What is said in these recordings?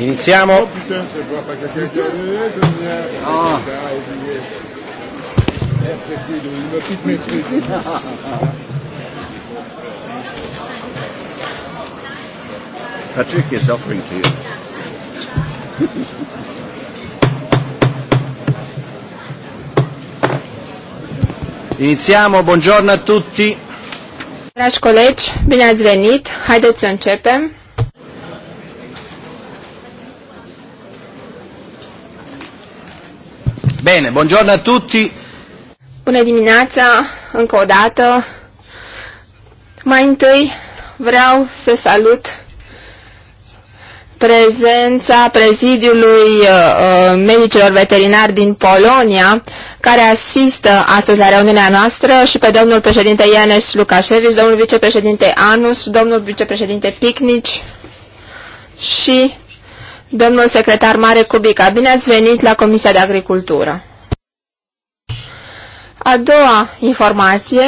Iniziamo. Ah. Patrick is offering to you. Iniziamo, buongiorno a tutti. Dragi colegi, bine ați venit. Haideți să începem. Bine, buongiorno a tutti. Bună dimineața, încă o dată. Mai întâi vreau să salut prezența prezidiului uh, uh medicilor veterinari din Polonia, care asistă astăzi la reuniunea noastră și pe domnul președinte Ianes Lukasiewicz, domnul vicepreședinte Anus, domnul vicepreședinte Picnici și domnul secretar Mare Cubica. Bine ați venit la Comisia de Agricultură! A doua informație,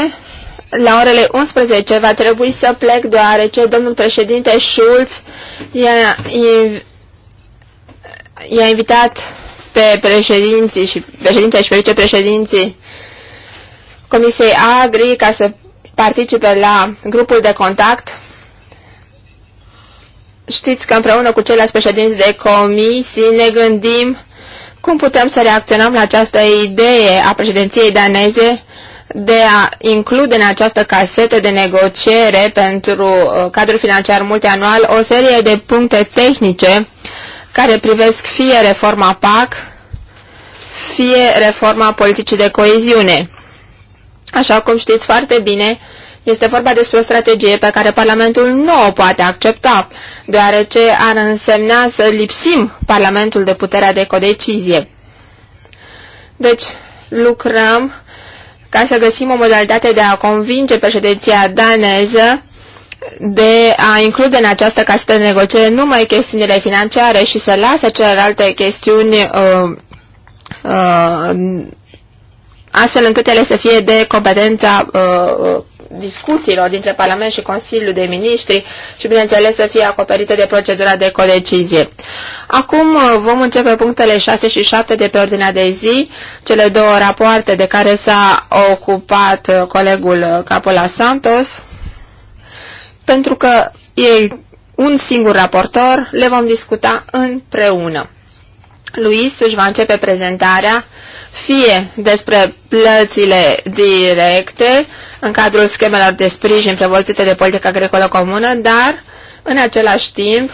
la orele 11 va trebui să plec deoarece domnul președinte Schulz i-a invitat pe președinții și președinte și pe vicepreședinții Comisiei Agri ca să participe la grupul de contact. Știți că împreună cu ceilalți președinți de comisii ne gândim cum putem să reacționăm la această idee a președinției daneze de a include în această casetă de negociere pentru uh, cadrul financiar multianual o serie de puncte tehnice care privesc fie reforma PAC, fie reforma politicii de coeziune. Așa cum știți foarte bine, este vorba despre o strategie pe care Parlamentul nu o poate accepta, deoarece ar însemna să lipsim Parlamentul de puterea de codecizie. Deci, lucrăm ca să găsim o modalitate de a convinge președinția daneză de a include în această casă de negociere numai chestiunile financiare și să lasă celelalte chestiuni uh, uh, astfel încât ele să fie de competența uh, uh, discuțiilor dintre Parlament și Consiliul de Ministri și, bineînțeles, să fie acoperite de procedura de codecizie. Acum uh, vom începe punctele 6 și 7 de pe ordinea de zi, cele două rapoarte de care s-a ocupat uh, colegul Capola Santos, pentru că e un singur raportor, le vom discuta împreună. Luis își va începe prezentarea fie despre plățile directe în cadrul schemelor de sprijin prevăzute de politica agricolă comună, dar în același timp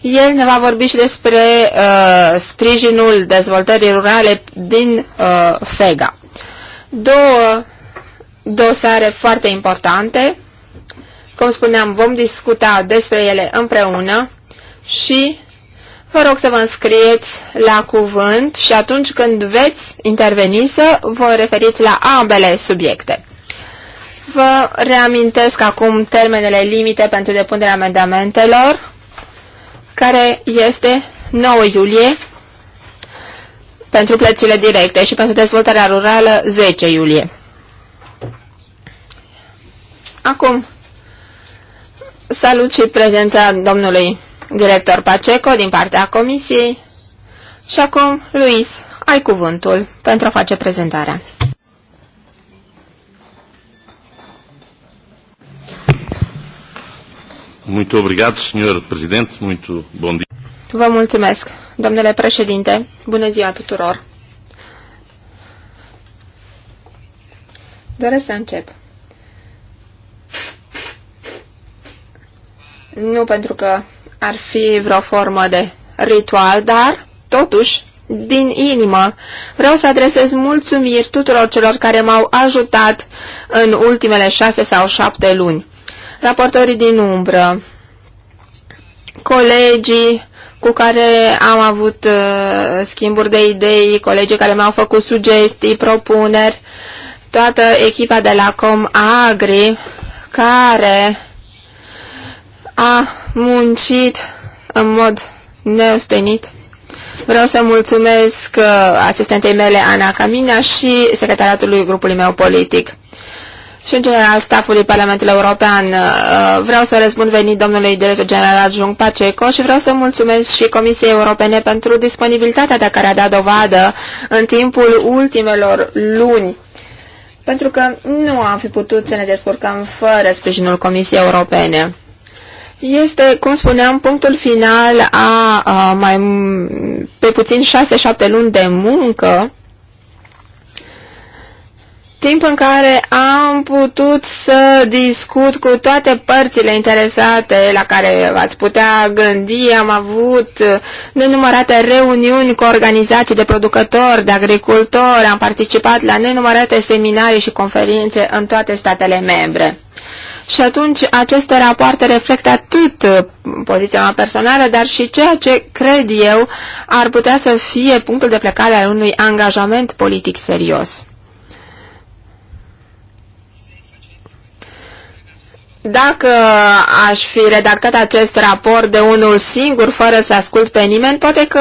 el ne va vorbi și despre uh, sprijinul dezvoltării rurale din uh, FEGA. Două dosare foarte importante. Cum spuneam, vom discuta despre ele împreună și Vă rog să vă înscrieți la cuvânt și atunci când veți interveni să vă referiți la ambele subiecte. Vă reamintesc acum termenele limite pentru depunerea amendamentelor, care este 9 iulie pentru plățile directe și pentru dezvoltarea rurală 10 iulie. Acum, salut și prezența domnului director Paceco din partea comisiei. Și acum, Luis, ai cuvântul pentru a face prezentarea. Muito obrigado, senhor presidente. Muito bom dia. Vă mulțumesc, domnule președinte. Bună ziua tuturor. Doresc să încep. Nu pentru că ar fi vreo formă de ritual, dar, totuși, din inimă, vreau să adresez mulțumiri tuturor celor care m-au ajutat în ultimele șase sau șapte luni. Raportorii din umbră, colegii cu care am avut uh, schimburi de idei, colegii care mi-au făcut sugestii, propuneri, toată echipa de la Com Agri, care a muncit în mod neostenit. Vreau să mulțumesc uh, asistentei mele, Ana Camina, și secretariatului grupului meu politic și în general stafului Parlamentului European. Uh, vreau să răspund venit domnului director general Jung Paceco și vreau să mulțumesc și Comisiei Europene pentru disponibilitatea de care a dat dovadă în timpul ultimelor luni pentru că nu am fi putut să ne descurcăm fără sprijinul Comisiei Europene este, cum spuneam, punctul final a, a mai pe puțin 6-7 luni de muncă, timp în care am putut să discut cu toate părțile interesate la care ați putea gândi. Am avut nenumărate reuniuni cu organizații de producători, de agricultori, am participat la nenumărate seminarii și conferințe în toate statele membre. Și atunci aceste rapoarte reflectă atât uh, poziția mea personală, dar și ceea ce cred eu ar putea să fie punctul de plecare al unui angajament politic serios. Dacă aș fi redactat acest raport de unul singur, fără să ascult pe nimeni, poate că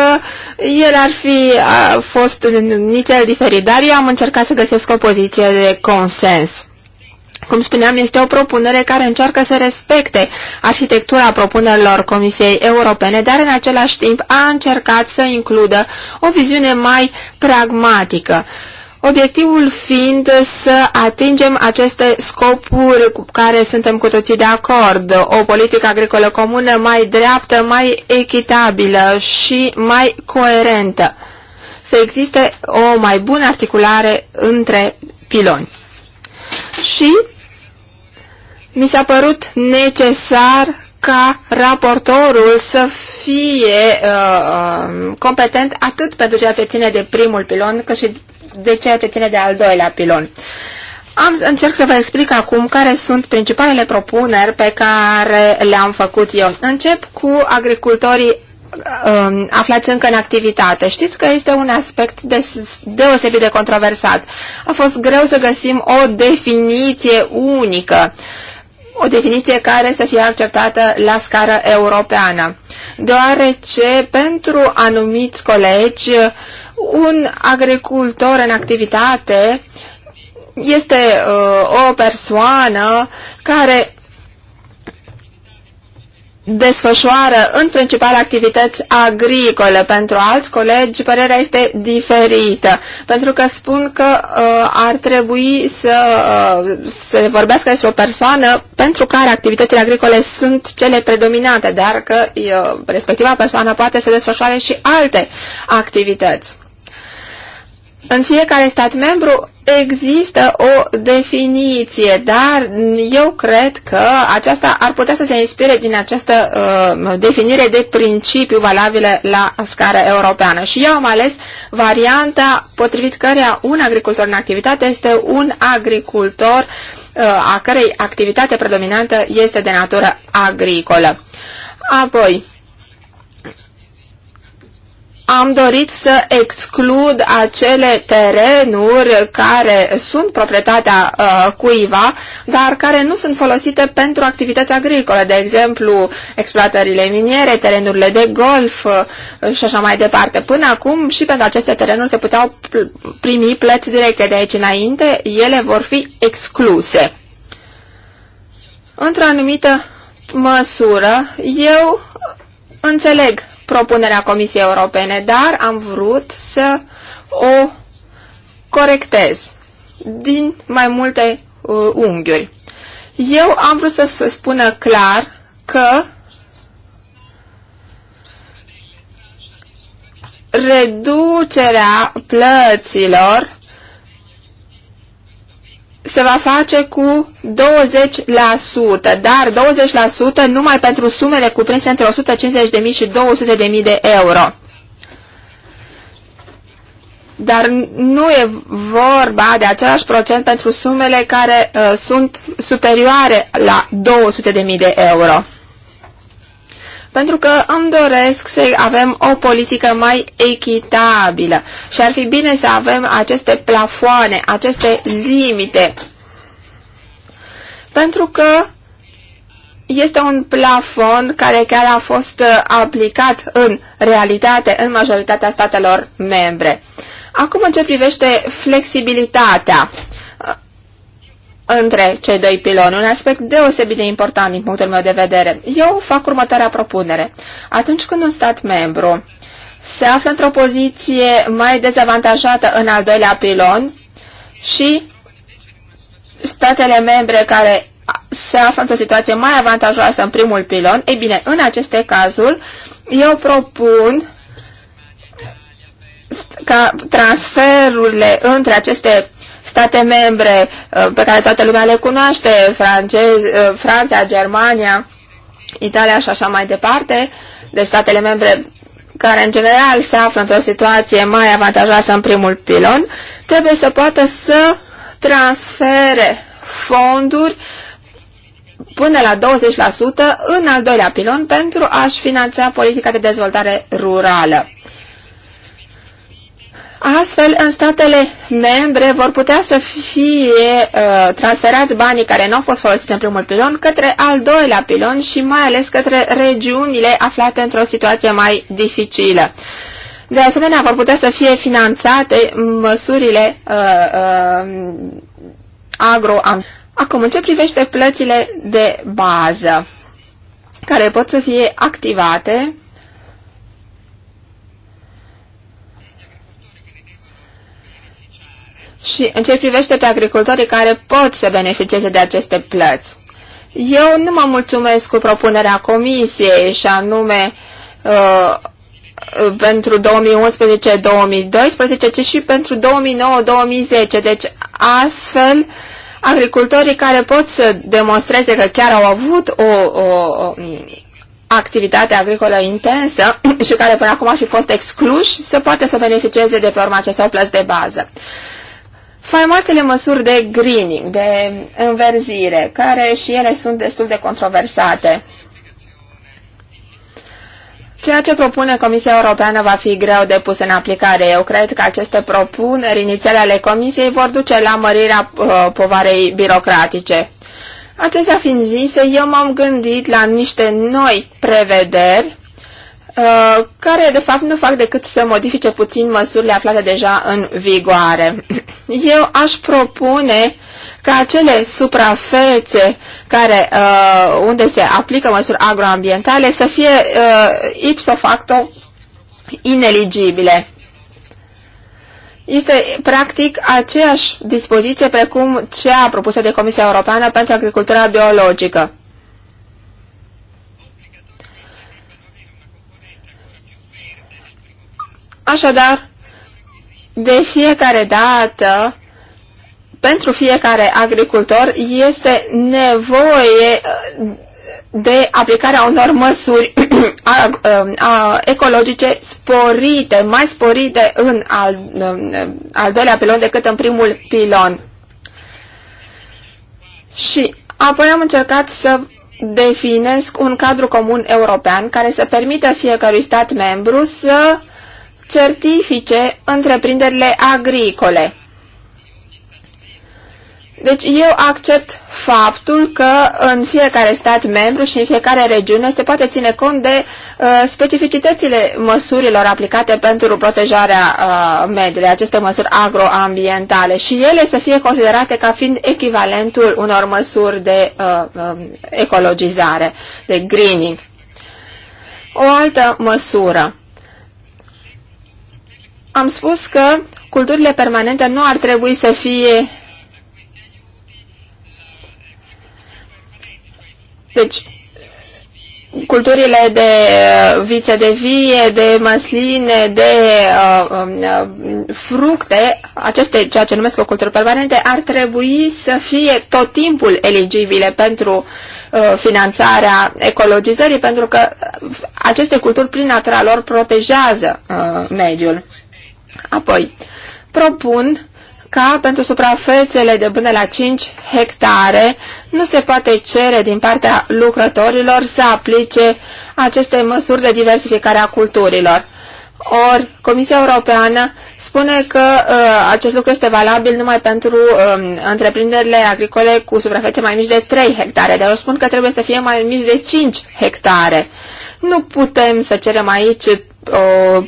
el ar fi fost nițel diferit, dar eu am încercat să găsesc o poziție de consens cum spuneam, este o propunere care încearcă să respecte arhitectura propunerilor Comisiei Europene, dar în același timp a încercat să includă o viziune mai pragmatică. Obiectivul fiind să atingem aceste scopuri cu care suntem cu toții de acord, o politică agricolă comună mai dreaptă, mai echitabilă și mai coerentă. Să existe o mai bună articulare între piloni. Și mi s-a părut necesar ca raportorul să fie uh, uh, competent atât pentru ceea ce ține de primul pilon, cât și de ceea ce ține de al doilea pilon. Am să încerc să vă explic acum care sunt principalele propuneri pe care le-am făcut eu. Încep cu agricultorii um, aflați încă în activitate. Știți că este un aspect de, deosebit de controversat. A fost greu să găsim o definiție unică. Uh, o definiție care să fie acceptată la scară europeană, deoarece pentru anumiți colegi un agricultor în activitate este uh, o persoană care desfășoară în principal activități agricole. Pentru alți colegi, părerea este diferită, pentru că spun că uh, ar trebui să uh, se vorbească despre o persoană pentru care activitățile agricole sunt cele predominante, dar că uh, respectiva persoană poate să desfășoare și alte activități. În fiecare stat membru Există o definiție, dar eu cred că aceasta ar putea să se inspire din această uh, definire de principiu valabilă la scară europeană. Și eu am ales varianta potrivit căreia un agricultor în activitate este un agricultor uh, a cărei activitate predominantă este de natură agricolă. Apoi, am dorit să exclud acele terenuri care sunt proprietatea uh, cuiva, dar care nu sunt folosite pentru activități agricole, de exemplu, exploatările miniere, terenurile de golf uh, și așa mai departe. Până acum și pentru aceste terenuri se puteau primi plăți directe. De aici înainte, ele vor fi excluse. Într-o anumită măsură, eu înțeleg propunerea Comisiei Europene, dar am vrut să o corectez din mai multe uh, unghiuri. Eu am vrut să se spună clar că reducerea plăților se va face cu 20%, dar 20% numai pentru sumele cuprinse între 150.000 și 200.000 de euro. Dar nu e vorba de același procent pentru sumele care uh, sunt superioare la 200.000 de euro pentru că îmi doresc să avem o politică mai echitabilă și ar fi bine să avem aceste plafoane, aceste limite, pentru că este un plafon care chiar a fost uh, aplicat în realitate în majoritatea statelor membre. Acum în ce privește flexibilitatea, între cei doi piloni, un aspect deosebit de important din punctul meu de vedere. Eu fac următoarea propunere. Atunci când un stat membru se află într-o poziție mai dezavantajată în al doilea pilon și statele membre care se află într-o situație mai avantajoasă în primul pilon, ei bine, în aceste cazuri, eu propun ca transferurile între aceste state membre uh, pe care toată lumea le cunoaște, francez, uh, Franța, Germania, Italia și așa mai departe, de statele membre care în general se află într-o situație mai avantajoasă în primul pilon, trebuie să poată să transfere fonduri până la 20% în al doilea pilon pentru a-și finanța politica de dezvoltare rurală. Astfel, în statele membre vor putea să fie uh, transferați banii care nu au fost folosiți în primul pilon către al doilea pilon și mai ales către regiunile aflate într-o situație mai dificilă. De asemenea, vor putea să fie finanțate măsurile uh, uh, agro -am. Acum, în ce privește plățile de bază, care pot să fie activate și în ce privește pe agricultorii care pot să beneficieze de aceste plăți. Eu nu mă mulțumesc cu propunerea comisiei și anume uh, pentru 2011-2012, ci și pentru 2009-2010. Deci astfel agricultorii care pot să demonstreze că chiar au avut o, o, o activitate agricolă intensă și care până acum ar fi fost excluși, să poate să beneficieze de pe urma acestor plăți de bază. Faimoasele măsuri de greening, de înverzire, care și ele sunt destul de controversate. Ceea ce propune Comisia Europeană va fi greu de pus în aplicare. Eu cred că aceste propuneri inițiale ale Comisiei vor duce la mărirea uh, povarei birocratice. Acestea fiind zise, eu m-am gândit la niște noi prevederi Uh, care de fapt nu fac decât să modifice puțin măsurile aflate deja în vigoare. Eu aș propune ca acele suprafețe care, uh, unde se aplică măsuri agroambientale să fie uh, ipso facto ineligibile. Este practic aceeași dispoziție precum cea propusă de Comisia Europeană pentru Agricultura Biologică. Așadar, de fiecare dată, pentru fiecare agricultor este nevoie uh, de aplicarea unor măsuri a, a, uh, a, ecologice sporite, mai sporite în al, uh, al doilea pilon decât în primul pilon. Și apoi am încercat să definesc un cadru comun european care să permită fiecărui stat membru să certifice întreprinderile agricole. Deci eu accept faptul că în fiecare stat membru și în fiecare regiune se poate ține cont de uh, specificitățile măsurilor aplicate pentru protejarea uh, mediului, aceste măsuri agroambientale și ele să fie considerate ca fiind echivalentul unor măsuri de uh, um, ecologizare, de greening. O altă măsură am spus că culturile permanente nu ar trebui să fie Deci, culturile de uh, viță de vie, de măsline, de uh, um, uh, fructe, aceste, ceea ce numesc o cultură permanente, ar trebui să fie tot timpul eligibile pentru uh, finanțarea ecologizării, pentru că aceste culturi, prin natura lor, protejează uh, mediul. Apoi, propun ca pentru suprafețele de până la 5 hectare nu se poate cere din partea lucrătorilor să aplice aceste măsuri de diversificare a culturilor. Ori, Comisia Europeană spune că uh, acest lucru este valabil numai pentru uh, întreprinderile agricole cu suprafețe mai mici de 3 hectare, dar eu spun că trebuie să fie mai mici de 5 hectare. Nu putem să cerem aici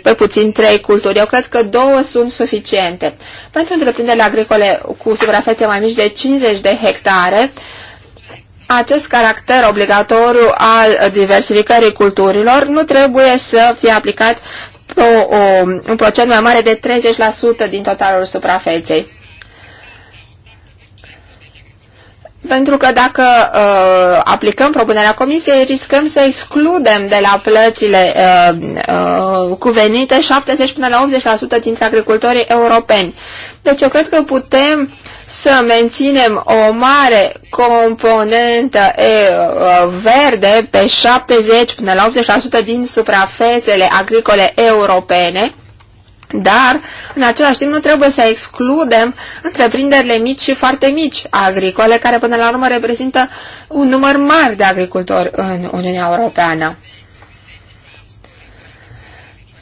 pe puțin trei culturi. Eu cred că două sunt suficiente. Pentru întreprinderile agricole cu suprafețe mai mici de 50 de hectare, acest caracter obligatoriu al diversificării culturilor nu trebuie să fie aplicat pe un procent mai mare de 30% din totalul suprafeței. Pentru că dacă uh, aplicăm propunerea comisiei, riscăm să excludem de la plățile uh, uh, cuvenite 70 până la 80% dintre agricultorii europeni. Deci eu cred că putem să menținem o mare componentă e, uh, verde pe 70 până la 80% din suprafețele agricole europene, dar, în același timp, nu trebuie să excludem întreprinderile mici și foarte mici agricole, care până la urmă reprezintă un număr mare de agricultori în Uniunea Europeană.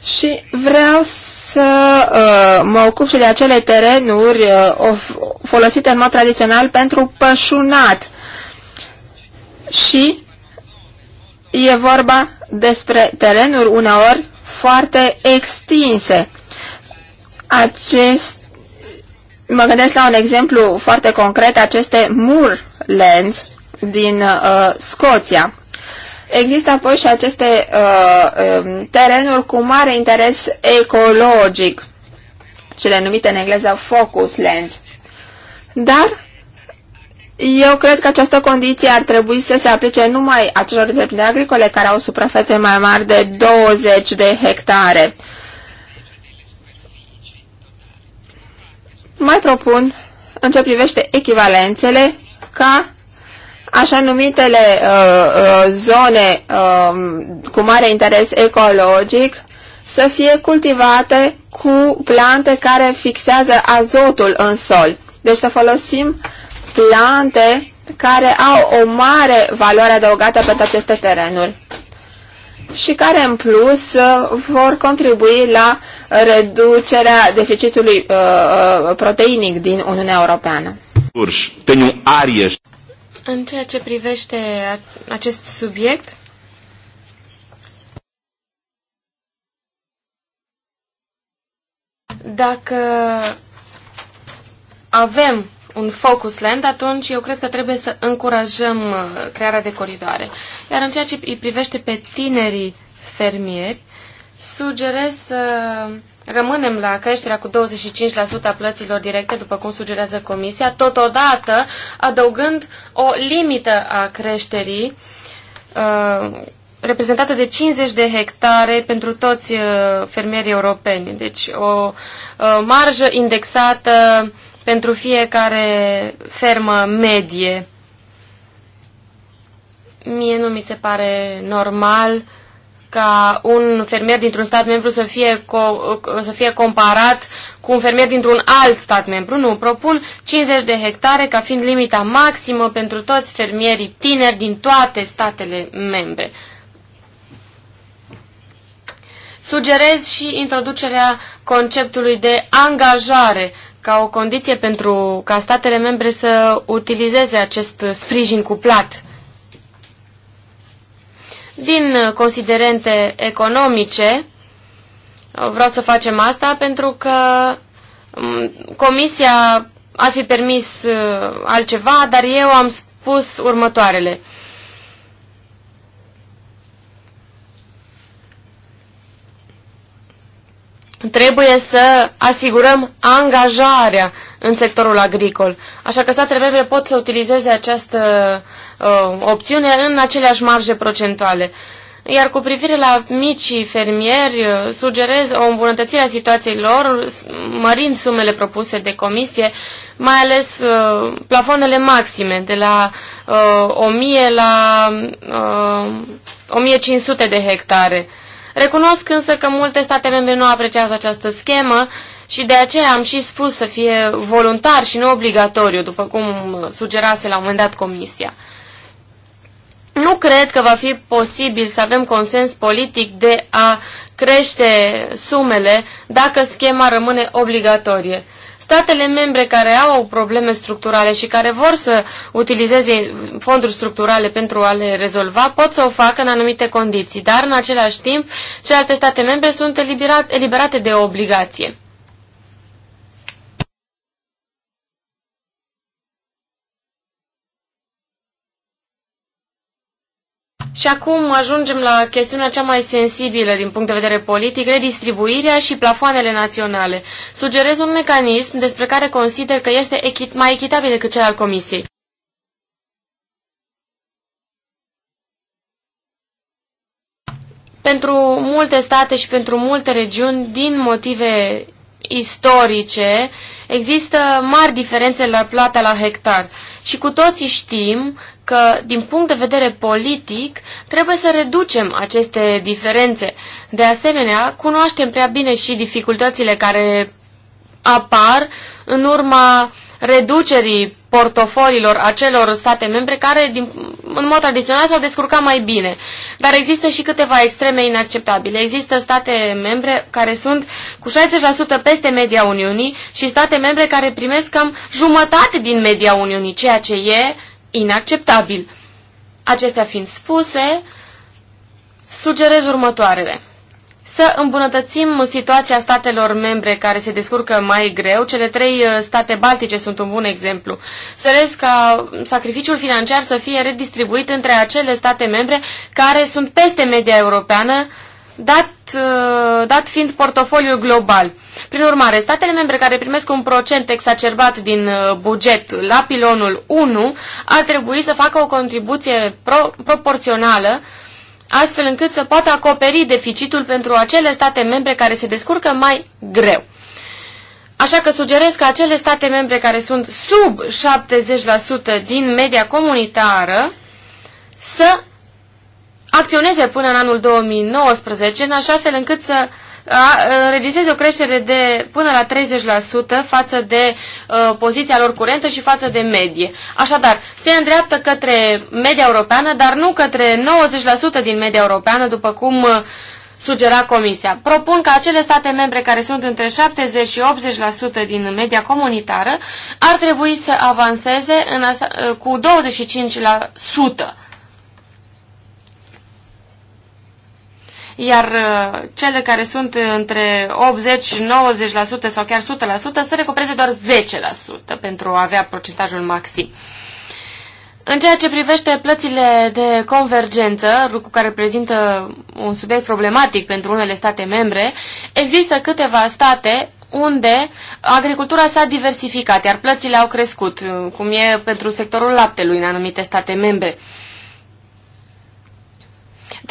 Și vreau să uh, mă ocup și de acele terenuri uh, folosite în mod tradițional pentru pășunat. Și e vorba despre terenuri uneori foarte extinse. Acest, mă gândesc la un exemplu foarte concret, aceste Moorlands din uh, Scoția. Există apoi și aceste uh, um, terenuri cu mare interes ecologic, cele numite în engleză focus lands. Dar eu cred că această condiție ar trebui să se aplice numai acelor întreprinderi agricole care au suprafețe mai mari de 20 de hectare. Mai propun, în ce privește echivalențele, ca așa numitele uh, uh, zone uh, cu mare interes ecologic să fie cultivate cu plante care fixează azotul în sol. Deci să folosim plante care au o mare valoare adăugată pentru aceste terenuri și care în plus uh, vor contribui la reducerea deficitului uh, uh proteinic din Uniunea Europeană. În ceea ce privește acest subiect, dacă avem un focus land, atunci eu cred că trebuie să încurajăm uh, crearea de coridoare. Iar în ceea ce îi privește pe tinerii fermieri, sugerez să rămânem la creșterea cu 25% a plăților directe, după cum sugerează Comisia, totodată adăugând o limită a creșterii uh, reprezentată de 50 de hectare pentru toți uh, fermierii europeni. Deci o marjă indexată pentru fiecare fermă medie. Mie nu mi se pare normal ca un fermier dintr-un stat membru să fie, co- să fie comparat cu un fermier dintr-un alt stat membru. Nu, propun 50 de hectare ca fiind limita maximă pentru toți fermierii tineri din toate statele membre. Sugerez și introducerea conceptului de angajare ca o condiție pentru ca statele membre să utilizeze acest sprijin cuplat. Din considerente economice, vreau să facem asta pentru că mm, Comisia ar fi permis uh, altceva, dar eu am spus următoarele. trebuie să asigurăm angajarea în sectorul agricol. Așa că statele membre pot să utilizeze această uh, opțiune în aceleași marje procentuale. Iar cu privire la micii fermieri, uh, sugerez o îmbunătățire a situației lor, mărind sumele propuse de comisie, mai ales uh, plafonele maxime, de la uh, 1000 la uh, 1500 de hectare. Uh, Recunosc însă că multe state membre nu apreciază această schemă și de aceea am și spus să fie voluntar și nu obligatoriu, după cum sugerase la un moment dat Comisia. Nu cred că va fi posibil să avem consens politic de a crește sumele dacă schema rămâne obligatorie. Statele membre care au probleme structurale și care vor să utilizeze fonduri structurale pentru a le rezolva pot să o facă în anumite condiții, dar în același timp celelalte state membre sunt eliberate de o obligație. Și acum ajungem la chestiunea cea mai sensibilă din punct de vedere politic, redistribuirea și plafoanele naționale. Sugerez un mecanism despre care consider că este echit mai echitabil decât cel al Comisiei. Pentru multe state și pentru multe regiuni, din motive istorice, există mari diferențe la plata la hectar. Și cu toții știm că, din punct de vedere politic, trebuie să reducem aceste diferențe. De asemenea, cunoaștem prea bine și dificultățile care apar în urma reducerii portofoliilor acelor state membre care, din, în mod tradițional, s-au descurcat mai bine. Dar există și câteva extreme inacceptabile. Există state membre care sunt cu 60% peste media Uniunii și state membre care primesc cam jumătate din media Uniunii, ceea ce e inacceptabil. Acestea fiind spuse, sugerez următoarele. Să îmbunătățim situația statelor membre care se descurcă mai greu. Cele trei uh, state baltice sunt un bun exemplu. Sugerez ca sacrificiul financiar să fie redistribuit între acele state membre care sunt peste media europeană dat, uh, dat fiind portofoliul global. Prin urmare, statele membre care primesc un procent exacerbat din uh, buget la pilonul 1 ar trebui să facă o contribuție pro, proporțională astfel încât să poată acoperi deficitul pentru acele state membre care se descurcă mai greu. Așa că sugerez că acele state membre care sunt sub 70% din media comunitară să acționeze până în anul 2019, în așa fel încât să înregistreze o creștere de până la 30% față de uh, poziția lor curentă și față de medie. Așadar, se îndreaptă către media europeană, dar nu către 90% din media europeană, după cum sugera Comisia. Propun ca acele state membre care sunt între 70 și 80% din media comunitară ar trebui să avanseze în cu 25%. iar uh, cele care sunt între 80, 90% sau chiar 100% să recupereze doar 10% pentru a avea procentajul maxim. În ceea ce privește plățile de convergență, lucru care prezintă un subiect problematic pentru unele state membre, există câteva state unde agricultura s-a diversificat, iar plățile au crescut, uh, cum e pentru sectorul laptelui în anumite state membre.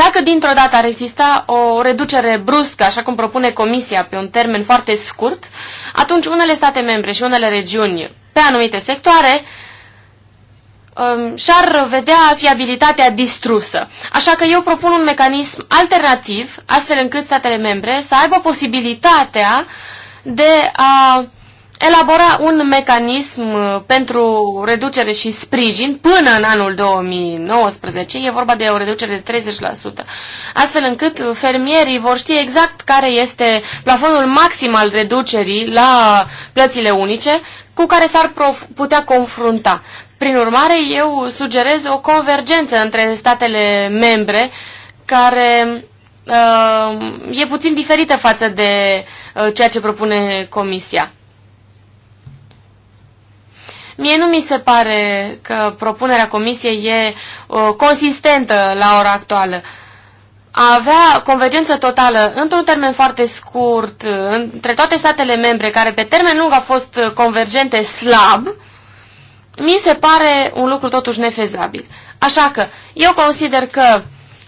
Dacă dintr-o dată ar exista o reducere bruscă, așa cum propune Comisia, pe un termen foarte scurt, atunci unele state membre și unele regiuni pe anumite sectoare um, și-ar vedea fiabilitatea distrusă. Așa că eu propun un mecanism alternativ, astfel încât statele membre să aibă posibilitatea de a elabora un mecanism uh, pentru reducere și sprijin până în anul 2019. E vorba de o reducere de 30%. Astfel încât uh, fermierii vor ști exact care este plafonul maxim al reducerii la plățile unice cu care s-ar putea confrunta. Prin urmare, eu sugerez o convergență între statele membre care uh, e puțin diferită față de uh, ceea ce propune Comisia. Mie nu mi se pare că propunerea comisiei e uh, consistentă la ora actuală. A avea convergență totală într-un termen foarte scurt uh, între toate statele membre care pe termen lung au fost uh, convergente slab, mi se pare un lucru totuși nefezabil. Așa că eu consider că uh,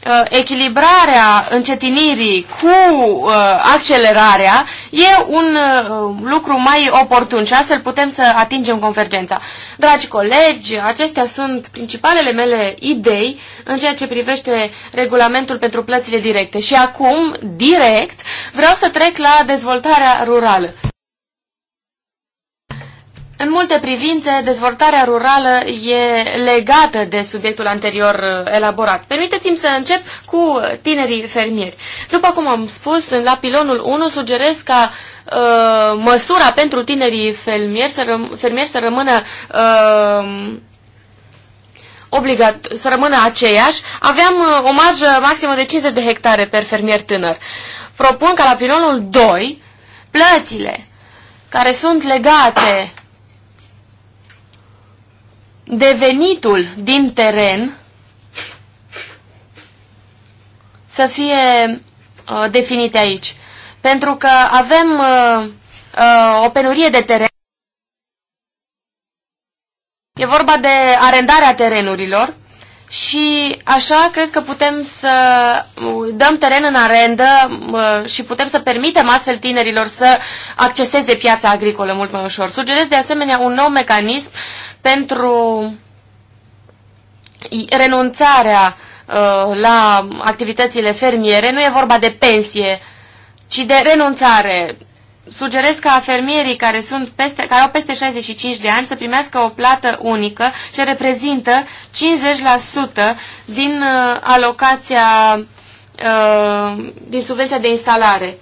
Uh, echilibrarea încetinirii cu uh, accelerarea e un uh, lucru mai oportun și astfel putem să atingem convergența. Dragi colegi, acestea sunt principalele mele idei în ceea ce privește regulamentul pentru plățile directe. Și acum, direct, vreau să trec la dezvoltarea rurală. În multe privințe, dezvoltarea rurală e legată de subiectul anterior uh, elaborat. Permiteți-mi să încep cu tinerii fermieri. După cum am spus, la pilonul 1 sugerez ca uh, măsura pentru tinerii fermieri să, răm- fermieri să rămână... Uh, obligat să rămână aceeași, aveam uh, o marjă maximă de 50 de hectare per fermier tânăr. Propun ca la pilonul 2 plățile care sunt legate devenitul din teren să fie uh, definite aici. Pentru că avem uh, uh, o penurie de teren. E vorba de arendarea terenurilor și așa cred că putem să dăm teren în arendă și putem să permitem astfel tinerilor să acceseze piața agricolă mult mai ușor. Sugerez de asemenea un nou mecanism pentru renunțarea ă, la activitățile fermiere. Nu e vorba de pensie, ci de renunțare sugerez ca fermierii care, sunt peste, care au peste 65 de ani să primească o plată unică ce reprezintă 50% din uh, alocația, uh, din subvenția de instalare.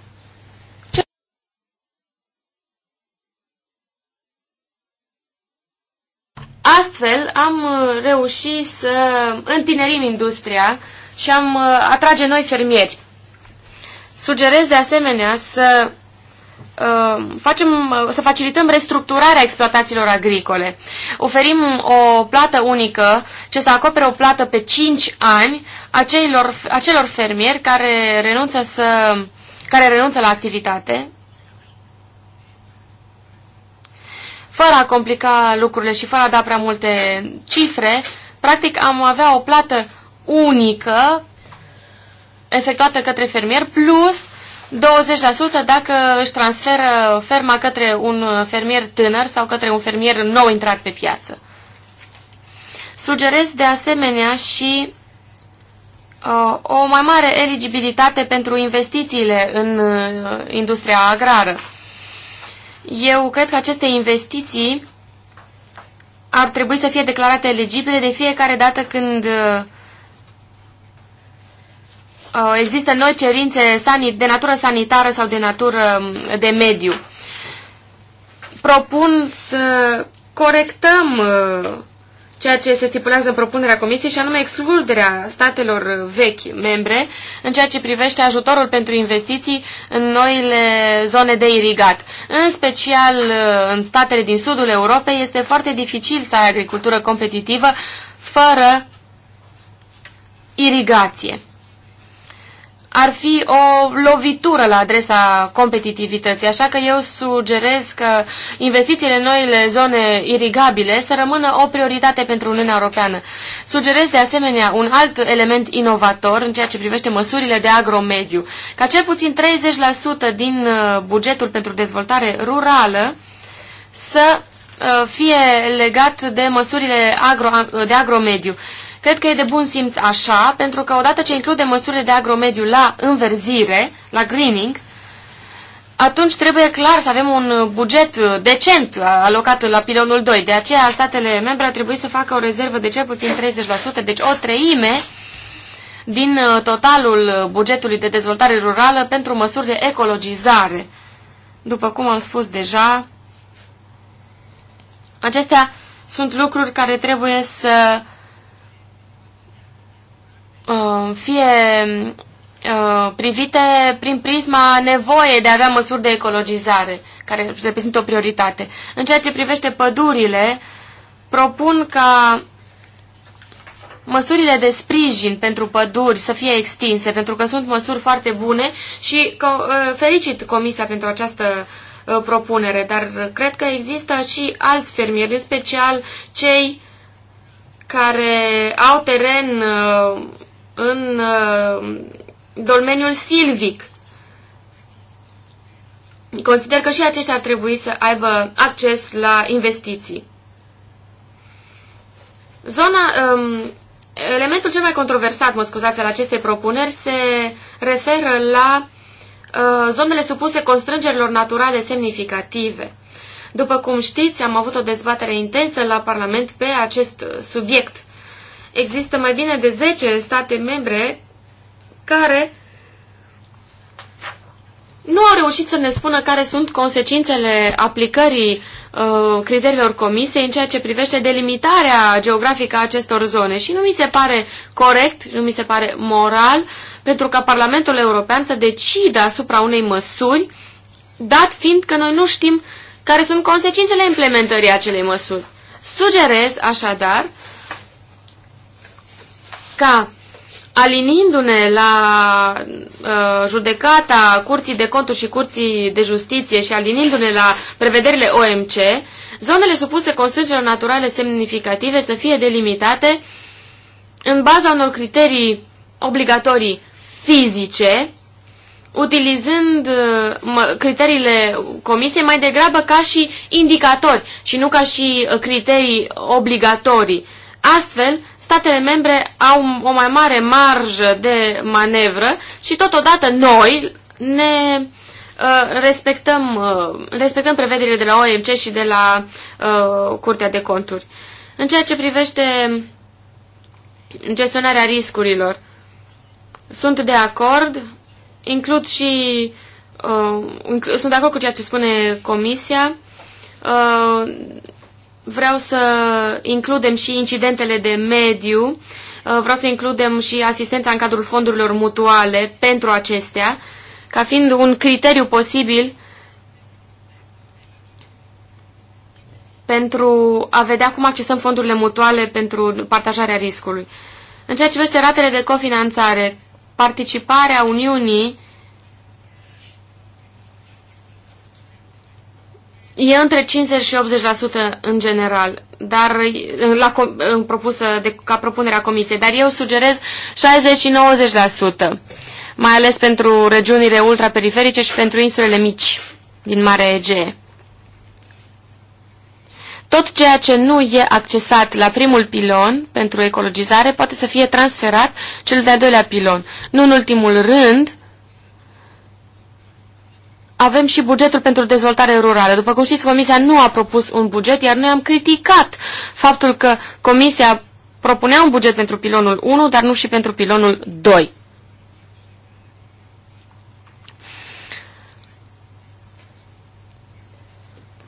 Astfel am uh, reușit să întinerim industria și am uh, atrage noi fermieri. Sugerez de asemenea să Uh, facem, uh, să facilităm restructurarea exploatațiilor agricole. Oferim o plată unică ce să acopere o plată pe 5 ani acelor, acelor fermieri care renunță, să, care renunță la activitate fără a complica lucrurile și fără a da prea multe cifre, practic am avea o plată unică efectuată către fermier plus 20% dacă își transferă ferma către un fermier tânăr sau către un fermier nou intrat pe piață. Sugerez de asemenea și uh, o mai mare eligibilitate pentru investițiile în uh, industria agrară. Eu cred că aceste investiții ar trebui să fie declarate eligibile de fiecare dată când uh, Uh, există noi cerințe de natură sanitară sau de natură um, de mediu. Propun să corectăm uh, ceea ce se stipulează în propunerea Comisiei și anume excluderea statelor uh, vechi membre în ceea ce privește ajutorul pentru investiții în noile zone de irigat. În special în statele din sudul Europei este foarte dificil să ai agricultură competitivă fără irigație ar fi o lovitură la adresa competitivității, așa că eu sugerez că investițiile în noile zone irigabile să rămână o prioritate pentru Uniunea Europeană. Sugerez de asemenea un alt element inovator în ceea ce privește măsurile de agromediu, ca cel puțin 30% din uh, bugetul pentru dezvoltare rurală să uh, fie legat de măsurile agro, de agromediu. Cred că e de bun simț așa, pentru că odată ce include măsurile de agromediu la înverzire, la greening, atunci trebuie clar să avem un buget decent alocat la pilonul 2. De aceea statele membre ar trebui să facă o rezervă de cel puțin 30%, deci o treime din uh, totalul bugetului de dezvoltare rurală pentru măsuri de ecologizare. După cum am spus deja, acestea sunt lucruri care trebuie să Uh, fie uh, privite prin prisma nevoie de a avea măsuri de ecologizare, care reprezintă o prioritate. În ceea ce privește pădurile, propun ca măsurile de sprijin pentru păduri să fie extinse, pentru că sunt măsuri foarte bune și uh, felicit Comisia pentru această propunere, dar cred că există și alți fermieri, în special cei care au teren în uh, domeniul silvic. Consider că și aceștia ar trebui să aibă acces la investiții. Zona, um, elementul cel mai controversat, mă scuzați, al acestei propuneri se referă la uh, zonele supuse constrângerilor naturale semnificative. După cum știți, am avut o dezbatere intensă la Parlament pe acest subiect există mai bine de 10 state membre care nu au reușit să ne spună care sunt consecințele aplicării uh, criteriilor comisiei în ceea ce privește delimitarea geografică a acestor zone. Și nu mi se pare corect, nu mi se pare moral pentru ca Parlamentul European să decidă asupra unei măsuri, dat fiind că noi nu știm care sunt consecințele implementării acelei măsuri. Sugerez, așadar, ca alinindu-ne la uh, judecata Curții de Conturi și Curții de Justiție și alinindu-ne la prevederile OMC, zonele supuse constrângerilor naturale semnificative să fie delimitate în baza unor criterii obligatorii fizice, utilizând uh, criteriile comisiei mai degrabă ca și indicatori și nu ca și uh, criterii obligatorii. Astfel, statele membre au o mai mare marjă de manevră și totodată noi ne uh, respectăm, uh, respectăm prevederile de la OMC și de la uh, Curtea de Conturi. În ceea ce privește gestionarea riscurilor, sunt de acord, includ și uh, sunt de acord cu ceea ce spune Comisia, uh, vreau să includem și incidentele de mediu, uh, vreau să includem și asistența în cadrul fondurilor mutuale pentru acestea, ca fiind un criteriu posibil pentru a vedea cum accesăm fondurile mutuale pentru partajarea riscului. În ceea ce privește ratele de cofinanțare, participarea Uniunii E între 50 și 80% în general, dar la, propusă de, ca propunerea comisiei, dar eu sugerez 60 și 90%, mai ales pentru regiunile ultraperiferice și pentru insulele mici din Marea Egee. Tot ceea ce nu e accesat la primul pilon pentru ecologizare poate să fie transferat cel de-al doilea pilon. Nu în ultimul rând, avem și bugetul pentru dezvoltare rurală. După cum știți, Comisia nu a propus un buget, iar noi am criticat faptul că Comisia propunea un buget pentru pilonul 1, dar nu și pentru pilonul 2.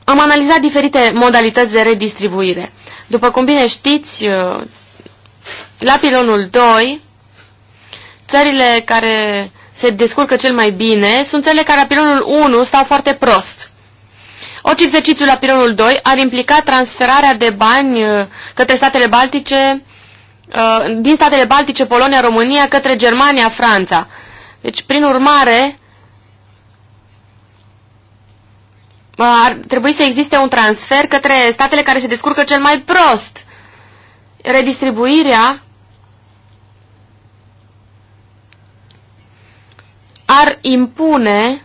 Am analizat diferite modalități de redistribuire. După cum bine știți, la pilonul 2, țările care se descurcă cel mai bine sunt cele care la pilonul 1 stau foarte prost. Orice exercițiu la pilonul 2 ar implica transferarea de bani uh, către statele baltice, uh, din statele baltice, Polonia, România, către Germania, Franța. Deci, prin urmare, uh, ar trebui să existe un transfer către statele care se descurcă cel mai prost. Redistribuirea ar impune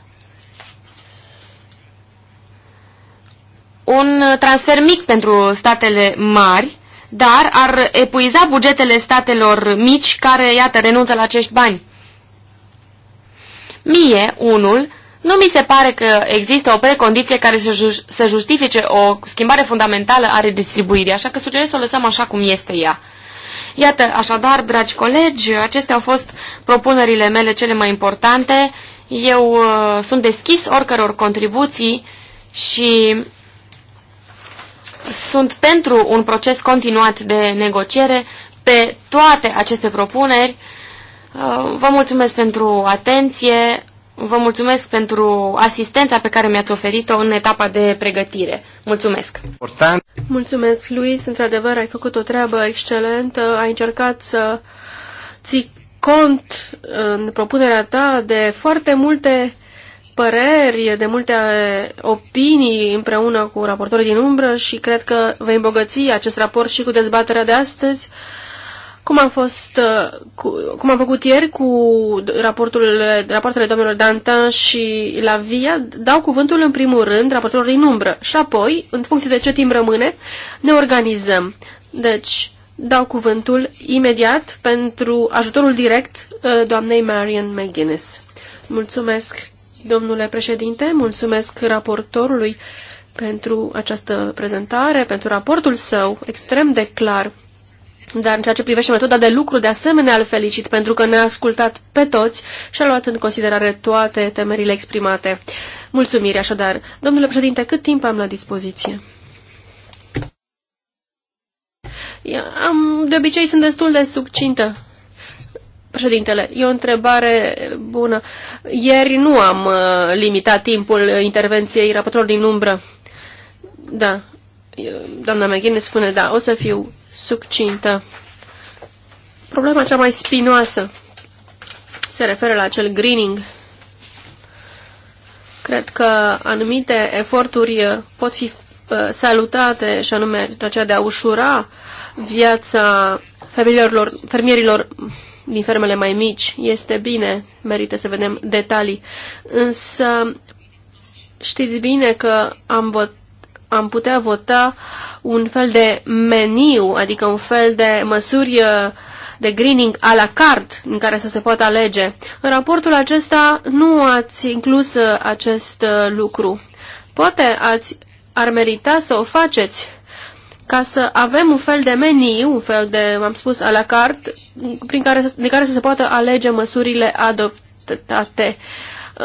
un transfer mic pentru statele mari, dar ar epuiza bugetele statelor mici care, iată, renunță la acești bani. Mie, unul, nu mi se pare că există o precondiție care să, ju să justifice o schimbare fundamentală a redistribuirii, așa că sugerez să o lăsăm așa cum este ea. Iată, așadar, dragi colegi, acestea au fost propunerile mele cele mai importante. Eu uh, sunt deschis oricăror contribuții și sunt pentru un proces continuat de negociere pe toate aceste propuneri. Uh, vă mulțumesc pentru atenție. Vă mulțumesc pentru asistența pe care mi-ați oferit-o în etapa de pregătire. Mulțumesc! Important. Mulțumesc, Luis. Într-adevăr, ai făcut o treabă excelentă. Ai încercat să ții cont în propunerea ta de foarte multe păreri, de multe opinii împreună cu raportorii din umbră și cred că vei îmbogăți acest raport și cu dezbaterea de astăzi cum am fost, uh, cu, cum am făcut ieri cu raportul, rapoartele domnilor Dantin și Lavia, dau cuvântul în primul rând raportelor din umbră și apoi, în funcție de ce timp rămâne, ne organizăm. Deci, dau cuvântul imediat pentru ajutorul direct uh, doamnei Marian McGuinness. Mulțumesc, domnule președinte, mulțumesc raportorului pentru această prezentare, pentru raportul său extrem de clar dar în ceea ce privește metoda de lucru, de asemenea îl felicit pentru că ne-a ascultat pe toți și a luat în considerare toate temerile exprimate. Mulțumiri așadar. Domnule președinte, cât timp am la dispoziție? Am, de obicei sunt destul de succintă. Președintele, e o întrebare bună. Ieri nu am uh, limitat timpul intervenției raportorului din umbră. Da, doamna ne spune, da, o să fiu succintă. Problema cea mai spinoasă se referă la acel greening. Cred că anumite eforturi pot fi uh, salutate, și anume aceea de a ușura viața fermierilor, fermierilor din fermele mai mici. Este bine, merită să vedem detalii. Însă știți bine că am votat am putea vota un fel de meniu, adică un fel de măsuri uh, de greening a la carte în care să se poată alege. În raportul acesta nu ați inclus uh, acest uh, lucru. Poate ați, ar merita să o faceți ca să avem un fel de meniu, un fel de, am spus, a la carte, prin care, de care să se poată alege măsurile adoptate.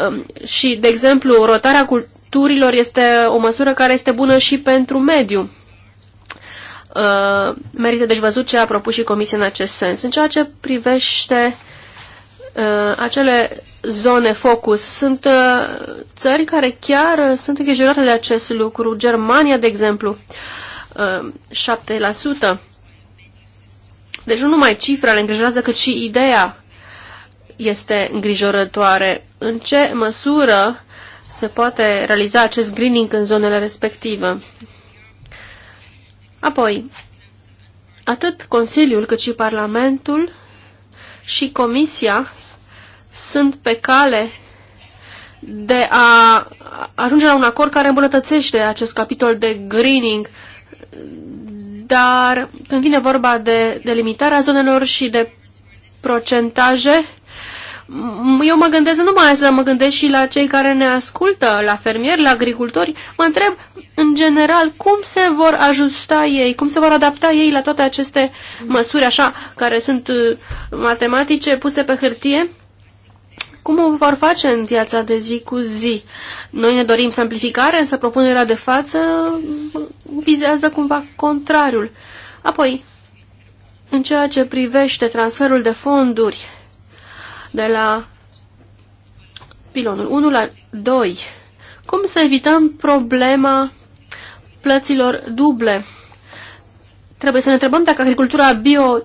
Um, și, de exemplu, rotarea turilor este o măsură care este bună și pentru mediu. Uh, merită deci văzut ce a propus și Comisia în acest sens. În ceea ce privește uh, acele zone focus, sunt uh, țări care chiar uh, sunt îngrijorate de acest lucru. Germania, de exemplu, uh, 7%. Deci nu numai cifra le îngrijorează, cât și ideea este îngrijorătoare. În ce măsură se poate realiza acest greening în zonele respective. Apoi, atât Consiliul cât și Parlamentul și Comisia sunt pe cale de a ajunge la un acord care îmbunătățește acest capitol de greening, dar când vine vorba de delimitarea zonelor și de procentaje, eu mă gândesc numai asta, mă gândesc și la cei care ne ascultă, la fermieri, la agricultori. Mă întreb, în general, cum se vor ajusta ei, cum se vor adapta ei la toate aceste măsuri, așa, care sunt uh, matematice, puse pe hârtie? Cum o vor face în viața de zi cu zi? Noi ne dorim simplificare, însă propunerea de față uh, vizează cumva contrariul. Apoi, în ceea ce privește transferul de fonduri de la pilonul 1 la 2. Cum să evităm problema plăților duble? Trebuie să ne întrebăm dacă agricultura bio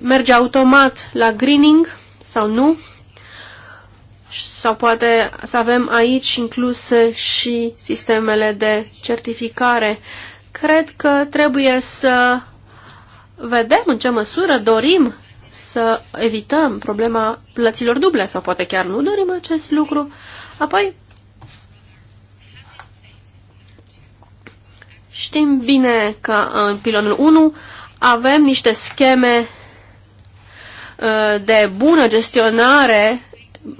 merge automat la greening sau nu. Sau poate să avem aici incluse și sistemele de certificare. Cred că trebuie să vedem în ce măsură dorim să evităm problema plăților duble sau poate chiar nu dorim acest lucru. Apoi, știm bine că în pilonul 1 avem niște scheme uh, de bună gestionare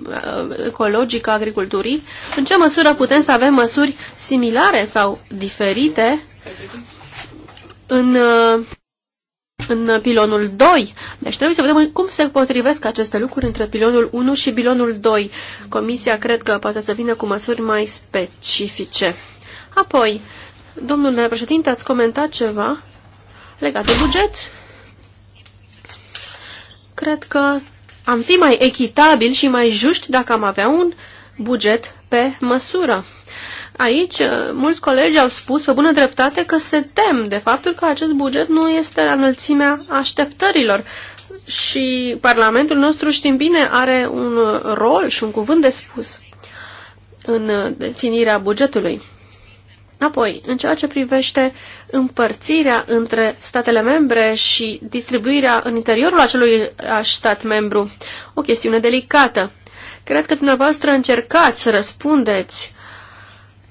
uh, ecologică a agriculturii, în ce măsură putem să avem măsuri similare sau diferite în uh, în pilonul 2. Deci trebuie să vedem cum se potrivesc aceste lucruri între pilonul 1 și pilonul 2. Comisia cred că poate să vină cu măsuri mai specifice. Apoi, domnule președinte, ați comentat ceva legat de buget? Cred că am fi mai echitabil și mai juști dacă am avea un buget pe măsură. Aici, uh, mulți colegi au spus pe bună dreptate că se tem de faptul că acest buget nu este la înălțimea așteptărilor. Și Parlamentul nostru, știm bine, are un rol și un cuvânt de spus în uh, definirea bugetului. Apoi, în ceea ce privește împărțirea între statele membre și distribuirea în interiorul acelui stat membru, o chestiune delicată. Cred că dumneavoastră încercați să răspundeți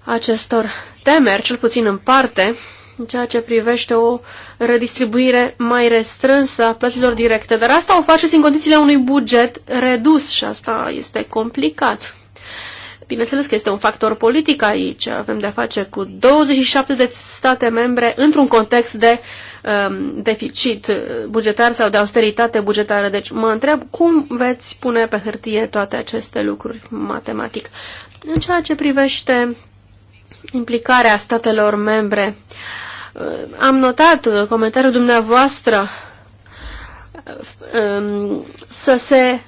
acestor temeri, cel puțin în parte, în ceea ce privește o redistribuire mai restrânsă a plăților directe. Dar asta o faceți în condițiile unui buget redus și asta este complicat. Bineînțeles că este un factor politic aici. Avem de-a face cu 27 de state membre într-un context de um, deficit bugetar sau de austeritate bugetară. Deci mă întreb cum veți pune pe hârtie toate aceste lucruri matematic. În ceea ce privește implicarea statelor membre. Uh, am notat uh, comentariul dumneavoastră uh, um, să se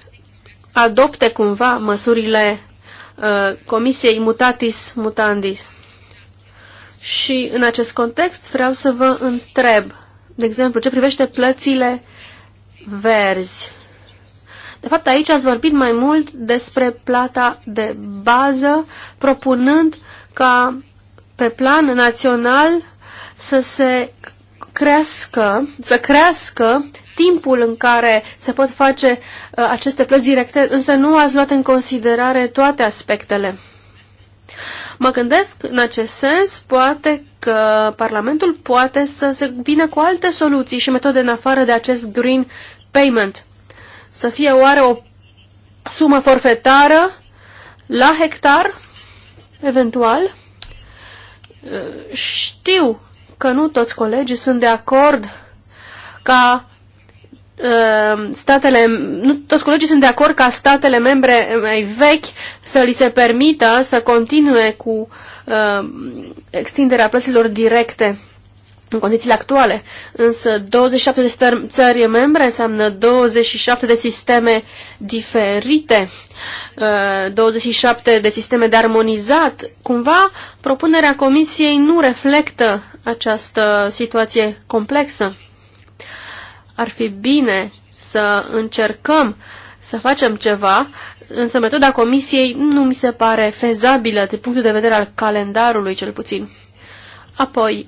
adopte cumva măsurile Comisiei Mutatis Mutandis. Și în acest context vreau să vă întreb, de exemplu, ce privește plățile verzi. De fapt, aici ați vorbit mai mult despre plata de bază, propunând ca pe plan național să se crească, să crească timpul în care se pot face uh, aceste plăți directe, însă nu ați luat în considerare toate aspectele. Mă gândesc în acest sens, poate că Parlamentul poate să se vină cu alte soluții și metode în afară de acest green payment. Să fie oare o sumă forfetară la hectar eventual. Știu că nu toți colegii sunt de acord ca uh, statele, nu toți colegii sunt de acord ca statele membre mai vechi să li se permită să continue cu uh, extinderea plăților directe în condițiile actuale. Însă 27 de țări membre înseamnă 27 de sisteme diferite, 27 uh, de sisteme de armonizat. Cumva, propunerea Comisiei nu reflectă această situație complexă. Ar fi bine să încercăm să facem ceva, însă metoda Comisiei nu mi se pare fezabilă din punctul de vedere al calendarului, cel puțin. Apoi,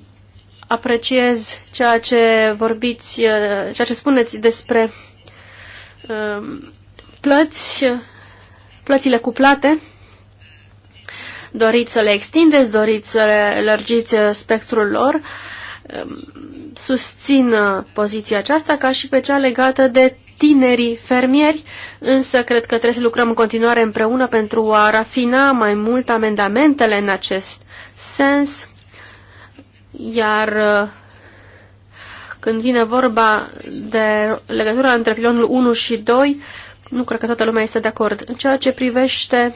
apreciez ceea ce vorbiți, uh, ceea ce spuneți despre um, plăți, plățile cuplate. Doriți să le extindeți, doriți să le lărgiți uh, spectrul lor. Um, susțin uh, poziția aceasta ca și pe cea legată de tinerii fermieri, însă cred că trebuie să lucrăm în continuare împreună pentru a rafina mai mult amendamentele în acest sens iar uh, când vine vorba de legătura între pilonul 1 și 2, nu cred că toată lumea este de acord. În ceea ce privește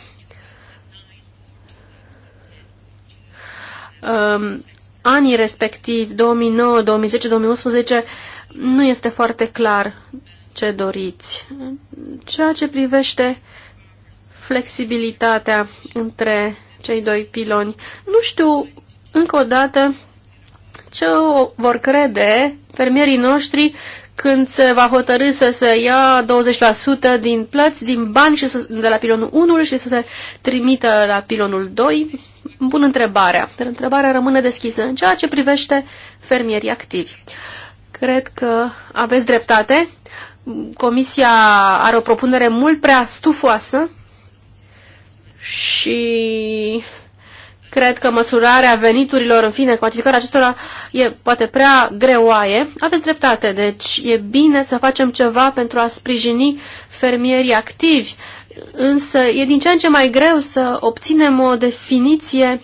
um, anii respectiv, 2009, 2010, 2011, nu este foarte clar ce doriți. Ceea ce privește flexibilitatea între cei doi piloni, nu știu încă o dată ce vor crede fermierii noștri când se va hotărâ să se ia 20% din plăți, din bani și să, de la pilonul 1 și să se trimită la pilonul 2? Bun întrebarea. Dar întrebarea rămâne deschisă în ceea ce privește fermierii activi. Cred că aveți dreptate. Comisia are o propunere mult prea stufoasă și Cred că măsurarea veniturilor, în fine, cuantificarea acestora e poate prea greoaie. Aveți dreptate, deci e bine să facem ceva pentru a sprijini fermierii activi, însă e din ce în ce mai greu să obținem o definiție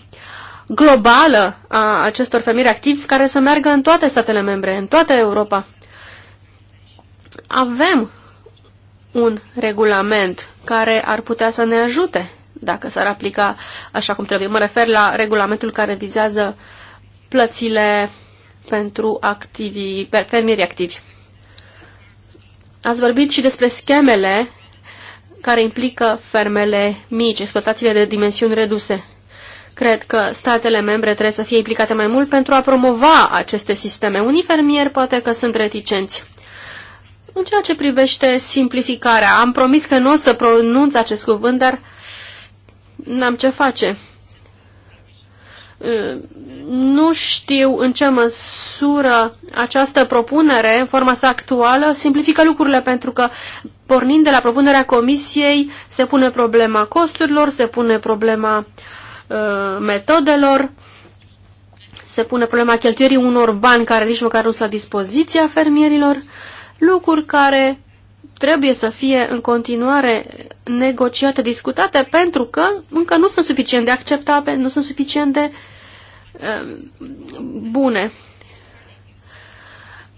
globală a acestor fermieri activi care să meargă în toate statele membre, în toată Europa. Avem un regulament care ar putea să ne ajute dacă s-ar aplica așa cum trebuie. Mă refer la regulamentul care vizează plățile pentru activii, fermierii activi. Ați vorbit și despre schemele care implică fermele mici, exploatațiile de dimensiuni reduse. Cred că statele membre trebuie să fie implicate mai mult pentru a promova aceste sisteme. Unii fermieri poate că sunt reticenți. În ceea ce privește simplificarea, am promis că nu o să pronunț acest cuvânt, dar uh, n-am ce face. Uh, nu știu în ce măsură această propunere, în forma sa actuală, simplifică lucrurile, pentru că pornind de la propunerea comisiei, se pune problema costurilor, se pune problema uh, metodelor, se pune problema cheltuierii unor bani care nici măcar nu sunt la dispoziția fermierilor, lucruri care trebuie să fie în continuare negociate, discutate, pentru că încă nu sunt suficient de acceptabile, nu sunt suficient de ehm, bune.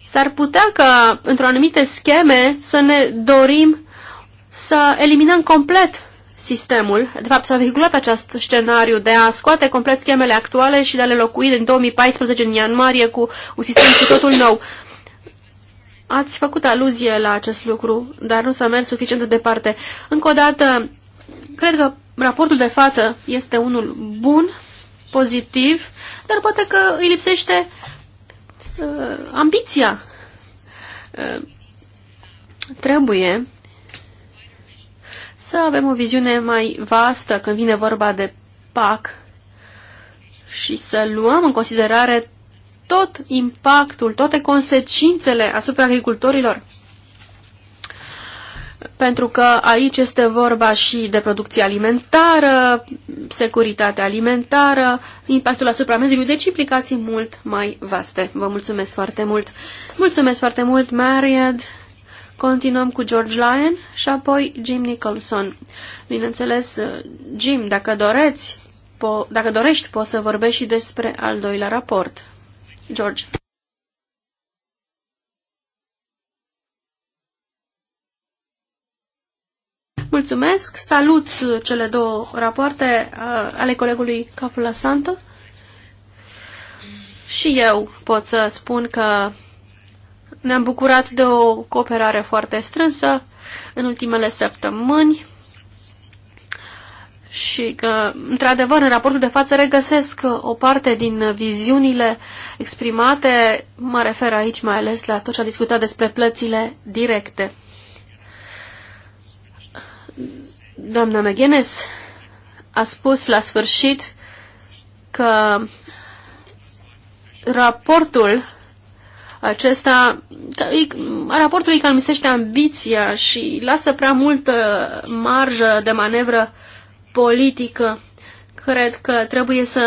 S-ar putea ca, într-o anumite scheme, să ne dorim să eliminăm complet sistemul. De fapt, s-a vehiculat acest scenariu de a scoate complet schemele actuale și de a le locui din 2014 în ianuarie cu un sistem cu totul nou. Ați făcut aluzie la acest lucru, dar nu s-a mers suficient de departe. Încă o dată, cred că raportul de față este unul bun, pozitiv, dar poate că îi lipsește uh, ambiția. Uh, trebuie să avem o viziune mai vastă când vine vorba de PAC și să luăm în considerare tot impactul, toate consecințele asupra agricultorilor. Pentru că aici este vorba și de producție alimentară, securitate alimentară, impactul asupra mediului, deci implicații mult mai vaste. Vă mulțumesc foarte mult! Mulțumesc foarte mult, Mariad! Continuăm cu George Lyon și apoi Jim Nicholson. Bineînțeles, Jim, dacă doreți, po- dacă dorești, poți să vorbești și despre al doilea raport. George. Mulțumesc, salut cele două rapoarte uh, ale colegului Capula Santo. Și eu pot să spun că ne-am bucurat de o cooperare foarte strânsă în ultimele săptămâni și că, într-adevăr, în raportul de față regăsesc uh, o parte din viziunile exprimate, mă refer aici mai ales la tot ce a discutat despre plățile directe. Doamna McGuinness a spus la sfârșit că raportul acesta, raportul îi calmisește ambiția și lasă prea multă marjă de manevră uh, politică. Cred că trebuie să,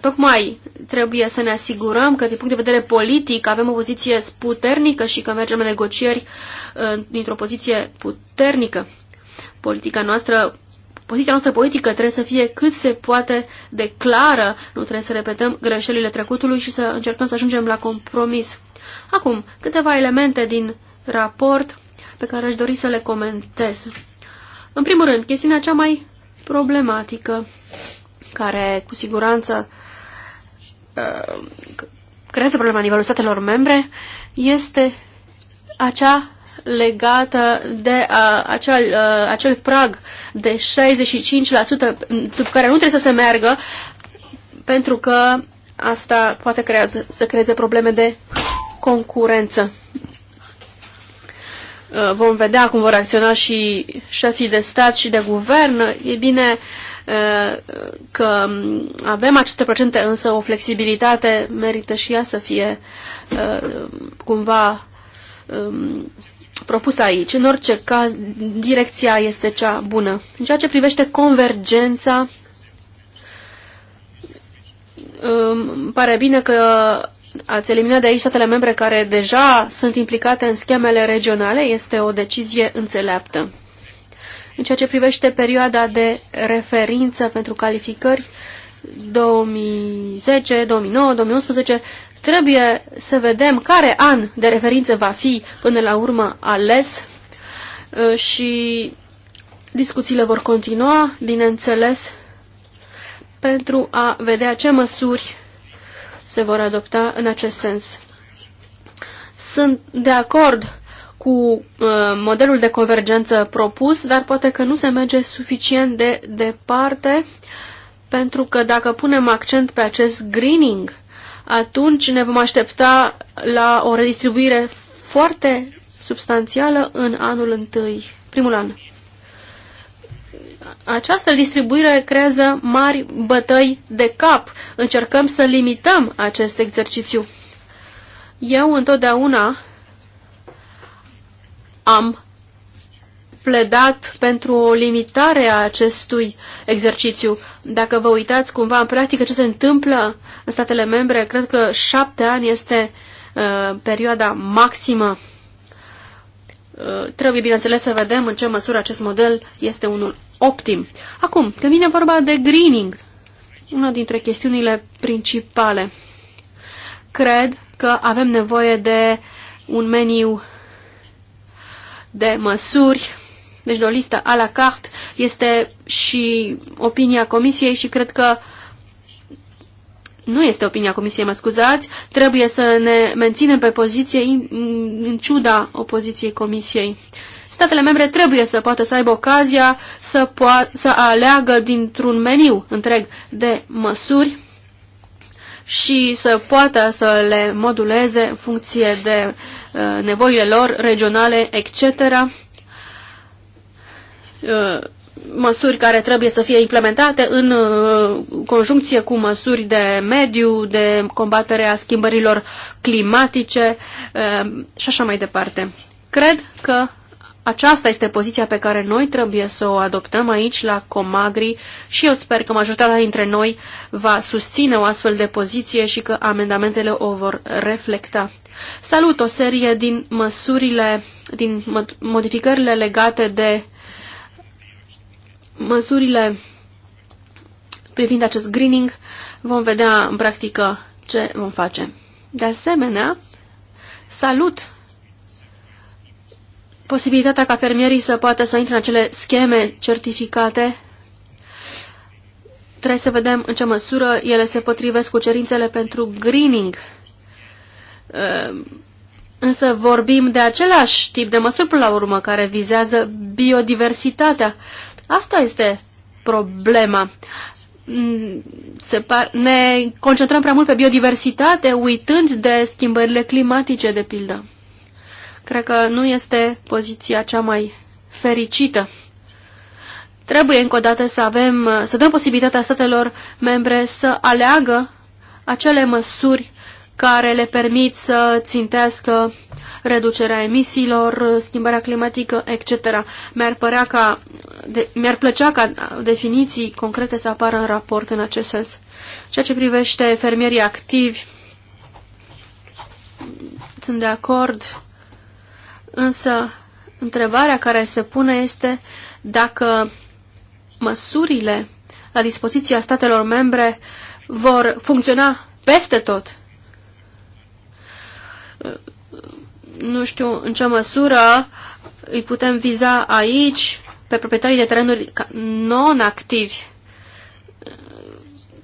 tocmai trebuie să ne asigurăm că din punct de vedere politic avem o poziție puternică și că mergem în negocieri uh, dintr-o poziție puternică. Politica noastră poziția noastră politică trebuie să fie cât se poate de clară, nu trebuie să repetăm greșelile trecutului și să încercăm să ajungem la compromis. Acum, câteva elemente din raport pe care aș dori să le comentez. În primul rând, chestiunea cea mai problematică care cu siguranță uh, creează problema nivelul statelor membre este acea legată de a, uh, acel, uh, acel prag de 65% după care nu trebuie să se meargă pentru că asta poate creează, să creeze probleme de concurență. Uh, vom vedea cum vor acționa și șefii de stat și de guvern, e bine uh, că avem aceste procente, însă o flexibilitate merită și ea să fie uh, cumva um, propusă aici. În orice caz, direcția este cea bună. În ceea ce privește convergența, îmi um, pare bine că ați eliminat de aici statele membre care deja sunt implicate în schemele regionale este o decizie înțeleaptă. În ceea ce privește perioada de referință pentru calificări 2010, 2009, 2011, trebuie să vedem care an de referință va fi până la urmă ales uh, și discuțiile vor continua, bineînțeles, pentru a vedea ce măsuri se vor adopta în acest sens. Sunt de acord cu uh, modelul de convergență propus, dar poate că nu se merge suficient de departe, pentru că dacă punem accent pe acest greening, atunci ne vom aștepta la o redistribuire foarte substanțială în anul întâi, primul an această distribuire creează mari bătăi de cap. Încercăm să limităm acest exercițiu. Eu întotdeauna am pledat pentru o limitare a acestui exercițiu. Dacă vă uitați cumva în practică ce se întâmplă în statele membre, cred că șapte ani este uh, perioada maximă. Uh, trebuie, bineînțeles, să vedem în ce măsură acest model este unul optim. Acum, când vine vorba de greening, una dintre chestiunile principale, cred că avem nevoie de un meniu de măsuri, deci de o listă a la carte, este și opinia comisiei și cred că nu este opinia comisiei, mă scuzați, trebuie să ne menținem pe poziție în ciuda opoziției comisiei statele membre trebuie să poată să aibă ocazia să, poa să aleagă dintr-un meniu întreg de măsuri și să poată să le moduleze în funcție de uh, nevoile lor regionale, etc. Uh, măsuri care trebuie să fie implementate în uh, conjuncție cu măsuri de mediu, de combatere a schimbărilor climatice uh, și așa mai departe. Cred că aceasta este poziția pe care noi trebuie să o adoptăm aici la Comagri și eu sper că majoritatea dintre noi va susține o astfel de poziție și că amendamentele o vor reflecta. Salut o serie din măsurile, din modificările legate de măsurile privind acest greening. Vom vedea în practică ce vom face. De asemenea, salut posibilitatea ca fermierii să poată să intre în acele scheme certificate. Trebuie să vedem în ce măsură ele se potrivesc cu cerințele pentru greening. Ehm, însă vorbim de același tip de măsuri până la urmă care vizează biodiversitatea. Asta este problema. Mm, se par, ne concentrăm prea mult pe biodiversitate, uitând de schimbările climatice, de pildă. Cred că nu este poziția cea mai fericită. Trebuie încă o dată să, avem, să dăm posibilitatea statelor membre să aleagă acele măsuri care le permit să țintească reducerea emisiilor, schimbarea climatică, etc. Mi-ar, părea ca, mi-ar plăcea ca definiții concrete să apară în raport în acest sens. Ceea ce privește fermierii activi, sunt de acord Însă, întrebarea care se pune este dacă măsurile la dispoziția statelor membre vor funcționa peste tot. Nu știu în ce măsură îi putem viza aici pe proprietarii de terenuri non-activi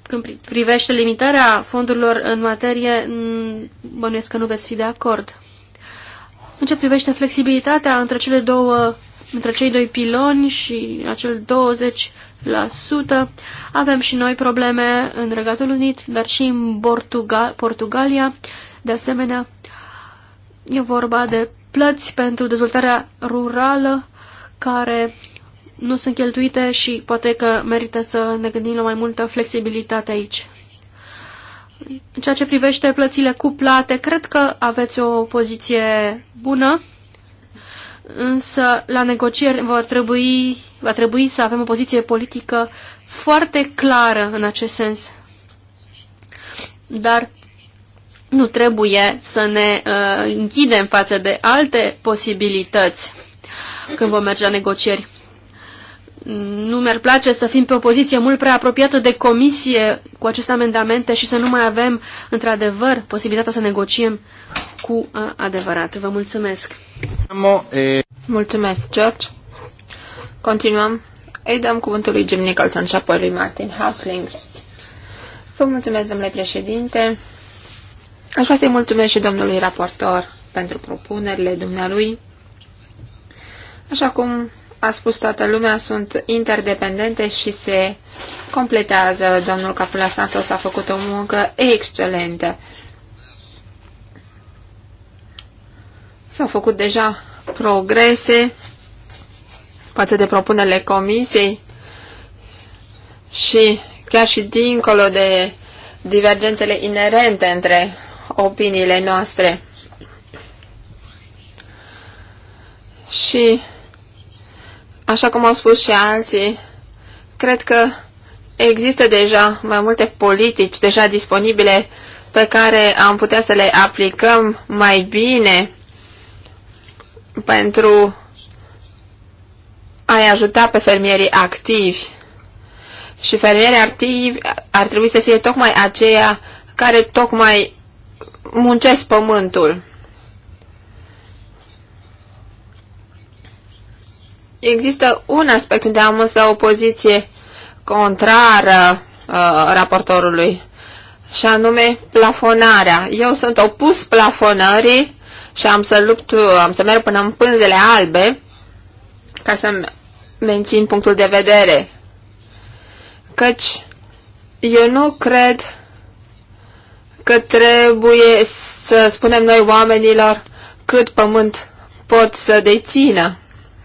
când privește limitarea fondurilor în materie, bănuiesc că nu veți fi de acord. În ce privește flexibilitatea între, cele două, între cei doi piloni și acel 20%, avem și noi probleme în Regatul Unit, dar și în Portugal Portugalia. De asemenea, e vorba de plăți pentru dezvoltarea rurală care nu sunt cheltuite și poate că merită să ne gândim la mai multă flexibilitate aici. În ceea ce privește plățile cuplate, cred că aveți o poziție bună, însă la negocieri va trebui, va trebui să avem o poziție politică foarte clară în acest sens. Dar nu trebuie să ne uh, închidem față de alte posibilități când vom merge la negocieri. Nu mi-ar place să fim pe o poziție mult prea apropiată de comisie cu aceste amendamente și să nu mai avem, într-adevăr, posibilitatea să negociem cu adevărat. Vă mulțumesc! Mulțumesc, George! Continuăm. Îi dăm cuvântul lui Jim Nicholson și apoi lui Martin Hausling. Vă mulțumesc, domnule președinte. Aș vrea să-i mulțumesc și domnului raportor pentru propunerile dumnealui. Așa cum a spus toată lumea, sunt interdependente și se completează. Domnul Capula Santos a făcut o muncă excelentă. S-au făcut deja progrese față de propunerile comisiei și chiar și dincolo de divergențele inerente între opiniile noastre. Și Așa cum au spus și alții, cred că există deja mai multe politici deja disponibile pe care am putea să le aplicăm mai bine pentru a-i ajuta pe fermierii activi. Și fermierii activi ar trebui să fie tocmai aceia care tocmai muncesc pământul. Există un aspect unde am însă o poziție contrară uh, raportorului, și anume plafonarea. Eu sunt opus plafonării și am să lupt, am să merg până în pânzele albe ca să mențin punctul de vedere. Căci eu nu cred că trebuie să spunem noi oamenilor cât pământ pot să dețină.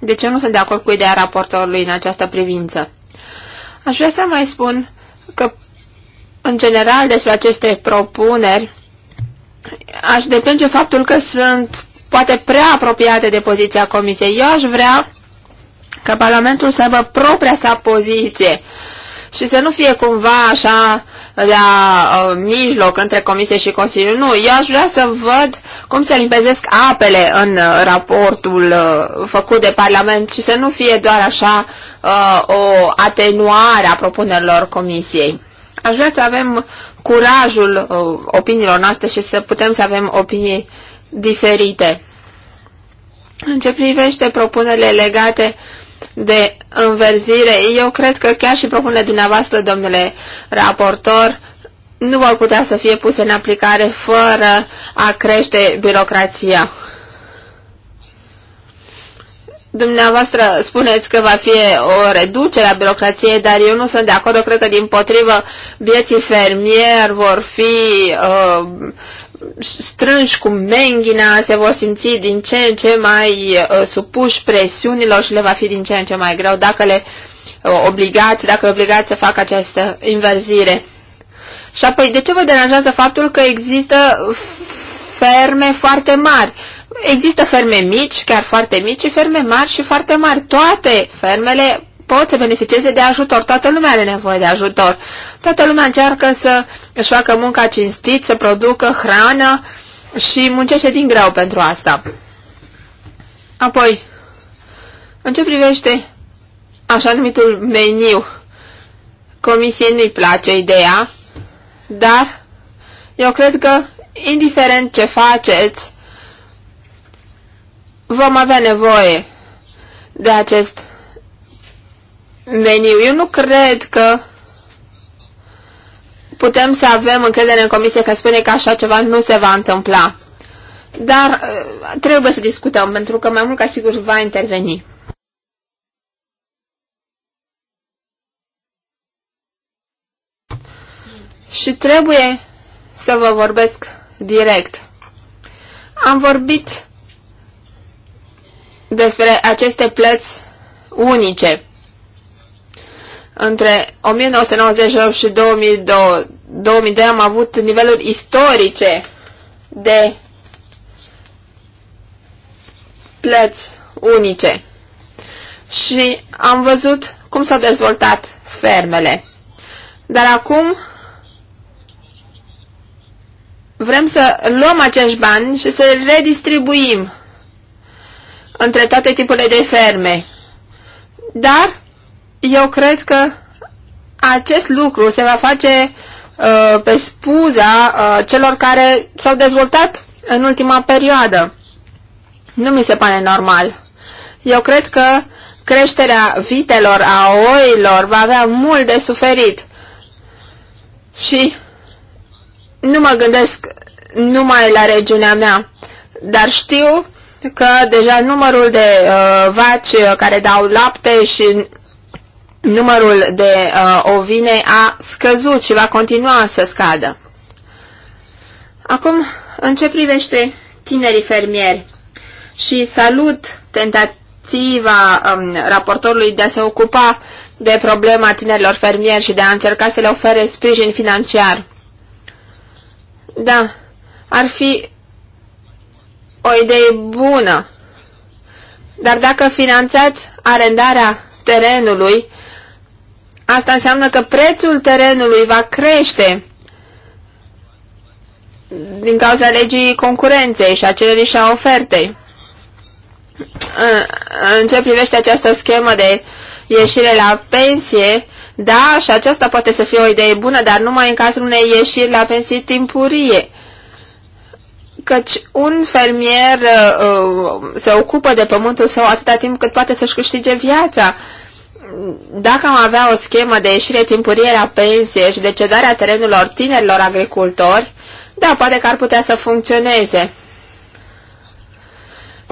Deci ce nu sunt de acord cu ideea raportorului în această privință. Aș vrea să mai spun că, în general, despre aceste propuneri, aș deplânge faptul că sunt poate prea apropiate de poziția Comisiei. Eu aș vrea ca Parlamentul să aibă propria sa poziție și să nu fie cumva așa la uh, mijloc între Comisie și Consiliu. Nu, eu aș vrea să văd cum se limpezesc apele în uh, raportul uh, făcut de Parlament și să nu fie doar așa uh, o atenuare a propunerilor Comisiei. Aș vrea să avem curajul uh, opiniilor noastre și să putem să avem opinii diferite. În ce privește propunerile legate uh, de înverzire, eu cred că chiar și propunerile dumneavoastră, domnule raportor, nu vor putea să fie puse în aplicare fără a crește birocrația. Dumneavoastră spuneți că va fi o reducere a birocrației, dar eu nu sunt de acord. Eu cred că, din potrivă, vieții fermieri vor fi uh, strânși cu menghina, se vor simți din ce în ce mai uh, supuși presiunilor și le va fi din ce în ce mai greu dacă le uh, obligați, dacă obligați să facă această inverzire. Și apoi, de ce vă deranjează faptul că există ferme foarte mari? Există ferme mici, chiar foarte mici, și ferme mari și foarte mari. Toate fermele pot să beneficieze de ajutor. Toată lumea are nevoie de ajutor. Toată lumea încearcă să își facă munca cinstit, să producă hrană și muncește din greu pentru asta. Apoi, în ce privește așa numitul meniu, comisiei nu-i place ideea, dar eu cred că, indiferent ce faceți, vom avea nevoie de acest meniu. Eu nu cred că putem să avem încredere în comisie că spune că așa ceva nu se va întâmpla. Dar uh, trebuie să discutăm, pentru că mai mult ca sigur va interveni. Și trebuie să vă vorbesc direct. Am vorbit despre aceste plăți unice. Între 1998 și 2002, 2002 am avut niveluri istorice de plăți unice și am văzut cum s-au dezvoltat fermele. Dar acum vrem să luăm acești bani și să redistribuim între toate tipurile de ferme. Dar eu cred că acest lucru se va face uh, pe spuza uh, celor care s-au dezvoltat în ultima perioadă. Nu mi se pare normal. Eu cred că creșterea vitelor, a oilor, va avea mult de suferit. Și nu mă gândesc numai la regiunea mea, dar știu că deja numărul de uh, vaci uh, care dau lapte și numărul de uh, ovine a scăzut și va continua să scadă. Acum, în ce privește tinerii fermieri și salut tentativa um, raportorului de a se ocupa de problema tinerilor fermieri și de a încerca să le ofere sprijin financiar. Da, ar fi o idee bună, dar dacă finanțați arendarea terenului Asta înseamnă că prețul terenului va crește din cauza legii concurenței și a cererii și a ofertei. În ce privește această schemă de ieșire la pensie, da, și aceasta poate să fie o idee bună, dar numai în cazul unei ieșiri la pensie timpurie. Căci un fermier uh, se ocupă de pământul său atâta timp cât poate să-și câștige viața dacă am avea o schemă de ieșire timpurie la pensie și de cedarea terenurilor tinerilor agricultori, da, poate că ar putea să funcționeze.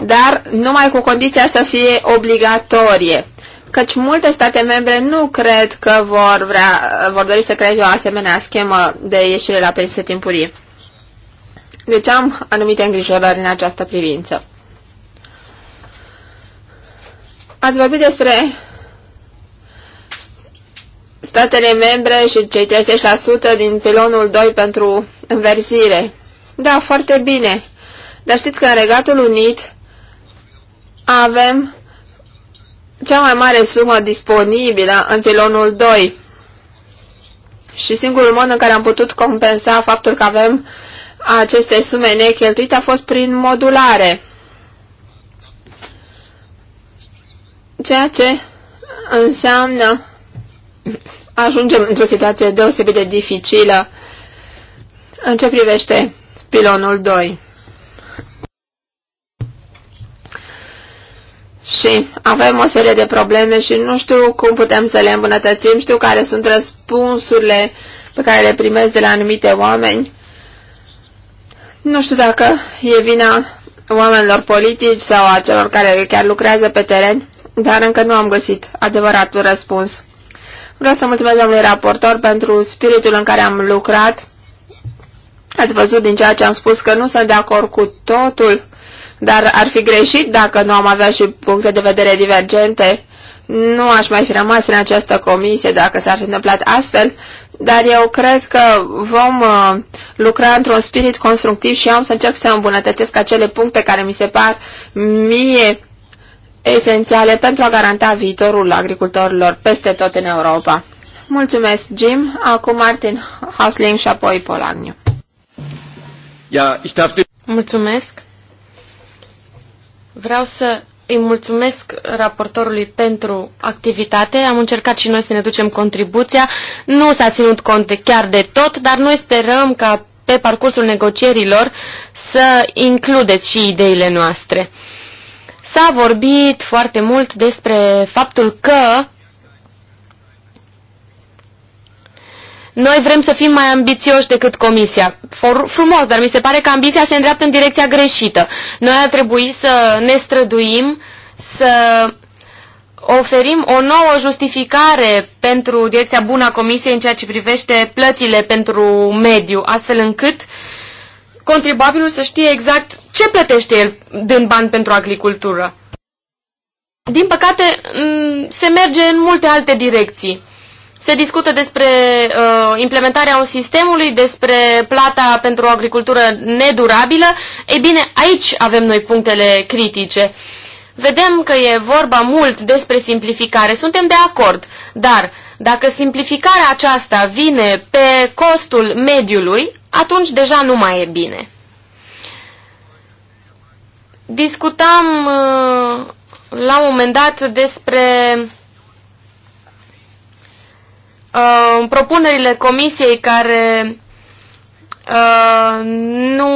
Dar numai cu condiția să fie obligatorie, căci multe state membre nu cred că vor, vrea, vor dori să creeze o asemenea schemă de ieșire la pensie timpurie. Deci am anumite îngrijorări în această privință. Ați vorbit despre statele membre și cei 30% din pilonul 2 pentru înverzire. Da, foarte bine. Dar știți că în Regatul Unit avem cea mai mare sumă disponibilă în pilonul 2. Și singurul mod în care am putut compensa faptul că avem aceste sume necheltuite a fost prin modulare. Ceea ce înseamnă ajungem într-o situație deosebit de dificilă în ce privește pilonul 2. Și avem o serie de probleme și nu știu cum putem să le îmbunătățim, știu care sunt răspunsurile pe care le primesc de la anumite oameni. Nu știu dacă e vina oamenilor politici sau a celor care chiar lucrează pe teren, dar încă nu am găsit adevăratul răspuns. Vreau să mulțumesc domnului raportor pentru spiritul în care am lucrat. Ați văzut din ceea ce am spus că nu sunt de acord cu totul, dar ar fi greșit dacă nu am avea și puncte de vedere divergente. Nu aș mai fi rămas în această comisie dacă s-ar fi întâmplat astfel, dar eu cred că vom uh, lucra într-un spirit constructiv și eu am să încerc să îmbunătățesc acele puncte care mi se par mie esențiale pentru a garanta viitorul agricultorilor peste tot în Europa. Mulțumesc, Jim. Acum Martin Hausling și apoi Polagniu. Mulțumesc. Vreau să îi mulțumesc raportorului pentru activitate. Am încercat și noi să ne ducem contribuția. Nu s-a ținut cont de chiar de tot, dar noi sperăm ca pe parcursul negocierilor să includeți și ideile noastre. S-a vorbit foarte mult despre faptul că noi vrem să fim mai ambițioși decât comisia. For, frumos, dar mi se pare că ambiția se îndreaptă în direcția greșită. Noi ar trebui să ne străduim, să oferim o nouă justificare pentru direcția bună a comisiei în ceea ce privește plățile pentru mediu, astfel încât uh, contribuabilul să știe exact ce plătește el dând bani pentru agricultură. Din păcate, mm, se merge în multe alte direcții. Se discută despre uh, implementarea sistemului, despre plata pentru o agricultură nedurabilă. Ei bine, aici avem noi punctele critice. Vedem că e vorba mult despre simplificare, suntem de acord, dar dacă simplificarea aceasta vine pe costul mediului, atunci deja nu mai e bine. Discutam uh, la un moment dat despre uh, propunerile comisiei care uh, nu,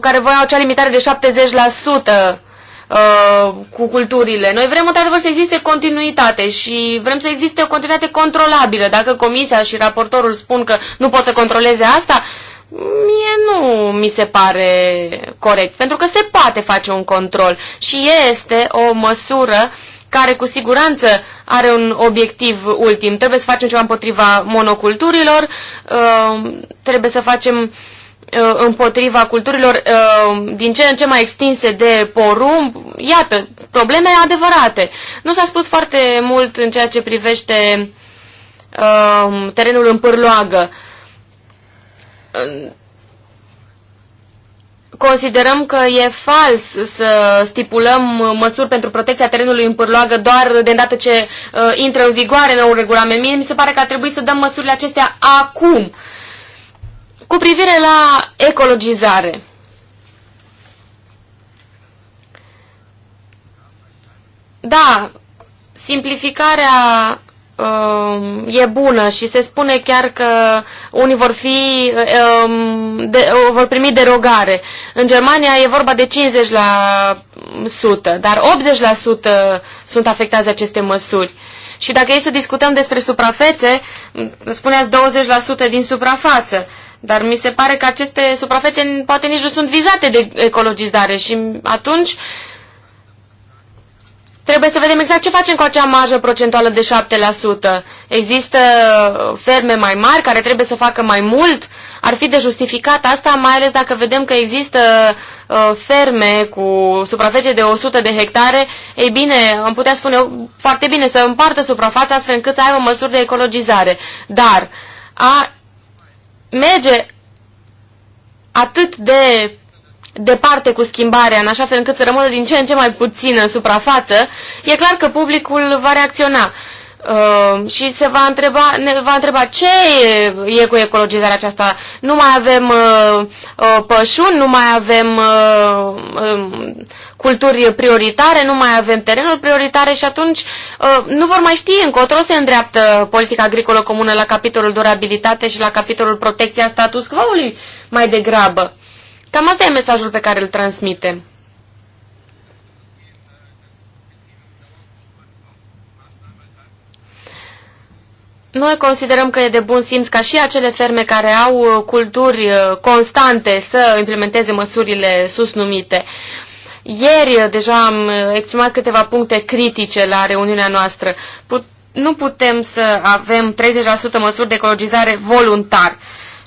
care voiau acea limitare de 70% Uh, cu culturile. Noi vrem într-adevăr să existe continuitate și vrem să existe o continuitate controlabilă. Dacă comisia și raportorul spun că nu pot să controleze asta, mie nu mi se pare corect, pentru că se poate face un control și este o măsură care cu siguranță are un obiectiv ultim. Trebuie să facem ceva împotriva monoculturilor, uh, trebuie să facem Uh, împotriva culturilor uh, din ce în ce mai extinse de porumb. Iată, probleme adevărate. Nu s-a spus foarte mult în ceea ce privește uh, terenul în pârloagă. Considerăm că e fals să stipulăm măsuri pentru protecția terenului în pârloagă doar de îndată ce uh, intră în vigoare nou regulament. Mie mi se pare că ar trebui să dăm măsurile acestea acum. Uh, cu privire la ecologizare, da, simplificarea um, e bună și se spune chiar că unii vor, fi, um, de, vor primi derogare. În Germania e vorba de 50%, la dar 80% sunt afectați aceste măsuri. Și dacă e să discutăm despre suprafețe, spuneați 20% din suprafață. Dar mi se pare că aceste suprafețe poate nici nu sunt vizate de ecologizare și atunci trebuie să vedem exact ce facem cu acea marjă procentuală de 7%. Există ferme mai mari care trebuie să facă mai mult? Ar fi de justificat asta, mai ales dacă vedem că există uh, ferme cu suprafețe de 100 de hectare. Ei bine, am putea spune foarte bine să împartă suprafața astfel încât să aibă măsuri de ecologizare. Dar a merge atât de departe cu schimbarea, în așa fel încât să rămână din ce în ce mai puțină suprafață, e clar că publicul va reacționa. Um, și se va întreba, ne va întreba ce e, e cu ecologizarea aceasta. Nu mai avem uh, uh, pășuni, nu mai avem uh, uh, culturi prioritare, nu mai avem terenuri prioritare și atunci uh, nu vor mai ști încotro se îndreaptă politica agricolă comună la capitolul durabilitate și la capitolul protecția status quo-ului mai degrabă. Cam asta e mesajul pe care îl transmitem. Noi considerăm că e de bun simț ca și acele ferme care au uh, culturi uh, constante să implementeze măsurile susnumite. Ieri uh, deja am exprimat câteva puncte critice la reuniunea noastră. Put nu putem să avem 30% măsuri de ecologizare voluntar.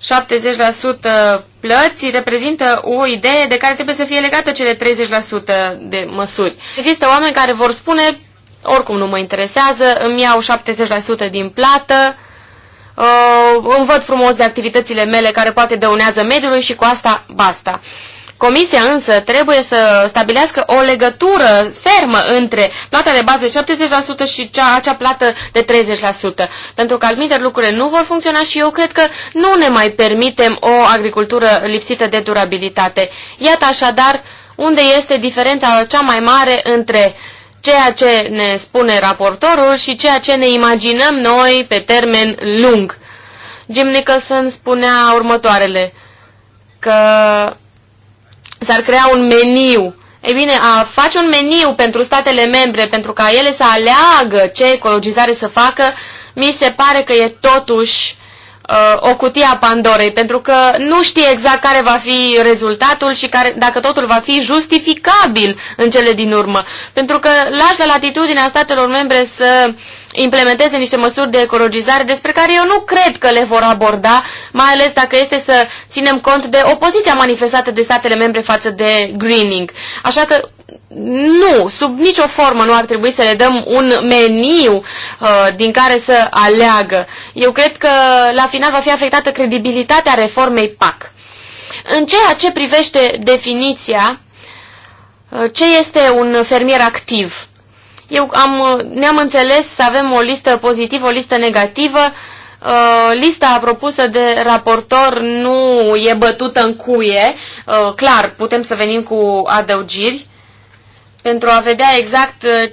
70% plăți reprezintă o idee de care trebuie să fie legată cele 30% de măsuri. Există oameni care vor spune oricum nu mă interesează, îmi iau 70% din plată, uh, îmi văd frumos de activitățile mele care poate dăunează mediului și cu asta basta. Comisia însă trebuie să stabilească o legătură fermă între plata de bază de 70% și cea, acea plată de 30%, pentru că altminteri lucrurile nu vor funcționa și eu cred că nu ne mai permitem o agricultură lipsită de durabilitate. Iată așadar unde este diferența cea mai mare între uh, ceea ce ne spune raportorul și ceea ce ne imaginăm noi pe termen lung. Jim Nicholson spunea următoarele, că s-ar crea un meniu. Ei bine, a face un meniu pentru statele membre, pentru ca ele să aleagă ce ecologizare să facă, mi se pare că e totuși uh, o cutie a Pandorei, pentru că nu știe exact care va fi rezultatul și care, dacă totul va fi justificabil în cele din urmă. Pentru că lași la latitudinea statelor membre să implementeze niște măsuri de ecologizare despre care eu nu cred că le vor aborda, mai ales dacă este să ținem cont de opoziția manifestată de statele membre față de greening. Așa că nu, sub nicio formă nu ar trebui să le dăm un meniu uh, din care să aleagă. Eu cred că la final va fi afectată credibilitatea reformei PAC. În ceea ce privește definiția, uh, ce este un fermier activ? Eu am, uh, ne-am înțeles să avem o listă pozitivă, o listă negativă. Uh, lista propusă de raportor nu e bătută în cuie. Uh, clar, putem să venim cu adăugiri pentru a vedea exact uh,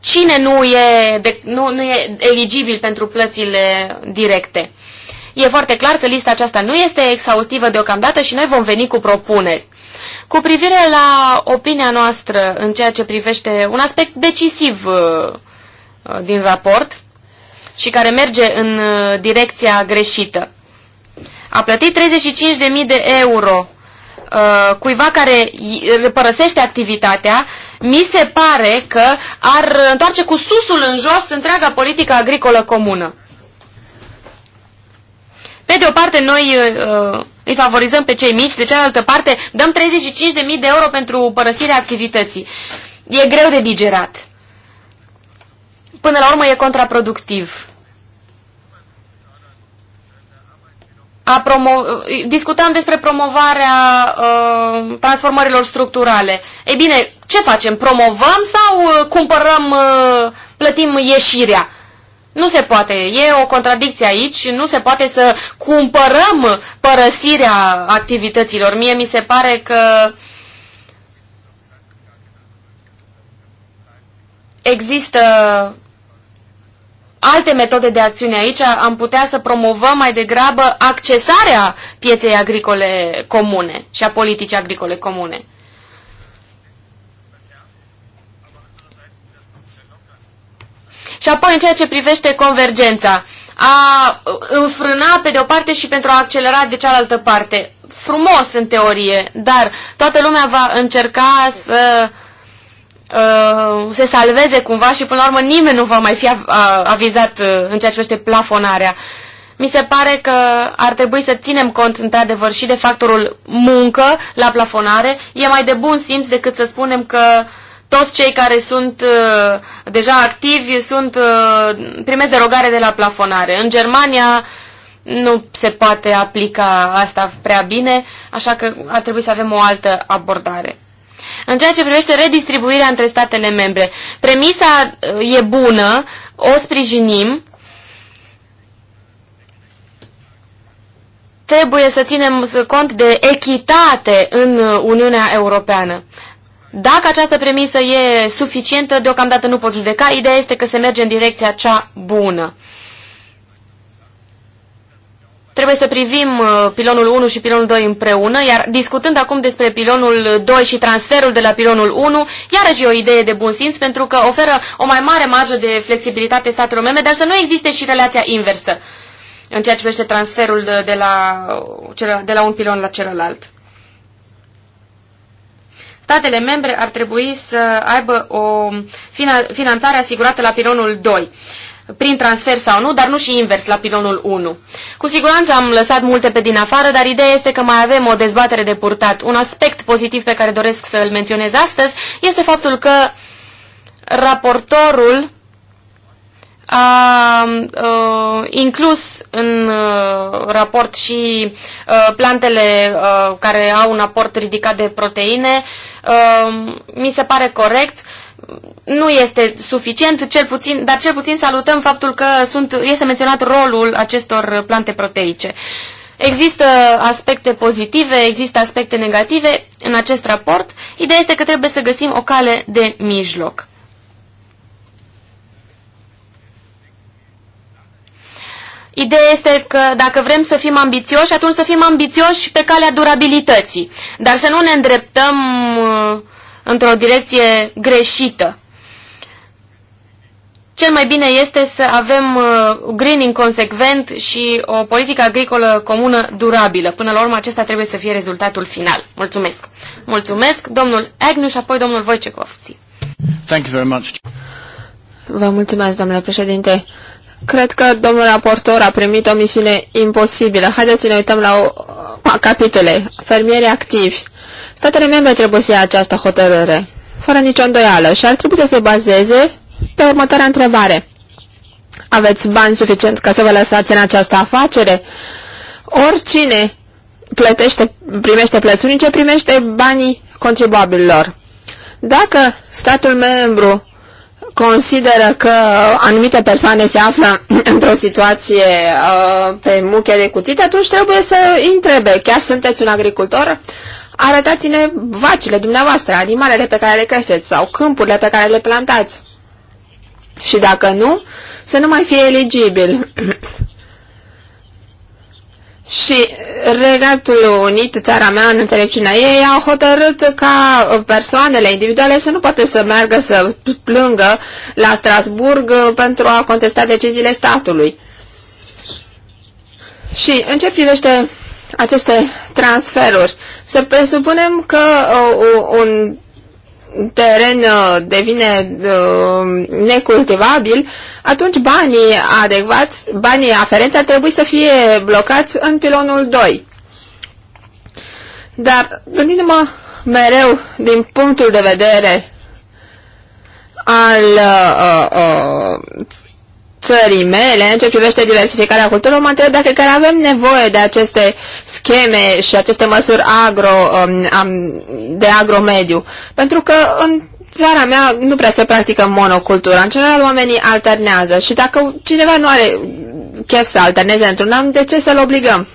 cine nu e, de, nu, nu e eligibil pentru plățile directe. E foarte clar că lista aceasta nu este exhaustivă deocamdată și noi vom veni cu propuneri. Cu privire la opinia noastră în ceea ce privește un aspect decisiv uh, uh, din raport și care merge în direcția greșită. A plătit 35.000 de euro cuiva care părăsește activitatea mi se pare că ar întoarce cu susul în jos întreaga politică agricolă comună. Pe de o parte, noi uh, îi favorizăm pe cei mici, de cealaltă parte, dăm 35.000 de euro pentru părăsirea activității. E greu de digerat. Până la urmă, e contraproductiv. a promo discutam despre promovarea uh, transformărilor structurale. Ei bine, ce facem? Promovăm sau uh, cumpărăm, uh, plătim ieșirea? Nu se poate. E o contradicție aici. Nu se poate să cumpărăm părăsirea activităților. Mie mi se pare că există alte metode de acțiune aici, am putea să promovăm mai degrabă accesarea pieței agricole comune și a politicii agricole comune. Și apoi în ceea ce privește convergența, a înfrâna pe de o parte și pentru a accelera de cealaltă parte. Frumos în teorie, dar toată lumea va încerca să uh, uh, se salveze cumva și până la urmă nimeni nu va mai fi avizat uh, în ceea ce privește plafonarea. Mi se pare că ar trebui să ținem cont într-adevăr și de factorul muncă la plafonare. E mai de bun simț decât să spunem că toți cei care sunt uh, deja activi sunt uh, primesc derogare de la plafonare. În Germania nu se poate aplica asta prea bine, așa că ar trebui să avem o altă abordare. În ceea ce privește redistribuirea între statele membre, premisa uh, e bună, o sprijinim, trebuie să ținem cont de echitate în Uniunea Europeană. Dacă această premisă e suficientă, deocamdată nu pot judeca. Ideea este că se merge în direcția cea bună. Trebuie să privim uh, pilonul 1 și pilonul 2 împreună, iar discutând acum despre pilonul 2 și transferul de la pilonul 1, iarăși e o idee de bun simț pentru că oferă o mai mare marjă de flexibilitate statelor membre, dar să nu existe și relația inversă în ceea ce privește transferul de, de, la, uh, de la un pilon la celălalt. Statele membre ar trebui să aibă o finanțare asigurată la pilonul 2 prin transfer sau nu, dar nu și invers la pilonul 1. Cu siguranță am lăsat multe pe din afară, dar ideea este că mai avem o dezbatere de purtat. Un aspect pozitiv pe care doresc să-l menționez astăzi este faptul că raportorul a uh, inclus în uh, raport și uh, plantele uh, care au un aport ridicat de proteine. Uh, mi se pare corect. Uh, nu este suficient, cel puțin, dar cel puțin salutăm faptul că sunt, este menționat rolul acestor plante proteice. Există aspecte pozitive, există aspecte negative în acest raport. Ideea este că trebuie să găsim o cale de mijloc. Ideea este că dacă vrem să fim ambițioși, atunci să fim ambițioși pe calea durabilității. Dar să nu ne îndreptăm uh, într-o direcție greșită. Cel mai bine este să avem uh, greening consecvent și o politică agricolă comună durabilă. Până la urmă, acesta trebuie să fie rezultatul final. Mulțumesc! Mulțumesc, domnul Agnew și apoi domnul Wojciechowski. Thank you very much. Vă mulțumesc, domnule președinte. Cred că domnul raportor a primit o misiune imposibilă. Haideți să ne uităm la, o, la capitole. Fermieri activi. Statele membre trebuie să ia această hotărâre, fără nicio îndoială, și ar trebui să se bazeze pe următoarea întrebare. Aveți bani suficient ca să vă lăsați în această afacere? Oricine plătește, primește plăți primește banii contribuabililor. Dacă statul membru consideră că anumite persoane se află într-o situație uh, pe muche de cuțit, atunci trebuie să întrebe, chiar sunteți un agricultor? Arătați-ne vacile dumneavoastră, animalele pe care le creșteți sau câmpurile pe care le plantați. Și dacă nu, să nu mai fie eligibil. Și Regatul Unit, țara mea, în înțelepciunea ei, au hotărât ca persoanele individuale să nu poată să meargă să plângă la Strasburg pentru a contesta deciziile statului. Și în ce privește aceste transferuri. Să presupunem că uh, un teren uh, devine uh, necultivabil, atunci banii adecvați, banii aferenți ar trebui să fie blocați în pilonul 2. Dar gândindu-mă mereu din punctul de vedere al uh, uh, țării mele, în ce privește diversificarea culturilor, mă întreb dacă care avem nevoie de aceste scheme și aceste măsuri agro, um, de agromediu. Pentru că în țara mea nu prea se practică monocultura. În general, oamenii alternează și dacă cineva nu are chef să alterneze într-un an, de ce să-l obligăm?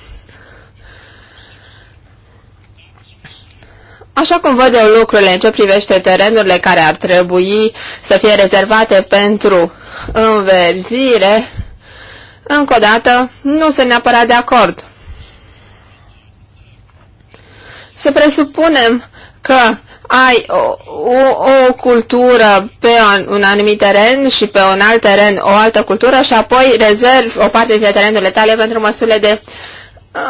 Așa cum văd eu lucrurile în ce privește terenurile care ar trebui să fie rezervate pentru înverzire, încă o dată, nu se neapărat de acord. Să presupunem că ai o, o, o cultură pe un, un anumit teren și pe un alt teren o altă cultură și apoi rezervi o parte din terenurile tale pentru măsurile de uh,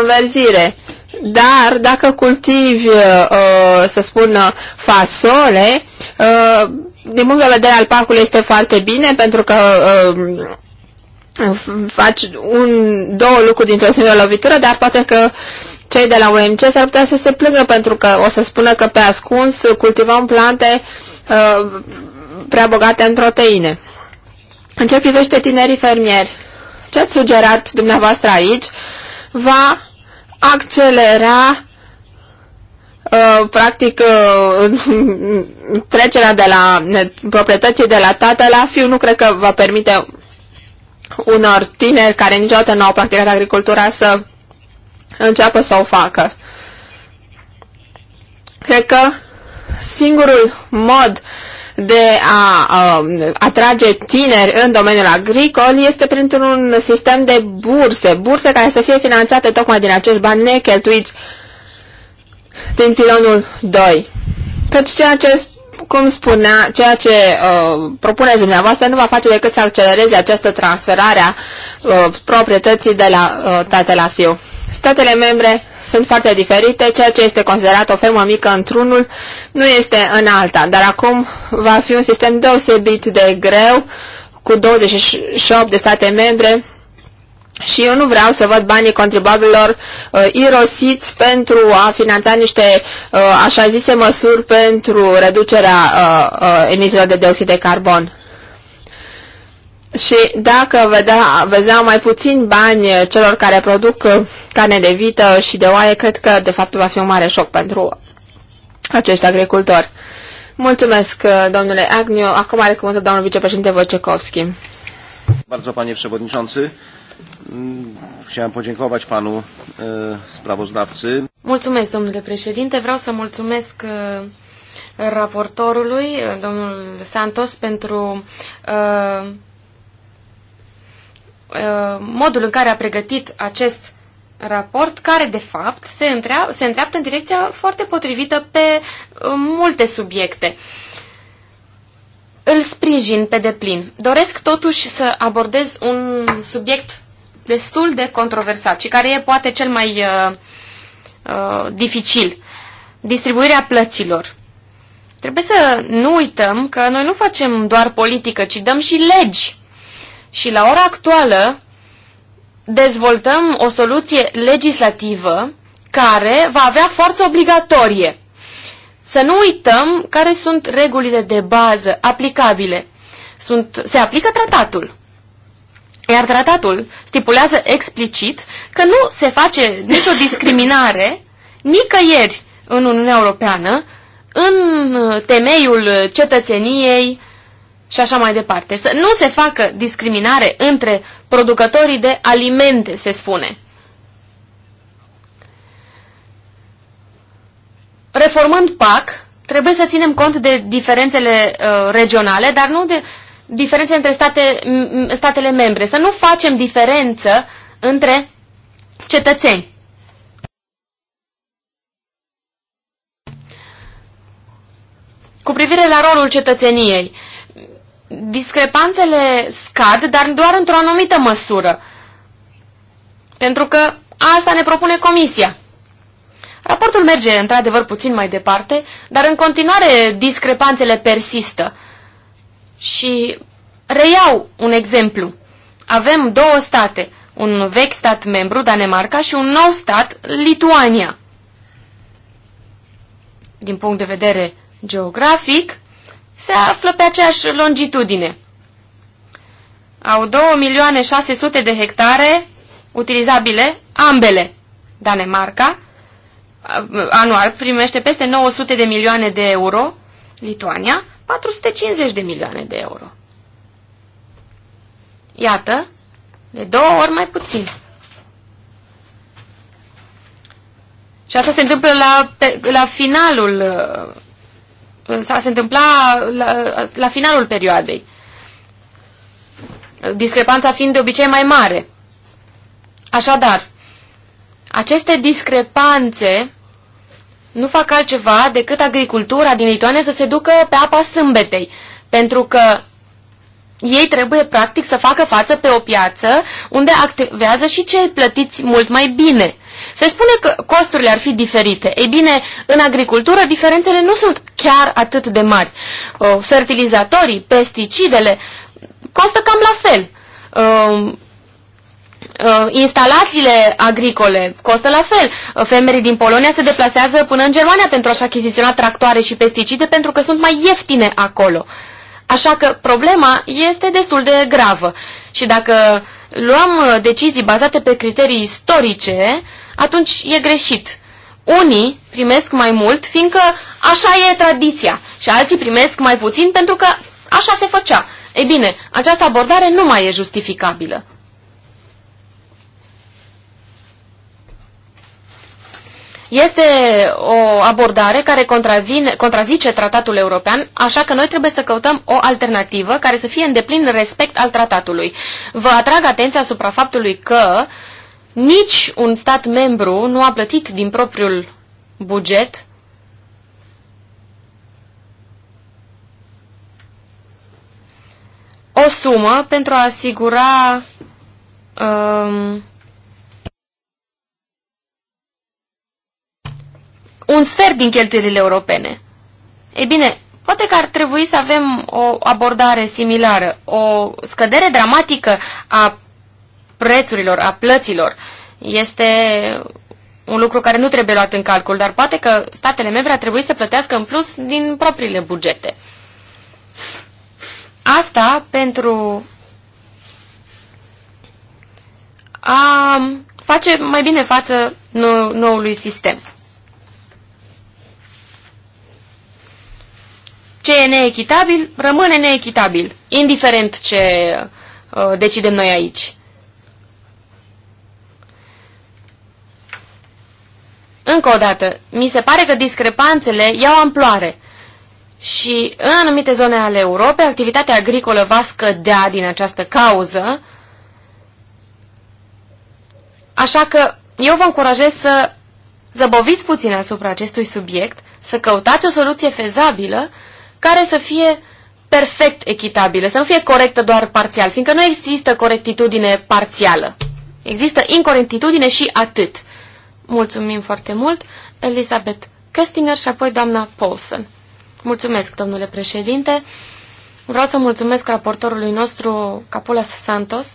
înverzire. Dar dacă cultivi, uh, să spun, fasole, uh, din punct de vedere al parcului este foarte bine pentru că uh, faci un, două lucruri dintr-o singură lovitură, dar poate că cei de la OMC s-ar putea să se plângă pentru că o să spună că pe ascuns cultivăm plante uh, prea bogate în proteine. În ce privește tinerii fermieri, ce ați sugerat dumneavoastră aici va accelera Uh, practic uh, trecerea de la proprietății de la tată la fiu nu cred că va permite unor tineri care niciodată nu au practicat agricultura să înceapă să o facă. Cred că singurul mod de a, um, atrage tineri în domeniul agricol este printr-un sistem de burse, burse care să fie finanțate tocmai din acești bani necheltuiți din pilonul 2. Căci ceea ce, cum spunea, ceea ce uh, propuneți dumneavoastră nu va face decât să accelereze această transferare a uh, proprietății de la uh, tată la fiu. Statele membre sunt foarte diferite, ceea ce este considerat o fermă mică într-unul nu este în alta, dar acum va fi un sistem deosebit de greu cu 28 de state membre și eu nu vreau să văd banii contribuabililor uh, irosiți pentru a finanța niște, uh, așa zise, măsuri pentru reducerea uh, uh, emisiilor de dioxid de carbon. Și dacă vedea, mai puțin bani celor care produc uh, carne de vită și de oaie, cred că de fapt va fi un mare șoc pentru acești agricultori. Mulțumesc, uh, domnule Agniu. Acum are cuvântul domnul vicepreședinte Wojciechowski. Bardzo, panie przewodniczący. Mm, chciałem podziękować panu sprawozdawcy. Mulțumesc, domnule președinte. Vreau să mulțumesc raportorului, domnul Santos, pentru modul în care a pregătit acest raport, care, de fapt, se, întrea se întreaptă în direcția foarte potrivită pe multe subiecte. Îl sprijin pe deplin. Doresc totuși să abordez un subiect destul de controversat și care e poate cel mai uh, uh, dificil. Distribuirea plăților. Trebuie să nu uităm că noi nu facem doar politică, ci dăm și legi. Și la ora actuală dezvoltăm o soluție legislativă care va avea forță obligatorie. Să nu uităm care sunt regulile de bază aplicabile. Sunt, se aplică tratatul. Iar tratatul stipulează explicit că nu se face nicio discriminare nicăieri în Uniunea Europeană în temeiul cetățeniei și așa mai departe. Să nu se facă discriminare între producătorii de alimente, se spune. Reformând PAC, trebuie să ținem cont de diferențele uh, regionale, dar nu de diferențe între state, statele membre, să nu facem diferență între cetățeni. Cu privire la rolul cetățeniei, discrepanțele scad, dar doar într-o anumită măsură. Pentru că asta ne propune Comisia. Raportul merge într-adevăr puțin mai departe, dar în continuare discrepanțele persistă. Și reiau un exemplu. Avem două state, un vechi stat membru, Danemarca, și un nou stat, Lituania. Din punct de vedere geografic, se află pe aceeași longitudine. Au 2.600.000 de hectare utilizabile ambele. Danemarca anual primește peste 900 de milioane de euro, Lituania, 450 de milioane de euro. Iată, de două ori mai puțin. Și asta se întâmplă la, la finalul uh, s-a se întâmpla la, la finalul perioadei. Discrepanța fiind de obicei mai mare. Așadar, aceste discrepanțe nu fac altceva decât agricultura din Lituania să se ducă pe apa sâmbetei, pentru că ei trebuie practic să facă față pe o piață unde activează și cei plătiți mult mai bine. Se spune că costurile ar fi diferite. Ei bine, în agricultură diferențele nu sunt chiar atât de mari. Uh, fertilizatorii, pesticidele costă cam la fel. Uh, Uh, instalațiile agricole costă la fel. Uh, Femerii din Polonia se deplasează până în Germania pentru a-și achiziționa tractoare și pesticide pentru că sunt mai ieftine acolo. Așa că problema este destul de gravă. Și dacă luăm uh, decizii bazate pe criterii istorice, atunci e greșit. Unii primesc mai mult fiindcă așa e tradiția și alții primesc mai puțin pentru că așa se făcea. Ei bine, această abordare nu mai e justificabilă. Este o abordare care contravine, contrazice tratatul european, așa că noi trebuie să căutăm o alternativă care să fie în deplin respect al tratatului. Vă atrag atenția asupra faptului că nici un stat membru nu a plătit din propriul buget o sumă pentru a asigura um, un sfert din cheltuielile europene. Ei bine, poate că ar trebui să avem o abordare similară, o scădere dramatică a prețurilor, a plăților. Este un lucru care nu trebuie luat în calcul, dar poate că statele membre ar trebui să plătească în plus din propriile bugete. Asta pentru a face mai bine față noului sistem. ce e neechitabil rămâne neechitabil, indiferent ce uh, decidem noi aici. Încă o dată, mi se pare că discrepanțele iau amploare și în anumite zone ale Europei activitatea agricolă va scădea din această cauză, așa că eu vă încurajez să zăboviți puțin asupra acestui subiect, să căutați o soluție fezabilă care să fie perfect echitabile, să nu fie corectă doar parțial, fiindcă nu există corectitudine parțială. Există incorectitudine și atât. Mulțumim foarte mult, Elisabeth Köstinger și apoi doamna Paulson. Mulțumesc, domnule președinte. Vreau să mulțumesc raportorului nostru, Capulas Santos,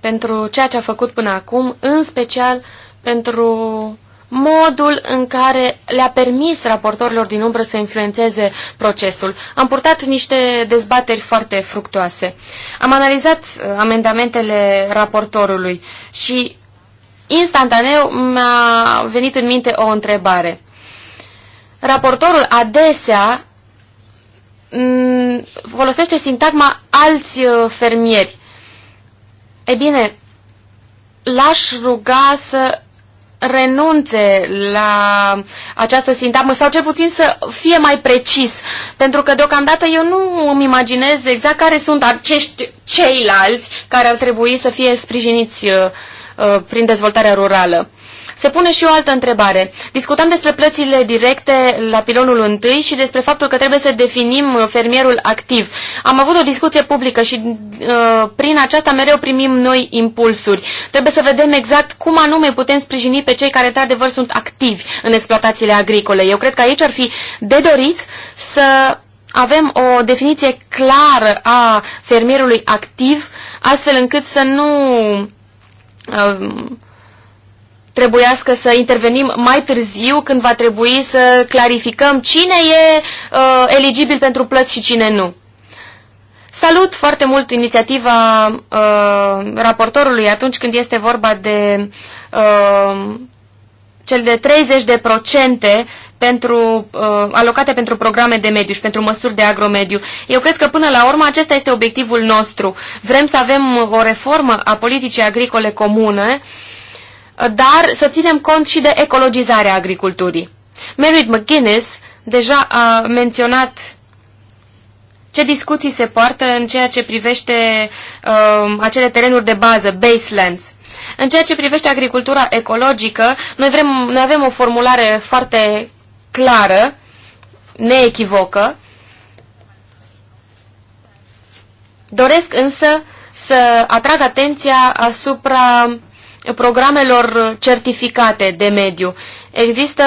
pentru ceea ce a făcut până acum, în special pentru modul în care le-a permis raportorilor din umbră să influențeze procesul. Am purtat niște dezbateri foarte fructoase. Am analizat uh, amendamentele raportorului și instantaneu mi-a venit în minte o întrebare. Raportorul adesea mm, folosește sintagma alți uh, fermieri. E bine, l-aș ruga să renunțe la această sintagmă sau cel puțin să fie mai precis, pentru că deocamdată eu nu îmi imaginez exact care sunt acești ceilalți care ar trebui să fie sprijiniți uh, uh prin dezvoltarea rurală. Se pune și o altă întrebare. Discutăm despre plățile directe la pilonul întâi și despre faptul că trebuie să definim uh, fermierul activ. Am avut o discuție publică și uh, prin aceasta mereu primim noi impulsuri. Trebuie să vedem exact cum anume putem sprijini pe cei care de-adevăr sunt activi în exploatațiile agricole. Eu cred că aici ar fi de dorit să avem o definiție clară a fermierului activ, astfel încât să nu Uh, trebuiască să intervenim mai târziu când va trebui să clarificăm cine e uh, eligibil pentru plăți și cine nu. Salut foarte mult inițiativa uh, raportorului atunci când este vorba de uh, cel de 30 de procente pentru, uh, alocate pentru programe de mediu și pentru măsuri de agromediu. Eu cred că până la urmă acesta este obiectivul nostru. Vrem să avem o reformă a politicii agricole comune uh, dar să ținem cont și de ecologizarea agriculturii. Merit McGuinness deja a menționat ce discuții se poartă în ceea ce privește uh, acele terenuri de bază, baselands. În ceea ce privește agricultura ecologică, noi, vrem, noi avem o formulare foarte clară, neechivocă. Doresc însă să atrag atenția asupra programelor certificate de mediu. Există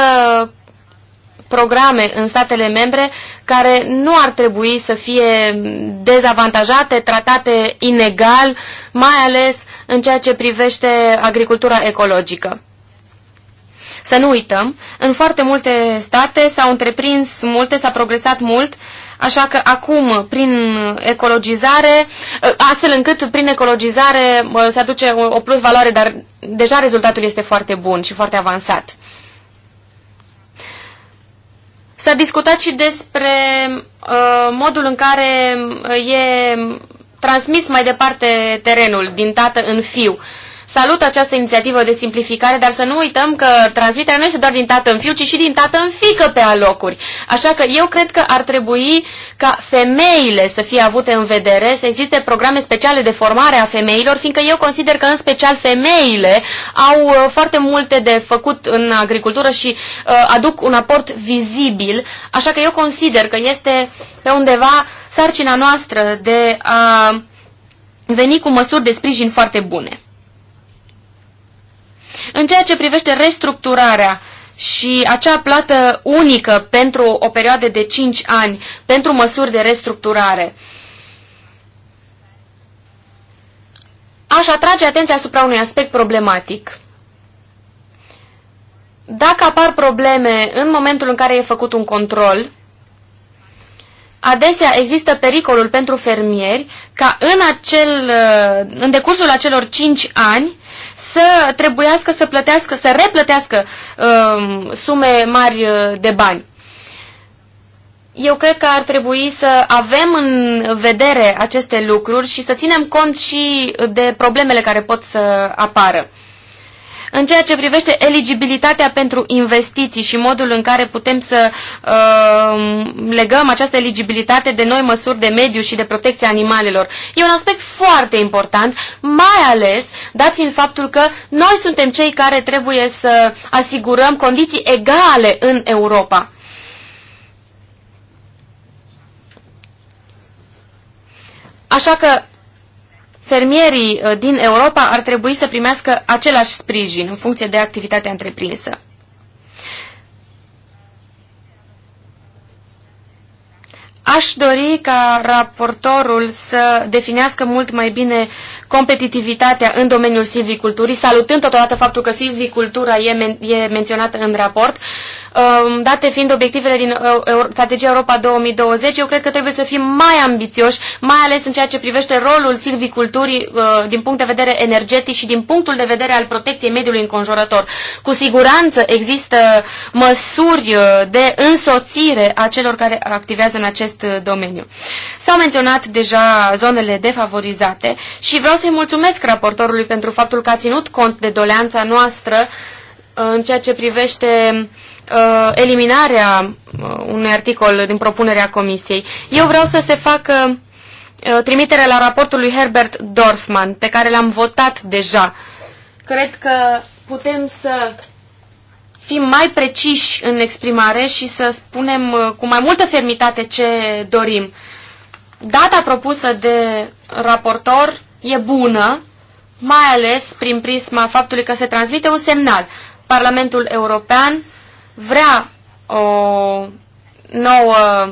programe în statele membre care nu ar trebui să fie dezavantajate, tratate inegal, mai ales în ceea ce privește agricultura ecologică. Să nu uităm, în foarte multe state s-au întreprins multe, s-a progresat mult, uh, Așa că acum, prin ecologizare, ă, astfel încât prin ecologizare ă, se aduce o plus valoare, dar deja rezultatul este foarte bun și foarte avansat. S-a discutat și despre uh, modul în care e transmis mai departe terenul, din tată în fiu. Uh, Salut această inițiativă de simplificare, dar să nu uităm că transmiterea nu este doar din tată în fiu, ci și din tată în fică pe alocuri. Așa că eu cred că ar trebui ca femeile să fie avute în vedere, să existe programe speciale de formare a femeilor, fiindcă eu consider că în special femeile au uh, foarte multe de făcut în agricultură și uh, aduc un aport vizibil, așa că eu consider că este pe undeva sarcina noastră de a veni cu măsuri de sprijin foarte bune. În ceea ce privește restructurarea și acea plată unică pentru o perioadă de 5 ani, pentru măsuri de restructurare, aș atrage atenția asupra unui aspect problematic. Dacă apar probleme în momentul în care e făcut un control, adesea există pericolul pentru fermieri ca în, acel, în decursul acelor 5 ani să trebuiască să plătească, să replătească uh, sume mari uh, de bani. Eu cred că ar trebui să avem în vedere aceste lucruri și să ținem cont și de problemele care pot să apară. În ceea ce privește eligibilitatea pentru investiții și modul în care putem să uh, legăm această eligibilitate de noi măsuri de mediu și de protecție animalelor, e un aspect foarte important, mai ales dat fiind faptul că noi suntem cei care trebuie să asigurăm condiții egale în Europa. Așa că fermierii uh, din Europa ar trebui să primească același sprijin în funcție de activitatea întreprinsă. Aș dori ca raportorul să definească mult mai bine competitivitatea în domeniul silviculturii, salutând totodată faptul că silvicultura e, men e menționată în raport. Um, date fiind obiectivele din uh, strategia Europa 2020, eu cred că trebuie să fim mai ambițioși, mai ales în ceea ce privește rolul silviculturii uh, din punct de vedere energetic și din punctul de vedere al protecției mediului înconjurător. Cu siguranță există măsuri uh, de însoțire a celor care activează în acest domeniu. S-au menționat deja zonele defavorizate și vreau să-i mulțumesc raportorului pentru faptul că a ținut cont de doleanța noastră uh, în ceea ce privește uh, eliminarea uh, unui articol din propunerea comisiei. Eu vreau să se facă uh, trimiterea la raportul lui Herbert Dorfman, pe care l-am votat deja. Cred că putem să fim mai preciși în exprimare și să spunem uh, cu mai multă fermitate ce dorim. Data propusă de raportor e bună, mai ales prin prisma faptului că se transmite un semnal. Parlamentul European vrea o nouă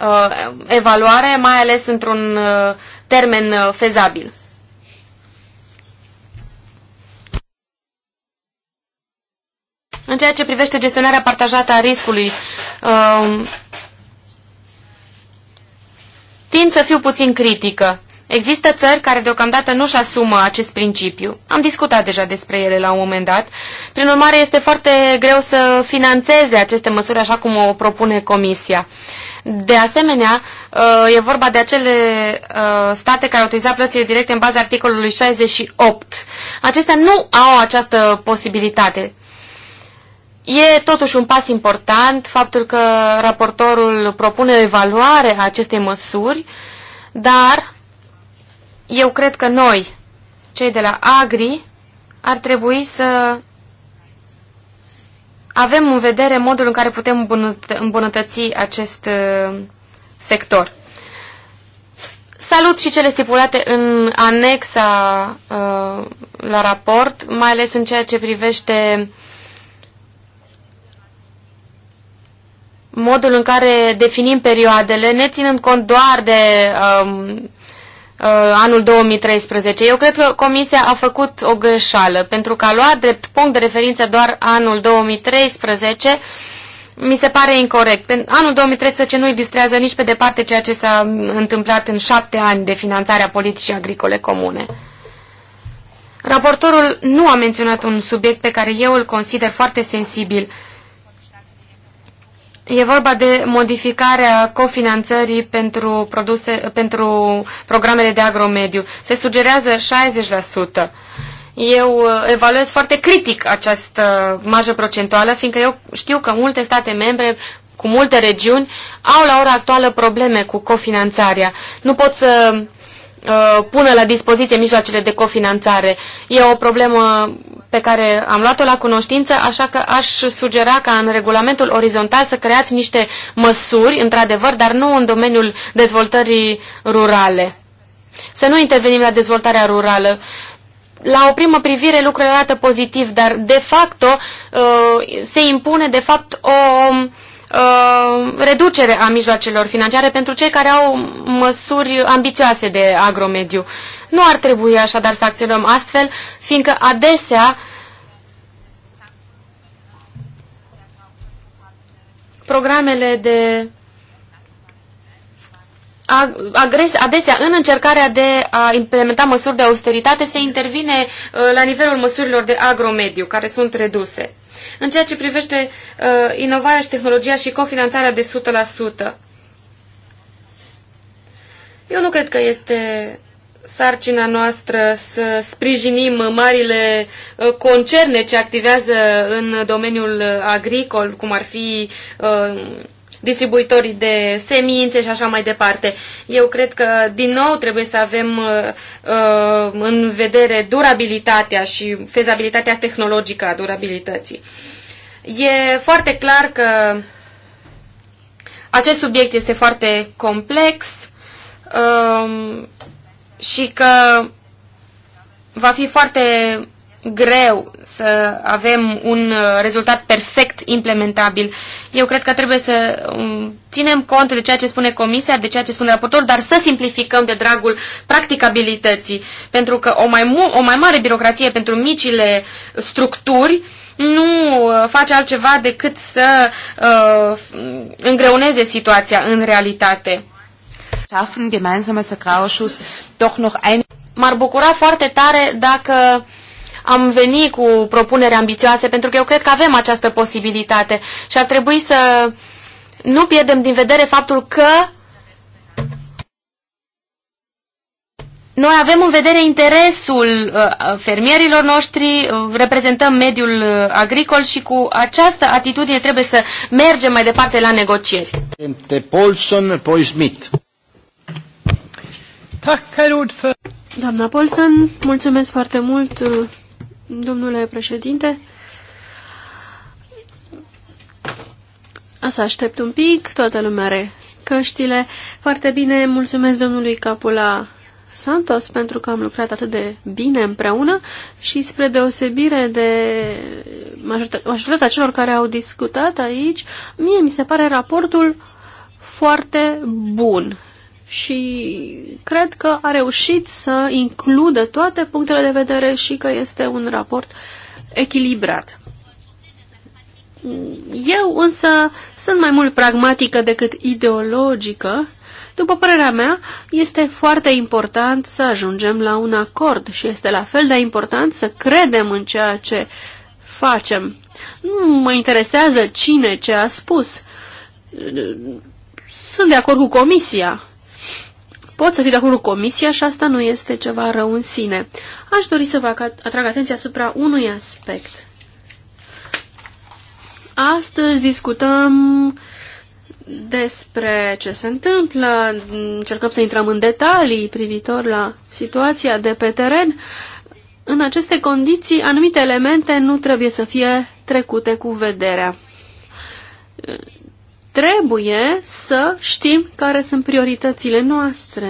uh, evaluare, mai ales într-un uh, termen uh, fezabil. În ceea ce privește gestionarea partajată a riscului, uh, tind să fiu puțin critică. Există țări care deocamdată nu-și asumă acest principiu. Am discutat deja despre ele la un moment dat. Prin urmare, este foarte greu să financeze aceste măsuri așa cum o propune Comisia. De asemenea, uh, e vorba de acele uh, state care autorizează plățile directe în baza articolului 68. Acestea nu au această posibilitate. E totuși un pas important faptul că raportorul propune o evaluare a acestei măsuri, dar eu cred că noi, cei de la Agri, ar trebui să avem în vedere modul în care putem îmbunătăți acest uh, sector. Salut și cele stipulate în anexa uh, la raport, mai ales în ceea ce privește modul în care definim perioadele, ne ținând cont doar de um, Uh, anul 2013. Eu cred că Comisia a făcut o greșeală, pentru că a luat drept punct de referință doar anul 2013, mi se pare incorrect. Anul 2013 nu ilustrează nici pe departe ceea ce s-a întâmplat în șapte ani de finanțare a politicii agricole comune. Raportorul nu a menționat un subiect pe care eu îl consider foarte sensibil, E vorba de modificarea cofinanțării pentru, produse, pentru programele de agromediu. Se sugerează 60%. Eu uh, evaluez foarte critic această marjă procentuală, fiindcă eu știu că multe state membre cu multe regiuni au la ora actuală probleme cu cofinanțarea. Nu pot să uh, pună la dispoziție mijloacele de cofinanțare. E o problemă pe care am luat-o la cunoștință, așa că aș sugera ca în regulamentul orizontal să creați niște măsuri, într-adevăr, dar nu în domeniul dezvoltării rurale. Să nu intervenim la dezvoltarea rurală. La o primă privire lucrurile arată pozitiv, dar de facto uh, se impune de fapt o um, Uh, reducere a mijloacelor financiare pentru cei care au măsuri ambițioase de agromediu. Nu ar trebui așadar să acționăm astfel, fiindcă adesea programele de adesea în încercarea de a implementa măsuri de austeritate se intervine uh, la nivelul măsurilor de agromediu, care sunt reduse. În ceea ce privește uh, inovarea și tehnologia și cofinanțarea de 100%, eu nu cred că este sarcina noastră să sprijinim marile uh, concerne ce activează în domeniul agricol, cum ar fi distribuitorii de semințe și așa mai departe. Eu cred că, din nou, trebuie să avem uh, uh, în vedere durabilitatea și fezabilitatea tehnologică a durabilității. E foarte clar că acest subiect este foarte complex um, și că va fi foarte greu să avem un uh, rezultat perfect implementabil. Eu cred că trebuie să um, ținem cont de ceea ce spune comisia, de ceea ce spune raportor, dar să simplificăm de dragul practicabilității, pentru că o mai, o mai mare birocrație pentru micile structuri nu uh, face altceva decât să uh, îngreuneze situația în realitate. M-ar bucura foarte tare dacă am venit cu propuneri ambițioase, pentru că eu cred că avem această posibilitate și ar trebui să nu pierdem din vedere faptul că Noi avem în vedere interesul uh, fermierilor noștri, uh, reprezentăm mediul uh, agricol și cu această atitudine trebuie să mergem mai departe la negocieri. Paulson, poi Smith. Doamna Paulson, mulțumesc foarte mult domnule președinte. Să aștept un pic, toată lumea are căștile. Foarte bine, mulțumesc domnului Capula Santos pentru că am lucrat atât de bine împreună și spre deosebire de majoritatea celor care au discutat aici, mie mi se pare raportul foarte bun și cred că a reușit să includă toate punctele de vedere și că este un raport echilibrat. Eu însă sunt mai mult pragmatică decât ideologică. După părerea mea, este foarte important să ajungem la un acord și este la fel de important să credem în ceea ce facem. Nu mă interesează cine ce a spus. Sunt de acord cu comisia Pot să fiu de acord cu comisia și asta nu este ceva rău în sine. Aș dori să vă atrag atenția asupra unui aspect. Astăzi discutăm despre ce se întâmplă, încercăm să intrăm în detalii privitor la situația de pe teren. În aceste condiții, anumite elemente nu trebuie să fie trecute cu vederea Trebuie să știm care sunt prioritățile noastre.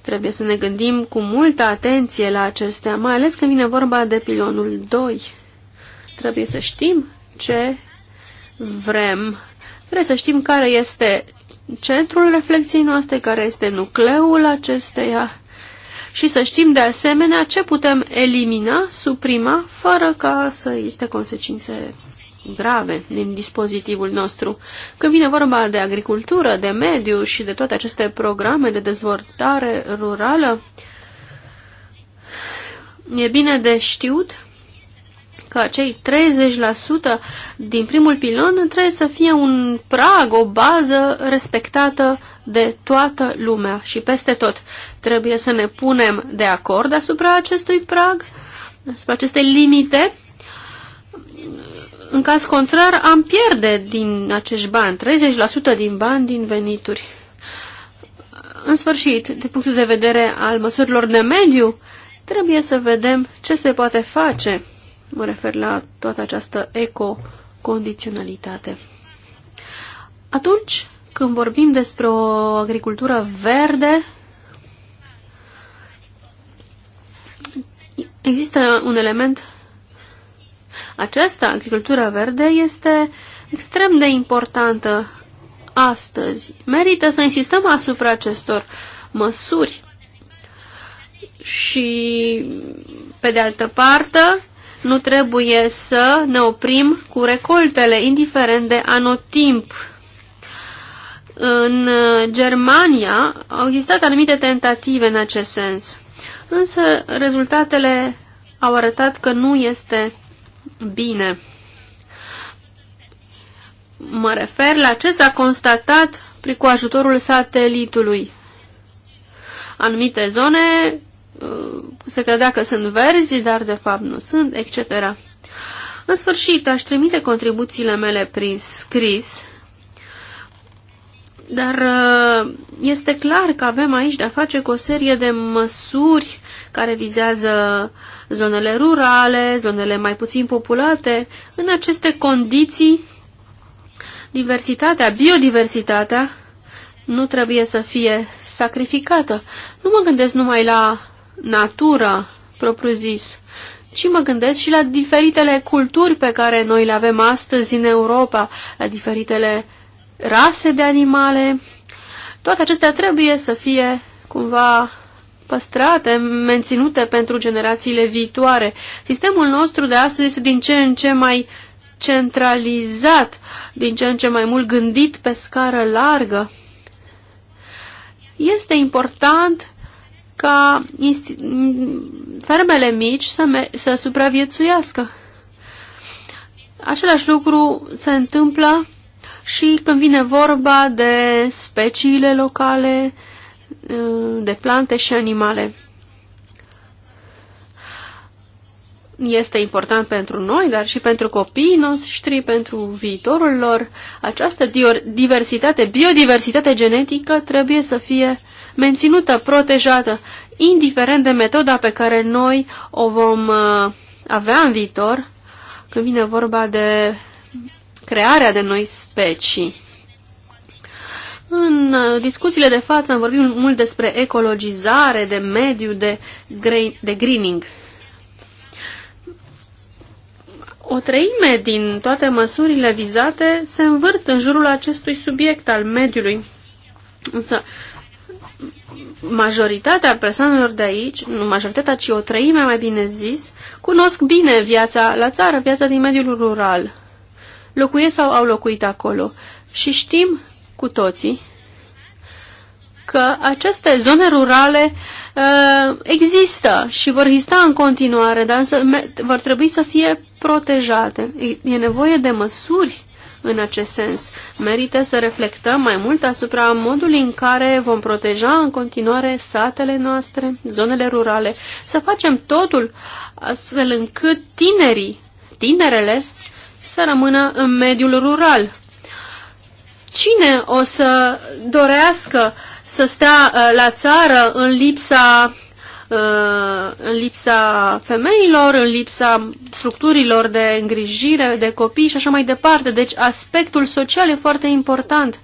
Trebuie să ne gândim cu multă atenție la acestea, mai ales când vine vorba de pilonul 2. Trebuie să știm ce vrem. Trebuie să știm care este centrul reflexiei noastre, care este nucleul acesteia și să știm de asemenea ce putem elimina, suprima, fără ca să existe consecințe grave din dispozitivul nostru. Când vine vorba de agricultură, de mediu și de toate aceste programe de dezvoltare rurală, e bine de știut că acei 30% din primul pilon trebuie să fie un prag, o bază respectată de toată lumea și peste tot. Trebuie să ne punem de acord asupra acestui prag, asupra acestei limite în caz contrar, am pierde din acești bani, 30% din bani din venituri. În sfârșit, de punctul de vedere al măsurilor de mediu, trebuie să vedem ce se poate face. Mă refer la toată această ecocondiționalitate. Atunci când vorbim despre o agricultură verde, există un element aceasta agricultura verde este extrem de importantă astăzi. Merită să insistăm asupra acestor măsuri și, pe de altă parte, nu trebuie să ne oprim cu recoltele, indiferent de anotimp. În Germania au existat anumite tentative în acest sens, însă rezultatele au arătat că nu este bine. Mă refer la ce s-a constatat prin cu ajutorul satelitului. Anumite zone uh, se credea că sunt verzi, dar de fapt nu sunt, etc. În sfârșit, aș trimite contribuțiile mele prin scris, dar uh, este clar că avem aici de-a face cu o serie de măsuri care vizează uh, zonele rurale, zonele mai puțin populate. În aceste condiții, diversitatea, biodiversitatea, nu trebuie să fie sacrificată. Nu mă gândesc numai la natură, propriu-zis, ci mă gândesc și la diferitele culturi pe care noi le avem astăzi în Europa, la diferitele rase de animale. Toate acestea trebuie să fie cumva păstrate, menținute pentru generațiile viitoare. Sistemul nostru de astăzi este din ce în ce mai centralizat, din ce în ce mai mult gândit pe scară largă. Este important ca fermele mici să, să supraviețuiască. Același lucru se întâmplă și când vine vorba de speciile locale, Uh, de plante și animale. Este important pentru noi, dar și pentru copiii noștri, pentru viitorul lor. Această diversitate, biodiversitate genetică trebuie să fie menținută, protejată, indiferent de metoda pe care noi o vom uh, avea în viitor, când vine vorba de crearea de noi specii. În uh, discuțiile de față am vorbit mult despre ecologizare, de mediu, de, de greening. O treime din toate măsurile vizate se învârt în jurul acestui subiect al mediului. Însă majoritatea persoanelor de aici, nu majoritatea, ci o treime mai bine zis, cunosc bine viața la țară, viața din mediul rural. Locuiesc sau au locuit acolo. Și știm cu toții că aceste zone rurale uh, există și vor exista în continuare, dar însă vor trebui să fie protejate. E nevoie de măsuri în acest sens. Merită să reflectăm mai mult asupra modului în care vom proteja în continuare satele noastre, zonele rurale, să facem totul astfel încât tinerii, tinerele, să rămână în mediul rural cine o să dorească să stea uh, la țară în lipsa, uh, în lipsa femeilor, în lipsa structurilor de îngrijire, de copii și așa mai departe. Deci aspectul social e foarte important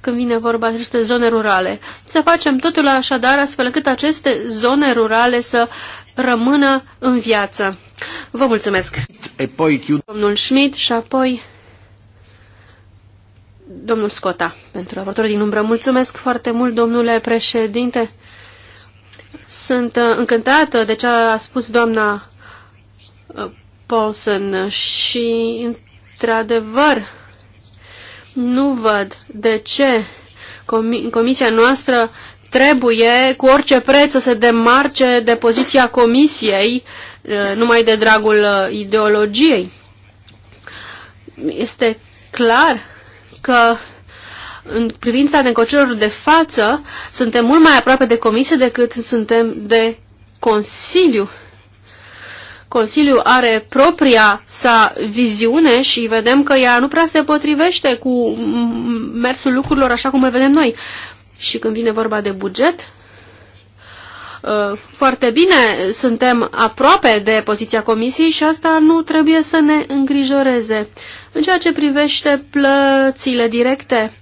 când vine vorba de aceste zone rurale. Să facem totul așadar astfel încât aceste zone rurale să rămână în viață. Vă mulțumesc! Domnul Schmidt și apoi Domnul Scota, pentru raportorul din umbră. Mulțumesc foarte mult, domnule președinte. Sunt uh, încântată de ce a spus doamna uh, Paulson și, într-adevăr, nu văd de ce comi comisia noastră trebuie cu orice preț să se demarce de poziția comisiei uh, numai de dragul ideologiei. Este clar că în privința negocierilor de față suntem mult mai aproape de comisie decât suntem de Consiliu. Consiliu are propria sa viziune și vedem că ea nu prea se potrivește cu mersul lucrurilor așa cum le vedem noi. Și când vine vorba de buget, Uh, foarte bine, suntem aproape de poziția comisiei și asta nu trebuie să ne îngrijoreze. În ceea ce privește plățile directe,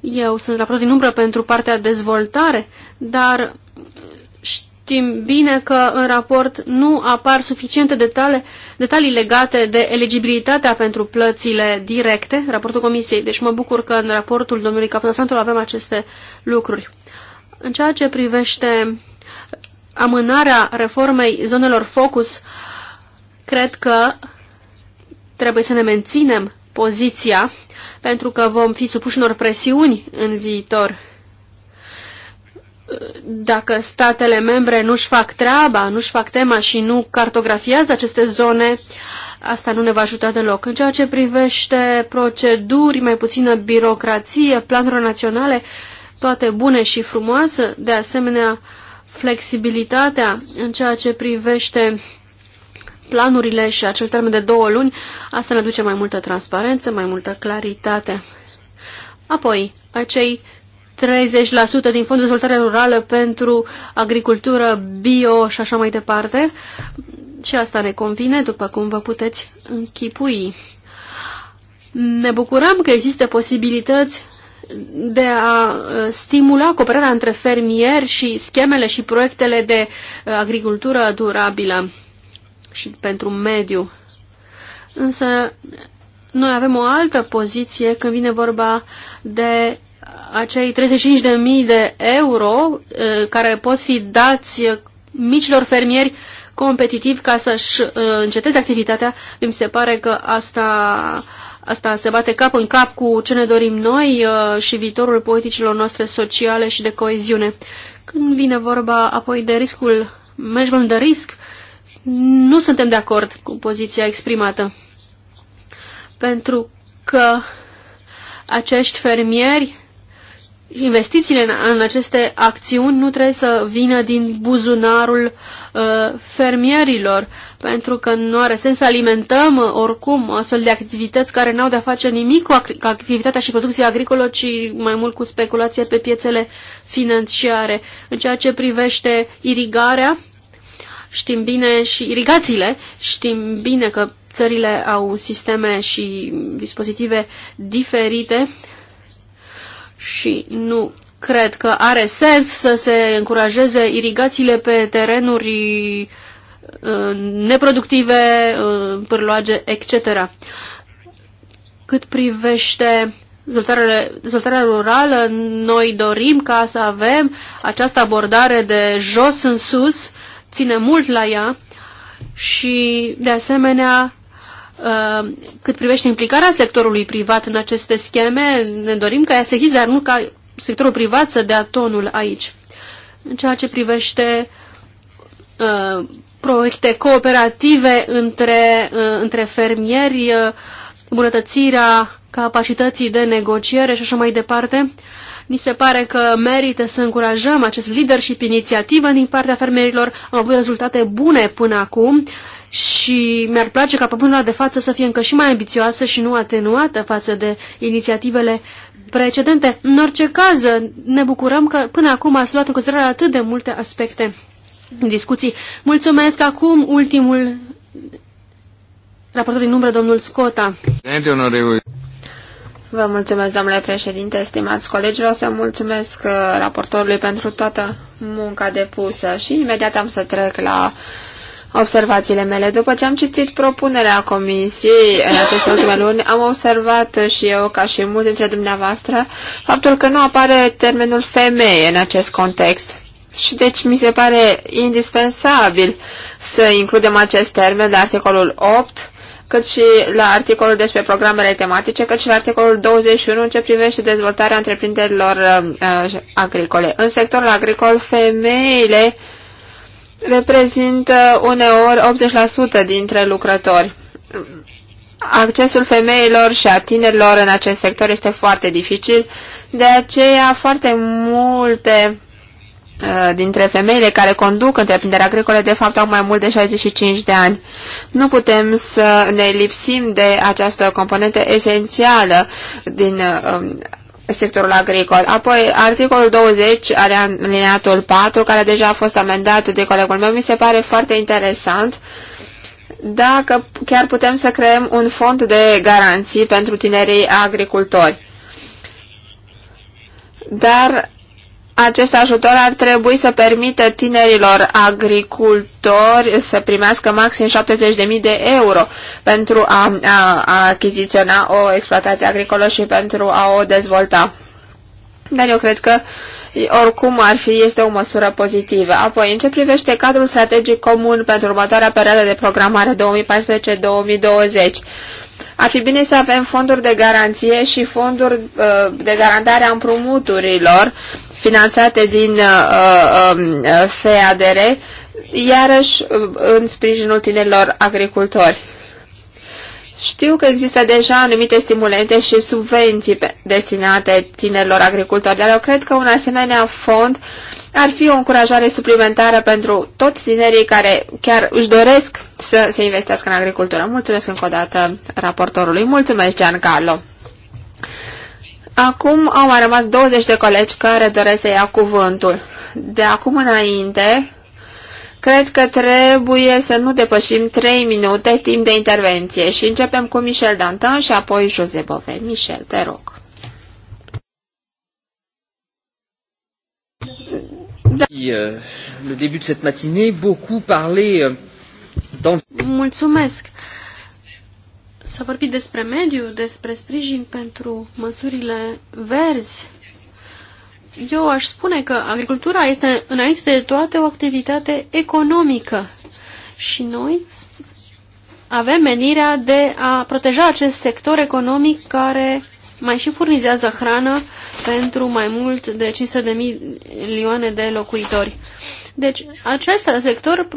eu sunt raport din umbră pentru partea dezvoltare, dar știm bine că în raport nu apar suficiente detalii, detalii legate de eligibilitatea pentru plățile directe, raportul comisiei, deci mă bucur că în raportul domnului Capodosantului avem aceste lucruri. În ceea ce privește amânarea reformei zonelor focus, cred că trebuie să ne menținem poziția, pentru că vom fi supuși unor presiuni în viitor. Dacă statele membre nu-și fac treaba, nu-și fac tema și nu cartografiază aceste zone, asta nu ne va ajuta deloc. În ceea ce privește proceduri, mai puțină birocrație, planuri naționale, toate bune și frumoase, de asemenea, uh, flexibilitatea în ceea ce privește planurile și acel termen de două luni, asta ne duce mai multă transparență, mai multă claritate. Apoi, acei 30% din fondul dezvoltare rurală pentru agricultură, bio și așa mai departe. Și asta ne convine, după cum vă puteți închipui. Ne bucurăm că există posibilități de a uh, stimula cooperarea între fermieri și schemele și proiectele de uh, agricultură durabilă și pentru mediu. Însă noi avem o altă poziție când vine vorba de acei 35.000 de euro uh, care pot fi dați micilor fermieri competitivi ca să-și înceteze activitatea. Mi se pare că asta Asta se bate cap în cap cu ce ne dorim noi uh, și viitorul politicilor noastre sociale și de coeziune. Când vine vorba apoi de riscul, management de risc, nu suntem de acord cu poziția exprimată. Pentru că acești fermieri, investițiile în aceste acțiuni nu trebuie să vină din buzunarul Uh, fermierilor, pentru că nu are sens să alimentăm uh, oricum astfel de activități care n-au de-a face nimic cu activitatea și producția agricolă, ci mai mult cu speculația pe piețele financiare. În ceea ce privește irigarea, știm bine și irigațiile, știm bine că țările au sisteme și dispozitive diferite și nu cred că are sens să se încurajeze irigațiile pe terenuri uh, neproductive, uh, pârloage, etc. Cât privește dezvoltarea rurală, noi dorim ca să avem această abordare de jos în sus, ține mult la ea și, de asemenea, uh, cât privește implicarea sectorului privat în aceste scheme, ne dorim ca ea să existe, dar nu ca sectorul privat să dea tonul aici. În ceea ce privește uh, proiecte cooperative între, uh, între fermieri, uh, îmbunătățirea capacității de negociere și așa mai departe, Ni se pare că merită să încurajăm acest leadership inițiativă din partea fermierilor. Am avut rezultate bune până acum și mi-ar place ca la de față să fie încă și mai ambițioasă și nu atenuată față de inițiativele precedente. În orice caz, ne bucurăm că până acum ați luat în considerare atât de multe aspecte în discuții. Mulțumesc acum ultimul raportor din umbră, domnul Scota. Vă mulțumesc, domnule președinte, stimați colegi. Vreau să mulțumesc uh, raportorului pentru toată munca depusă și imediat am să trec la uh, observațiile mele. După ce am citit propunerea comisiei în aceste ultime luni, am observat și eu, ca și mulți dintre dumneavoastră, faptul că nu apare termenul femeie în acest context. Și deci mi se pare indispensabil să includem acest termen la articolul 8, cât și la articolul despre programele tematice, cât și la articolul 21 în ce privește dezvoltarea întreprinderilor uh, uh agricole. În sectorul agricol, femeile uh, reprezintă uneori 80% dintre lucrători. Accesul femeilor și a tinerilor în acest sector este foarte dificil, de aceea foarte multe uh, dintre femeile care conduc întreprinderea agricole, de fapt, au mai mult de 65 de ani. Nu putem să ne lipsim de această componentă esențială din uh, sectorul agricol. Apoi, articolul 20, are alineatul 4, care deja a fost amendat de colegul meu, mi se pare foarte interesant dacă chiar putem să creăm un fond de garanții pentru tinerii agricultori. Dar acest ajutor ar trebui să permită tinerilor agricultori să primească maxim 70.000 de euro pentru a, a, a achiziționa o exploatație agricolă și pentru a o dezvolta. Dar eu cred că oricum ar fi, este o măsură pozitivă. Apoi, în ce privește cadrul strategic comun pentru următoarea perioadă de programare 2014-2020, ar fi bine să avem fonduri de garanție și fonduri uh, de garantare a împrumuturilor finanțate din uh, uh, uh, FADR, iarăși în sprijinul tinerilor agricultori. Știu că există deja anumite stimulente și subvenții destinate tinerilor agricultori, dar eu cred că un asemenea fond ar fi o încurajare suplimentară pentru toți tinerii care chiar își doresc să se investească în agricultură. Mulțumesc încă o dată raportorului. Mulțumesc, Giancarlo. Acum au mai rămas 20 de colegi care doresc să ia cuvântul. De acum înainte, cred că trebuie să nu depășim 3 minute timp de intervenție și începem cu Michel Dantan și apoi Jose Bove. Michel, te rog. Da. Euh, le début de cette matinée, beaucoup parlé euh, dans... Mulțumesc. S-a vorbit despre mediu, despre sprijin pentru măsurile verzi. Eu aș spune că agricultura este, înainte de toate, o activitate economică și noi avem menirea de a proteja acest sector economic care mai și furnizează hrană pentru mai mult de 500 de milioane de locuitori. Deci acest sector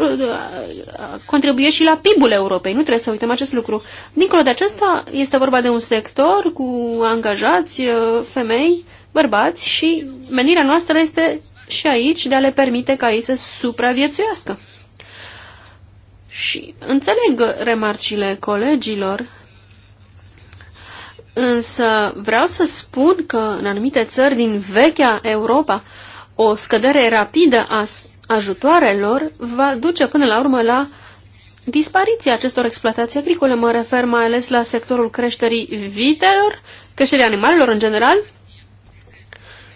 contribuie și la PIB-ul Europei, nu trebuie să uităm acest lucru. Dincolo de acesta este vorba de un sector cu angajați, uh, femei, bărbați și menirea noastră este și aici de a le permite ca ei să supraviețuiască. Și înțeleg remarcile colegilor, însă vreau să spun că în anumite țări din vechea Europa o scădere rapidă a ajutoarelor va duce până la urmă la dispariția acestor exploatații agricole. Mă refer mai ales la sectorul creșterii vitelor, creșterii animalelor în general.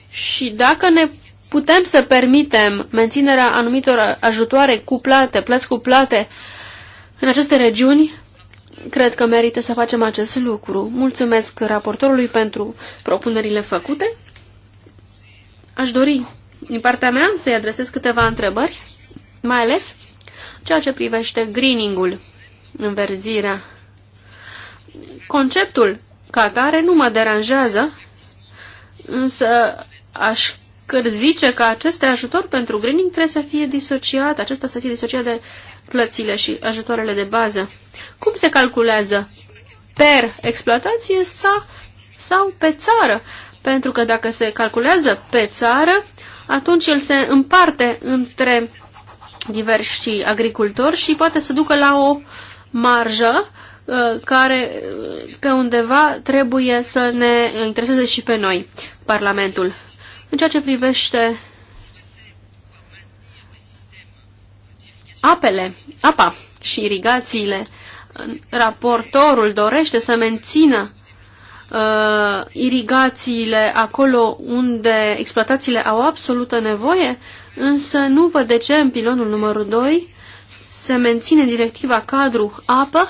Și dacă ne putem să permitem menținerea anumitor ajutoare cuplate, plăți cuplate în aceste regiuni, cred că merită să facem acest lucru. Mulțumesc raportorului pentru propunerile făcute. Aș dori din partea mea să-i adresez câteva întrebări, mai ales ceea ce privește greening-ul, înverzirea. Conceptul ca tare nu mă deranjează, însă aș zice că acest ajutor pentru greening trebuie să fie disociat, acesta să fie disociat de plățile și ajutoarele de bază. Cum se calculează? Per exploatație sau, sau pe țară? Pentru că dacă se calculează pe țară, atunci el se împarte între diversi agricultori și poate să ducă la o marjă uh, care uh, pe undeva trebuie să ne intereseze și pe noi, Parlamentul. În ceea ce privește apele, apa și irigațiile, raportorul dorește să mențină uh, irigațiile acolo unde exploatațiile au absolută nevoie, însă nu văd de ce în pilonul numărul 2 se menține directiva cadru apă,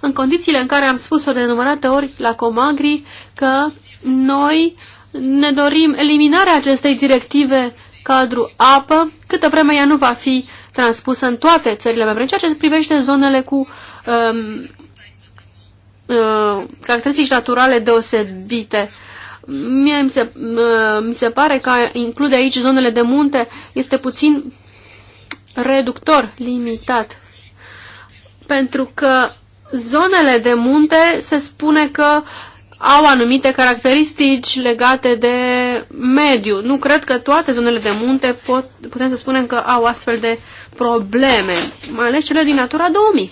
în condițiile în care am spus-o de numărate ori la Comagri că noi ne dorim eliminarea acestei directive cadru apă, câtă vreme ea nu va fi transpusă în toate țările membre, în ceea ce privește zonele cu um, Uh, caracteristici naturale deosebite. Mie mi se, uh, mi se pare că include aici zonele de munte este puțin reductor, limitat. Pentru că zonele de munte se spune că au anumite caracteristici legate de mediu. Nu cred că toate zonele de munte pot, putem să spunem că au astfel de probleme, mai ales cele din Natura 2000.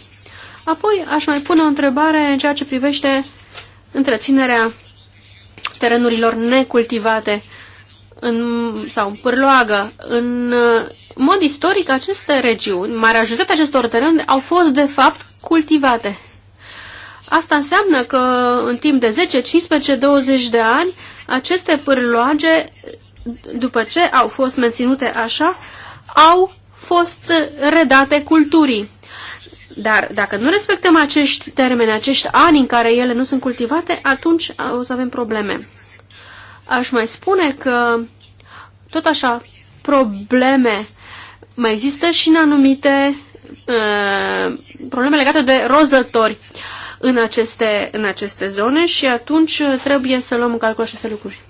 Apoi aș mai pune o întrebare în ceea ce privește întreținerea terenurilor necultivate în, sau în pârloagă. În mod istoric, aceste regiuni, majoritatea acestor terenuri, au fost, de fapt, cultivate. Asta înseamnă că în timp de 10, 15, 20 de ani, aceste pârloage, după ce au fost menținute așa, au fost redate culturii. Dar dacă nu respectăm acești termeni, acești ani în care ele nu sunt cultivate, atunci o să avem probleme. Aș mai spune că, tot așa, probleme mai există și în anumite uh, probleme legate de rozători în aceste, în aceste zone și atunci trebuie să luăm în calcul aceste lucruri.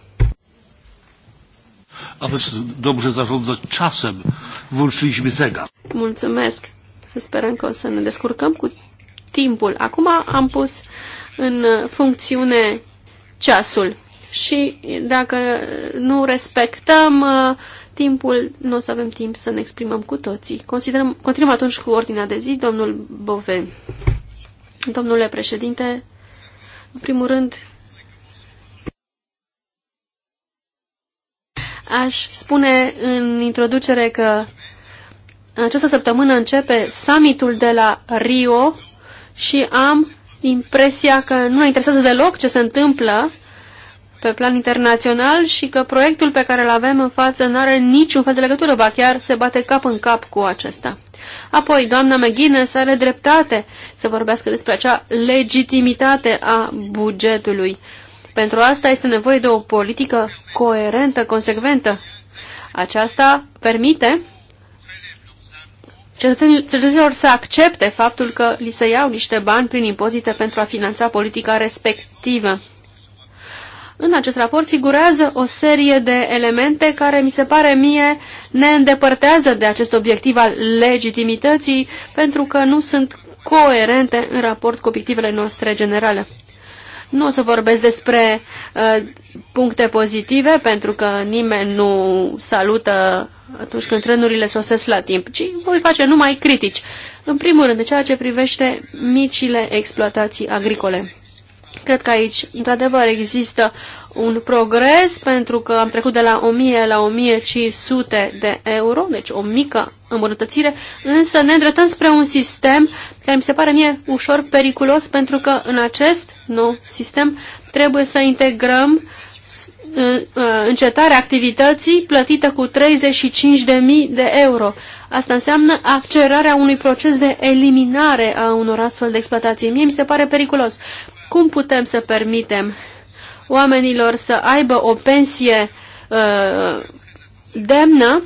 Ale deci, dobrze zarządzać czasem. Włączyliśmy zegar. Mulțumesc. Sperăm că o să ne descurcăm cu timpul. Acum am pus în funcțiune ceasul și dacă nu respectăm uh, timpul, nu o să avem timp să ne exprimăm cu toții. Considerăm, continuăm atunci cu ordinea de zi, domnul Bove. Domnule președinte, în primul rând, aș spune în introducere că în această săptămână începe summitul de la Rio și am impresia că nu ne interesează deloc ce se întâmplă pe plan internațional și că proiectul pe care îl avem în față nu are niciun fel de legătură, ba chiar se bate cap în cap cu acesta. Apoi, doamna McGuinness are dreptate să vorbească despre acea legitimitate a bugetului. Pentru asta este nevoie de o politică coerentă, consecventă. Aceasta permite cetățenilor să accepte faptul că li se iau niște bani prin impozite pentru a finanța politica respectivă. În acest raport figurează o serie de elemente care, mi se pare mie, ne îndepărtează de acest obiectiv al legitimității pentru că nu sunt coerente în raport cu obiectivele noastre generale. Nu o să vorbesc despre uh, puncte pozitive, pentru că nimeni nu salută atunci când trenurile sosesc la timp, ci voi face numai critici. În primul rând, de ceea ce privește micile exploatații agricole. Cred că aici, într-adevăr, există un progres pentru că am trecut de la 1000 la 1500 de euro, deci o mică îmbunătățire, însă ne îndreptăm spre un sistem care mi se pare mie ușor periculos pentru că în acest nou sistem trebuie să integrăm uh, uh, încetarea activității plătită cu 35.000 de euro. Asta înseamnă accelerarea unui proces de eliminare a unor astfel de exploatații. Mie mi se pare periculos. Cum putem să permitem oamenilor să aibă o pensie uh, demnă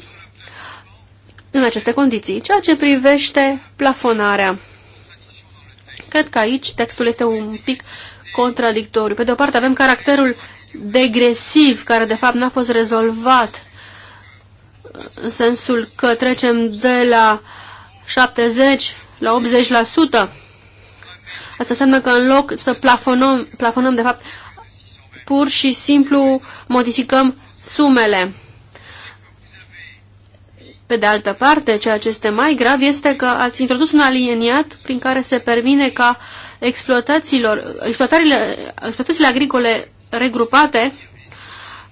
în aceste condiții. Ceea ce privește plafonarea. Cred că aici textul este un pic contradictoriu. Pe de o parte avem caracterul degresiv, care de fapt n-a fost rezolvat în sensul că trecem de la 70 la 80%. Asta înseamnă că în loc să plafonăm, plafonăm de fapt pur și simplu modificăm sumele. Pe de altă parte, ceea ce este mai grav este că ați introdus un alieniat prin care se permite ca exploatațiilor, exploatațiile agricole regrupate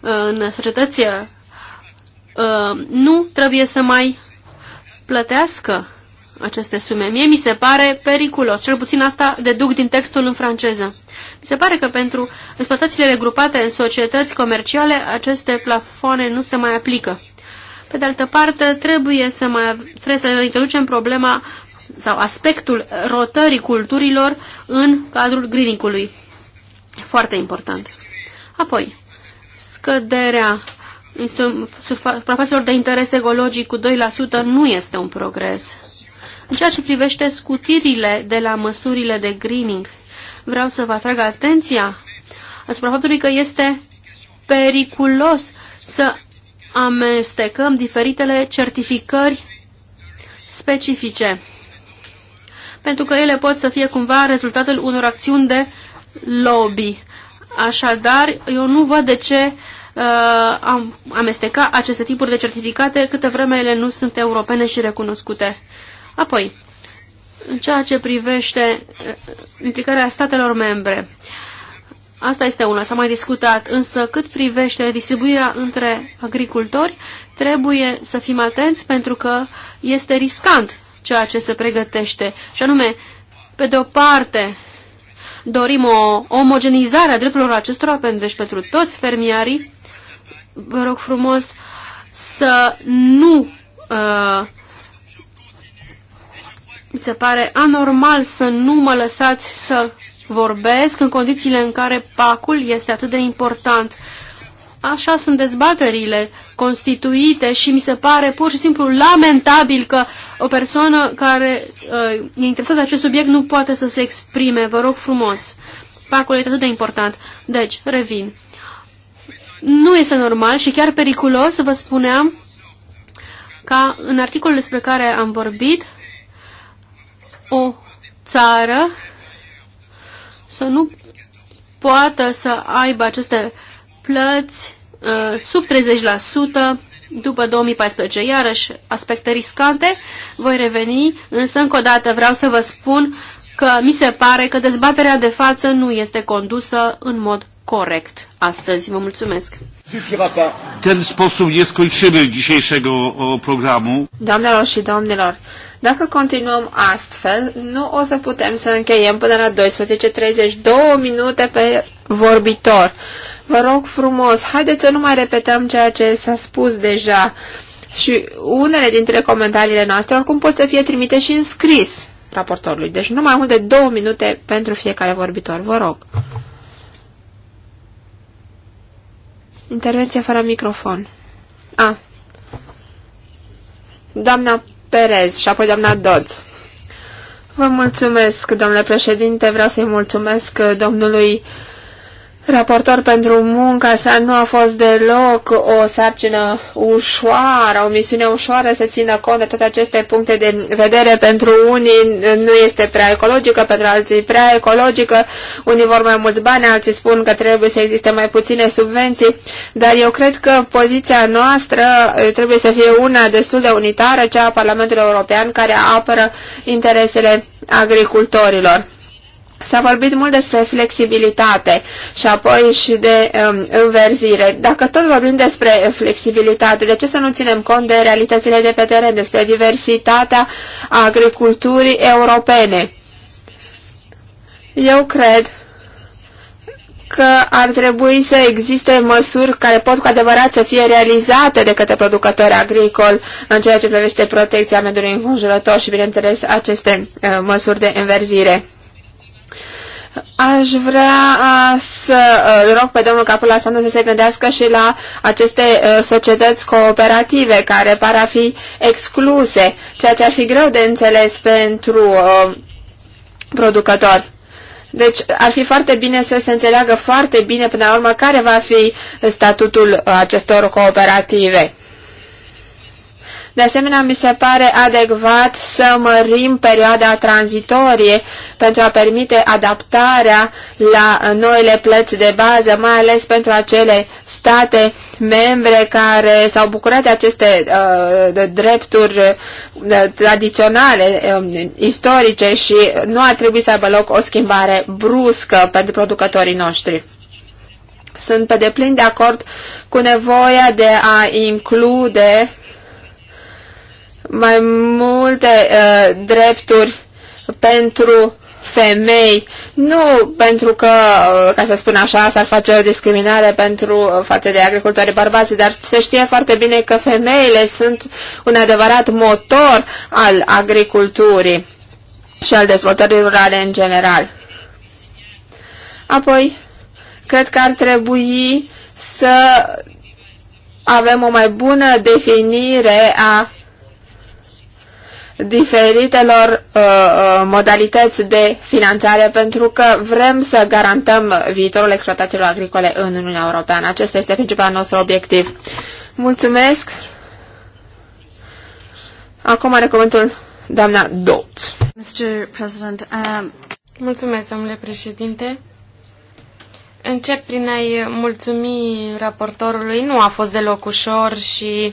uh, în societăți uh, nu trebuie să mai plătească aceste sume. Mie mi se pare periculos, cel puțin asta deduc din textul în franceză. Mi se pare că pentru exploatațiile regrupate în societăți comerciale aceste plafoane nu se mai aplică. Pe de altă parte, trebuie să, mai, trebuie să introducem problema sau aspectul rotării culturilor în cadrul grinicului. Foarte important. Apoi, scăderea suprafațelor de interes ecologic cu 2% nu este un progres în ceea ce privește scutirile de la măsurile de greening, vreau să vă atrag atenția asupra faptului că este periculos să amestecăm diferitele certificări specifice, pentru că ele pot să fie cumva rezultatul unor acțiuni de lobby. Așadar, eu nu văd de ce uh, am amesteca aceste tipuri de certificate câte vreme ele nu sunt europene și recunoscute. Apoi, în ceea ce privește uh, implicarea statelor membre, asta este una, s-a mai discutat, însă cât privește distribuirea între agricultori, trebuie să fim atenți pentru că este riscant ceea ce se pregătește. Și anume, pe de o parte, dorim o omogenizare a drepturilor acestora, deci pentru toți fermiarii, vă rog frumos să nu uh, mi se pare anormal să nu mă lăsați să vorbesc în condițiile în care pacul este atât de important. Așa sunt dezbaterile constituite și mi se pare pur și simplu lamentabil că o persoană care uh, e interesată de acest subiect nu poate să se exprime. Vă rog frumos. Pacul este atât de important. Deci, revin. Nu este normal și chiar periculos, vă spuneam, ca în articolul despre care am vorbit, o țară să nu poată să aibă aceste plăți uh, sub 30% după 2014. Iarăși, aspecte riscante, voi reveni, însă încă o dată vreau să vă spun că mi se pare că dezbaterea de față nu este condusă în mod corect astăzi. Vă mulțumesc! Ten sposób nie skończymy dzisiejszego programu. Doamnelor și domnilor, dacă continuăm astfel, nu o să putem să încheiem până la 12.30, două minute pe vorbitor. Vă rog frumos, haideți să nu mai repetăm ceea ce s-a spus deja. Și unele dintre comentariile noastre oricum pot să fie trimite și în scris raportorului. Deci nu mai mult de două minute pentru fiecare vorbitor. Vă rog. Intervenție fără microfon. A. Doamna Perez și apoi doamna Dodds. Vă mulțumesc, domnule președinte, vreau să-i mulțumesc domnului raportor pentru munca sa nu a fost deloc o sarcină ușoară, o misiune ușoară să țină cont de toate aceste puncte de vedere. Pentru unii nu este prea ecologică, pentru alții prea ecologică, unii vor mai mulți bani, alții spun că trebuie să existe mai puține subvenții, dar eu cred că poziția noastră eh, trebuie să fie una destul de unitară, cea a Parlamentului European, care apără interesele agricultorilor. S-a vorbit mult despre flexibilitate și apoi și de um, înverzire. Dacă tot vorbim despre flexibilitate, de ce să nu ținem cont de realitățile de pe teren, despre diversitatea agriculturii europene? Eu cred că ar trebui să existe măsuri care pot cu adevărat să fie realizate de către producători agricoli în ceea ce privește protecția mediului înconjurător și, bineînțeles, aceste uh, măsuri de înverzire. Aș vrea să rog pe domnul Capula Sandu să se gândească și la aceste societăți cooperative care par a fi excluse, ceea ce ar fi greu de înțeles pentru uh, producători. Deci ar fi foarte bine să se înțeleagă foarte bine până la urmă care va fi statutul acestor cooperative. De asemenea, mi se pare adecvat să mărim perioada tranzitorie pentru a permite adaptarea la noile plăți de bază, mai ales pentru acele state membre care s-au bucurat de aceste uh, de drepturi uh, tradiționale, uh, istorice și nu ar trebui să aibă loc o schimbare bruscă pentru producătorii noștri. Sunt pe deplin de acord cu nevoia de a include mai multe uh, drepturi pentru femei, nu pentru că, uh, ca să spun așa, s-ar face o discriminare pentru uh, față de agricultorii bărbați, dar se știe foarte bine că femeile sunt un adevărat motor al agriculturii și al dezvoltării rurale în general. Apoi, cred că ar trebui să avem o mai bună definire a diferitelor uh, uh, modalități de finanțare pentru că vrem să garantăm viitorul exploatațiilor agricole în Uniunea Europeană. Acesta este principalul nostru obiectiv. Mulțumesc! Acum are cuvântul doamna Dot. Mr. President, um... Mulțumesc, domnule președinte. Încep prin a-i mulțumi raportorului. Nu a fost deloc ușor și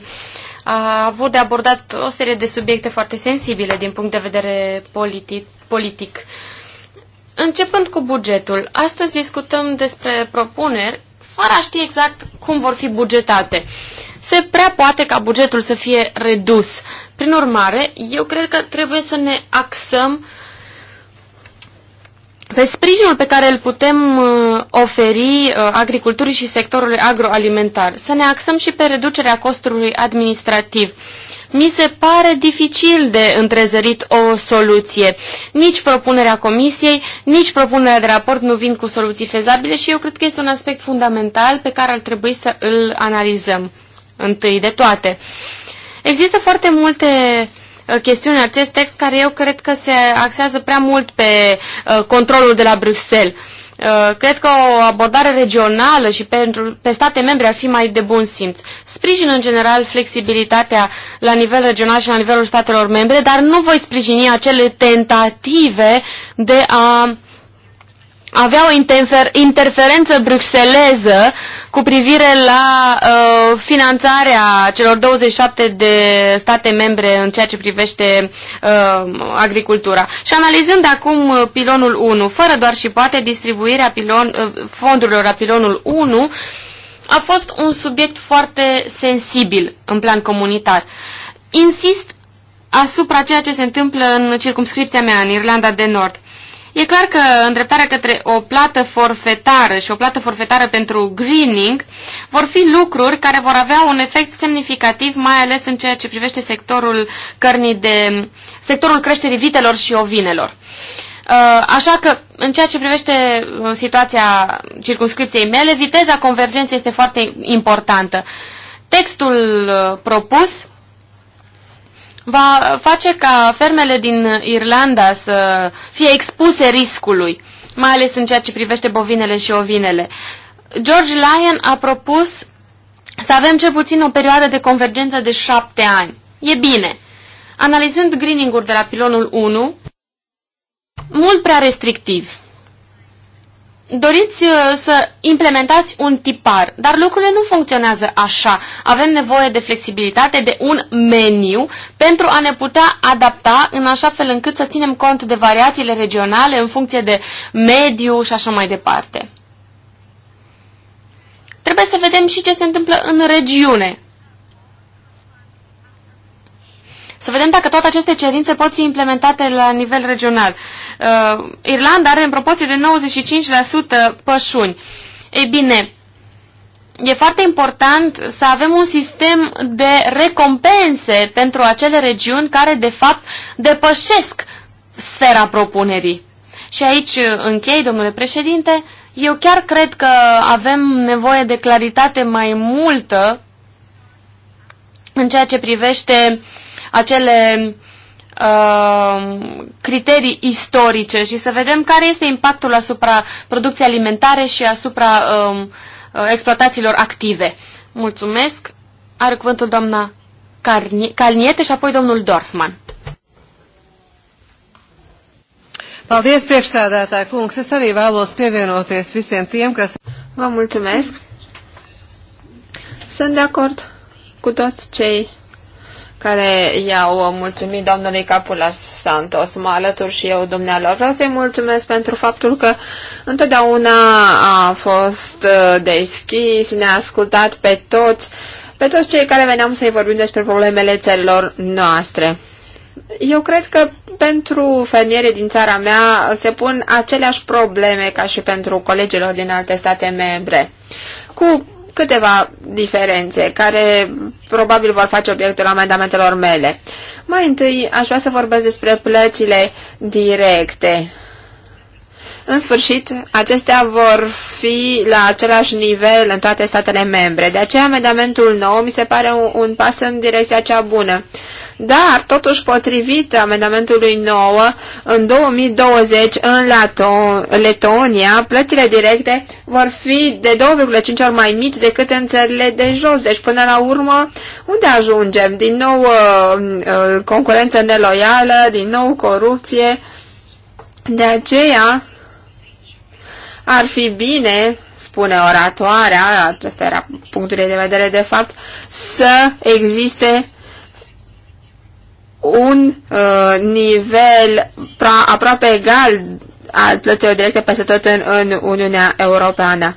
a avut de abordat o serie de subiecte foarte sensibile din punct de vedere politic. politic. Începând cu bugetul, astăzi discutăm despre propuneri fără a ști exact cum vor fi bugetate. Se prea poate ca bugetul să fie redus. Prin urmare, eu cred că trebuie să ne axăm pe sprijinul pe care îl putem uh, oferi uh, agriculturii și sectorului agroalimentar. Să ne axăm și pe reducerea costului administrativ. Mi se pare dificil de întrezărit o soluție. Nici propunerea comisiei, nici propunerea de raport nu vin cu soluții fezabile și eu cred că este un aspect fundamental pe care ar trebui să îl analizăm întâi de toate. Există foarte multe Uh, chestiuni acest text care eu cred că se axează prea mult pe uh, controlul de la Bruxelles. Uh, cred că o abordare regională și pentru, pe state membre ar fi mai de bun simț. Sprijin în general flexibilitatea la nivel regional și la nivelul statelor membre, dar nu voi sprijini acele tentative de a uh, avea o interfer interferență bruxeleză cu privire la uh, finanțarea celor 27 de state membre în ceea ce privește uh, agricultura. Și analizând acum uh, pilonul 1, fără doar și poate distribuirea pilon, uh, fondurilor a pilonul 1, a fost un subiect foarte sensibil în plan comunitar. Insist asupra ceea ce se întâmplă în circumscripția mea, în Irlanda de Nord. E clar că îndreptarea către o plată forfetară și o plată forfetară pentru greening vor fi lucruri care vor avea un efect semnificativ, mai ales în ceea ce privește sectorul cărnii de sectorul creșterii vitelor și ovinelor. Uh, așa că, în ceea ce privește uh, situația circunscripției mele, viteza convergenței este foarte importantă. Textul uh, propus va face ca fermele din Irlanda să fie expuse riscului, mai ales în ceea ce privește bovinele și ovinele. George Lyon a propus să avem cel puțin o perioadă de convergență de șapte ani. E bine. Analizând greening-uri de la pilonul 1, mult prea restrictiv doriți uh, să implementați un tipar, dar lucrurile nu funcționează așa. Avem nevoie de flexibilitate, de un meniu pentru a ne putea adapta în așa fel încât să ținem cont de variațiile regionale în funcție de mediu și așa mai departe. Trebuie să vedem și ce se întâmplă în regiune. Să vedem dacă toate aceste cerințe pot fi implementate la nivel regional. Uh, Irlanda are în proporție de 95% pășuni. Ei bine, e foarte important să avem un sistem de recompense pentru acele regiuni care, de fapt, depășesc sfera propunerii. Și aici închei, domnule președinte, eu chiar cred că avem nevoie de claritate mai multă în ceea ce privește acele uh, criterii istorice și să vedem care este impactul asupra producției alimentare și asupra um, uh, exploatațiilor active. Mulțumesc. Are cuvântul doamna Calniete și apoi domnul Dorfman. Paldies, priekšsēdētāja kungs. Es arī vēlos pievienoties visiem tiem, kas... Vă mulțumesc. Sunt de acord cu toți cei care i-au mulțumit domnului Capulas Santos. Mă alătur și eu dumnealor. Vreau să-i mulțumesc pentru faptul că întotdeauna a fost uh, deschis, ne-a ascultat pe toți, pe toți cei care veneam să-i vorbim despre problemele țărilor noastre. Eu cred că pentru fermierii din țara mea se pun aceleași probleme ca și pentru colegilor din alte state membre. Cu câteva diferențe care probabil vor face obiectul amendamentelor mele. Mai întâi aș vrea să vorbesc despre plățile directe. În sfârșit, acestea vor fi la același nivel în toate statele membre. De aceea, amendamentul nou mi se pare un, un pas în direcția cea bună dar totuși potrivit amendamentului 9, în 2020 în Lato- Letonia, plățile directe vor fi de 2,5 ori mai mici decât în țările de jos. Deci până la urmă, unde ajungem? Din nou uh, uh, concurență neloială, din nou corupție. De aceea ar fi bine spune oratoarea, acesta era punctul de vedere de fapt, să existe un uh, nivel aproape egal al plăților directe peste tot în, în Uniunea Europeană.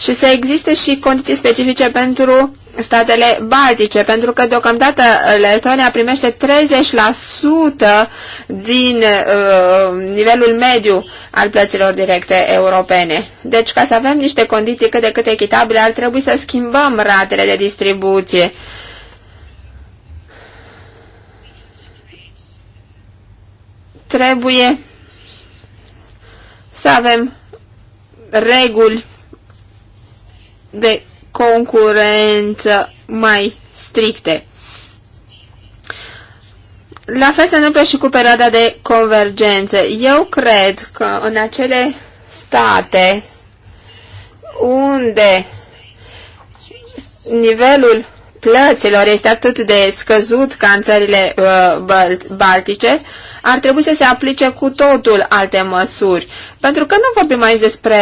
Și să existe și condiții specifice pentru statele baltice, pentru că deocamdată Letonia primește 30% din uh, nivelul mediu al plăților directe europene. Deci, ca să avem niște condiții cât de cât echitabile, ar trebui să schimbăm ratele de distribuție. Uh, Trebuie să avem reguli de concurență mai stricte. La fel se întâmplă și cu perioada de convergență. Eu cred că în acele state unde nivelul plăților este atât de scăzut ca în țările uh, baltice, ar trebui să se aplice cu totul alte măsuri. Pentru că nu vorbim aici despre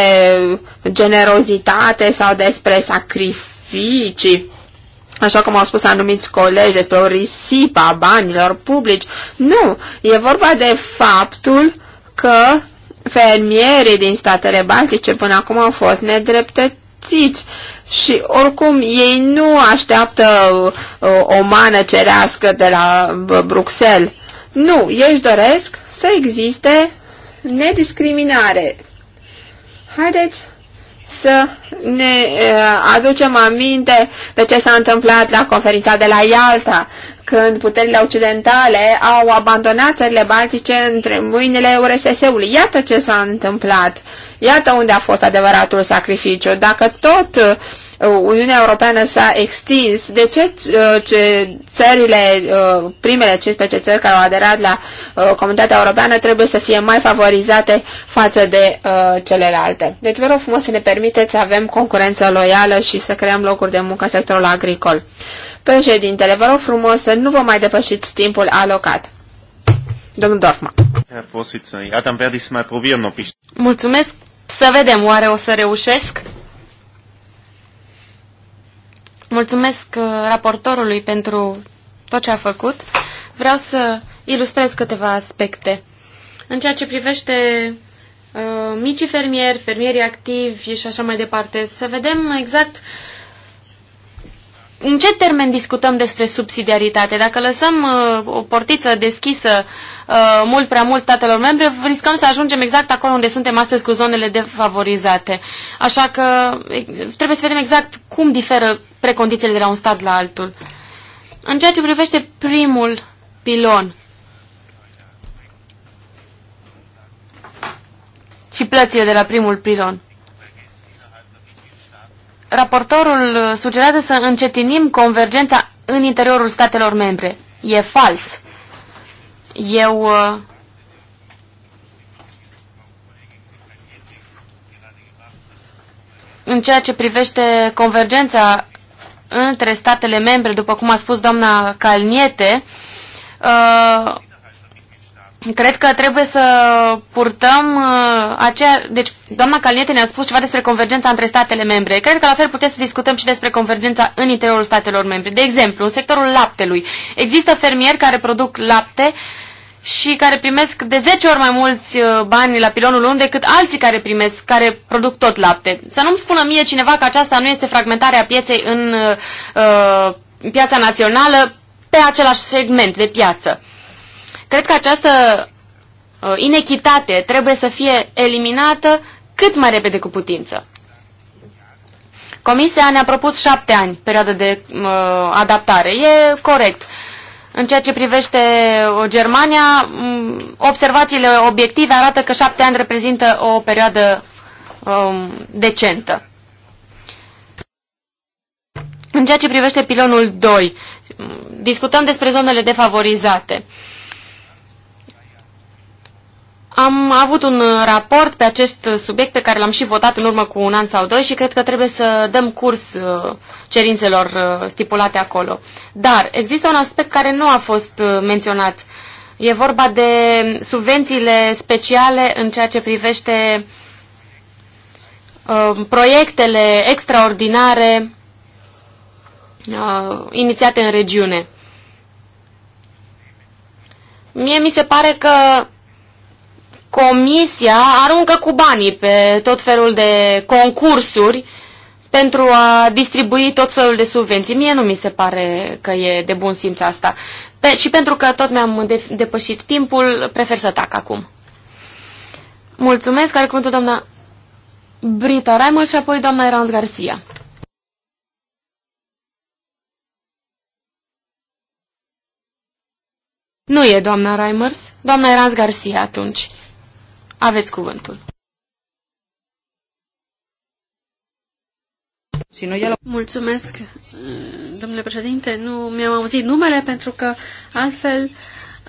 generozitate sau despre sacrificii, așa cum au spus anumiți colegi, despre o risipă a banilor publici. Nu, e vorba de faptul că fermierii din statele baltice până acum au fost nedreptățiți și oricum ei nu așteaptă uh, o mană cerească de la uh, Bruxelles. Nu, ei își doresc să existe nediscriminare. Haideți să ne uh, aducem aminte de ce s-a întâmplat la conferința de la Ialta, când puterile occidentale au abandonat țările baltice între mâinile URSS-ului. Iată ce s-a întâmplat. Uh, Iată unde a fost adevăratul sacrificiu. Dacă tot uh, Uniunea Europeană s-a extins, de ce, uh, ce țările, uh, primele 15 țări care au aderat la Comunitatea Europeană trebuie să fie mai favorizate față de celelalte? Deci vă rog frumos să ne permiteți să avem concurență loială și să creăm locuri de muncă în sectorul agricol. Președintele, vă rog frumos să nu vă mai depășiți timpul alocat. Domnul Dorfman. Mulțumesc. Să vedem, oare o să reușesc? Mulțumesc uh, raportorului pentru tot ce a făcut. Vreau să ilustrez câteva aspecte. În ceea ce privește uh, micii fermieri, fermierii activi și așa mai departe, să vedem exact uh, în ce termen discutăm despre subsidiaritate? Dacă lăsăm uh, o portiță deschisă uh, mult prea mult statelor membre, riscăm să ajungem exact acolo unde suntem astăzi cu zonele defavorizate. Așa că trebuie să vedem exact cum diferă precondițiile de la un stat la altul. În ceea ce privește primul pilon și plățile de la primul pilon, raportorul sugerează să încetinim convergența în interiorul statelor membre. E fals. Eu uh, în ceea ce privește convergența între statele membre, după cum a spus doamna Calniete, uh, Cred că trebuie să purtăm uh, aceea... Deci, doamna Calniete ne-a spus ceva despre convergența între statele membre. Cred că la fel putem să discutăm și despre convergența în interiorul statelor membre. De exemplu, în sectorul laptelui. Există fermieri care produc lapte și care primesc de 10 ori mai mulți uh, bani la pilonul 1 decât alții care primesc, care produc tot lapte. Să nu-mi spună mie cineva că aceasta nu este fragmentarea pieței în uh, uh piața națională pe același segment de piață. Cred că această uh, inechitate trebuie să fie eliminată cât mai repede cu putință. Comisia ne-a propus șapte ani perioadă de uh, adaptare. E corect. În ceea ce privește uh, Germania, observațiile obiective arată că șapte ani reprezintă o perioadă um, decentă. În ceea ce privește pilonul 2, discutăm despre zonele defavorizate. Uh, am avut un uh, raport pe acest uh, subiect pe care l-am și votat în urmă cu un an sau doi și cred că trebuie să dăm curs uh, cerințelor stipulate acolo. Dar există un aspect care nu a fost menționat. E vorba de subvențiile speciale în ceea ce privește proiectele extraordinare inițiate în regiune. Mie mi se pare că Comisia aruncă cu banii pe tot felul de concursuri pentru a distribui tot felul de subvenții. Mie nu mi se pare că e de bun simț asta. Pe, și pentru că tot mi-am de, depășit timpul, prefer să tac acum. Mulțumesc, are cuvântul doamna Brita Raimel și apoi doamna Erans Garcia. Nu e doamna Reimers, doamna Erans Garcia atunci. Aveți cuvântul. Mulțumesc, domnule președinte. Nu mi-am auzit numele pentru că altfel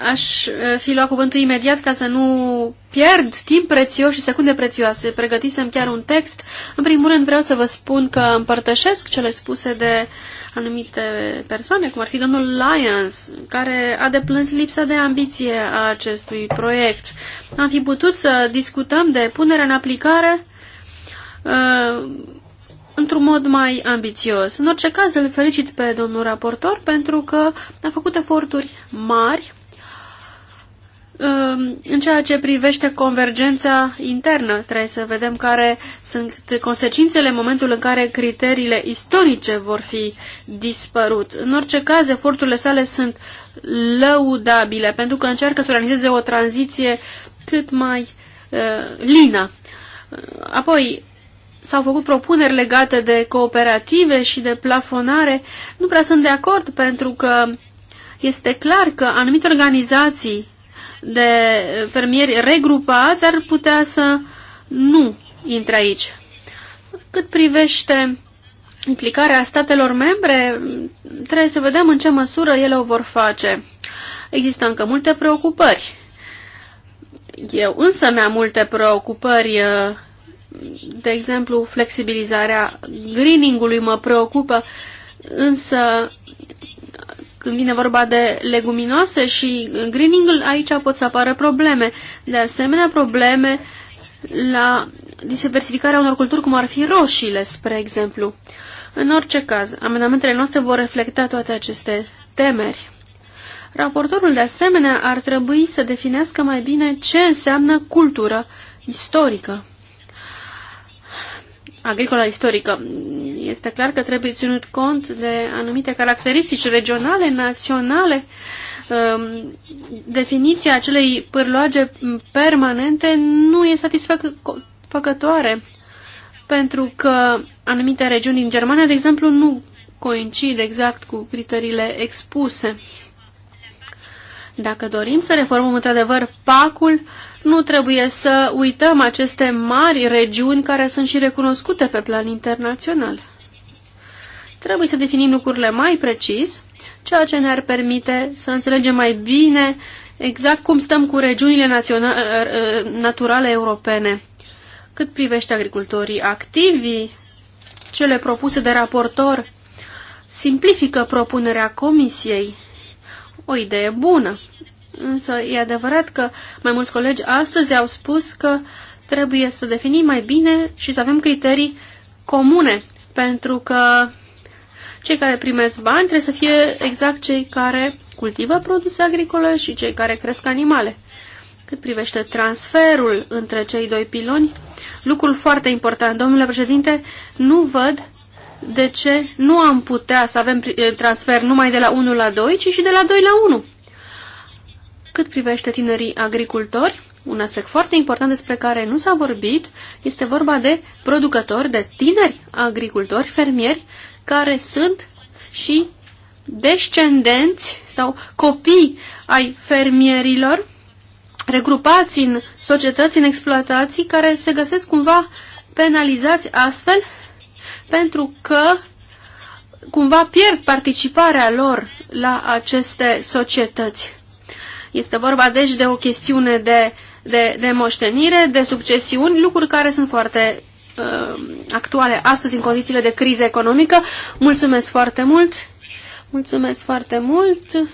Aș eh, fi luat cuvântul imediat ca să nu pierd timp prețios și secunde prețioase. Pregătisem chiar un text. În primul rând vreau să vă spun că împărtășesc cele spuse de anumite persoane, cum ar fi domnul Lyons, care a deplâns lipsa de ambiție a acestui proiect. Am fi putut să discutăm de punerea în aplicare uh, într-un mod mai ambițios. În orice caz, îl felicit pe domnul raportor pentru că a făcut eforturi mari Um, în ceea ce privește convergența internă, trebuie să vedem care sunt consecințele în momentul în care criteriile istorice vor fi dispărut. În orice caz, eforturile sale sunt lăudabile, pentru că încearcă să organizeze o tranziție cât mai uh, lină. Apoi, s-au făcut propuneri legate de cooperative și de plafonare. Nu prea sunt de acord, pentru că este clar că anumite organizații de fermieri regrupați ar putea să nu intre aici. Cât privește implicarea statelor membre, trebuie să vedem în ce măsură ele o vor face. Există încă multe preocupări. Eu însă mi-am multe preocupări, de exemplu, flexibilizarea greening-ului mă preocupă, însă când vine vorba de leguminoase și greening aici pot să apară probleme. De asemenea, probleme la diversificarea unor culturi, cum ar fi roșiile, spre exemplu. În orice caz, amendamentele noastre vor reflecta toate aceste temeri. Raportorul, de asemenea, ar trebui să definească mai bine ce înseamnă cultură istorică agricolă istorică. Este clar că trebuie ținut cont de anumite caracteristici regionale, naționale. Um, definiția acelei pârloage permanente nu e satisfăcătoare, pentru că anumite regiuni din Germania, de exemplu, nu coincid exact cu criteriile expuse. Dacă dorim să reformăm într-adevăr pacul, nu trebuie să uităm aceste mari regiuni care sunt și recunoscute pe plan internațional. Trebuie să definim lucrurile mai precis, ceea ce ne-ar permite să înțelegem mai bine exact cum stăm cu regiunile er, er, naturale europene. Cât privește agricultorii activi, cele propuse de raportor simplifică propunerea comisiei o idee bună. Însă e adevărat că mai mulți colegi astăzi au spus că trebuie să definim mai bine și să avem criterii comune, pentru că cei care primesc bani trebuie să fie exact cei care cultivă produse agricole și cei care cresc animale. Cât privește transferul între cei doi piloni, lucrul foarte important, domnule președinte, nu văd de ce nu am putea să avem eh, transfer numai de la 1 la 2, ci și de la 2 la 1. Cât privește tinerii agricultori, un aspect foarte important despre care nu s-a vorbit este vorba de producători, de tineri agricultori, fermieri, care sunt și descendenți sau copii ai fermierilor regrupați în societăți, în exploatații, care se găsesc cumva penalizați astfel pentru că cumva pierd participarea lor la aceste societăți. Este vorba deci de o chestiune de, de, de moștenire, de succesiuni, lucruri care sunt foarte uh, actuale astăzi în condițiile de criză economică. Mulțumesc foarte mult! Mulțumesc foarte mult!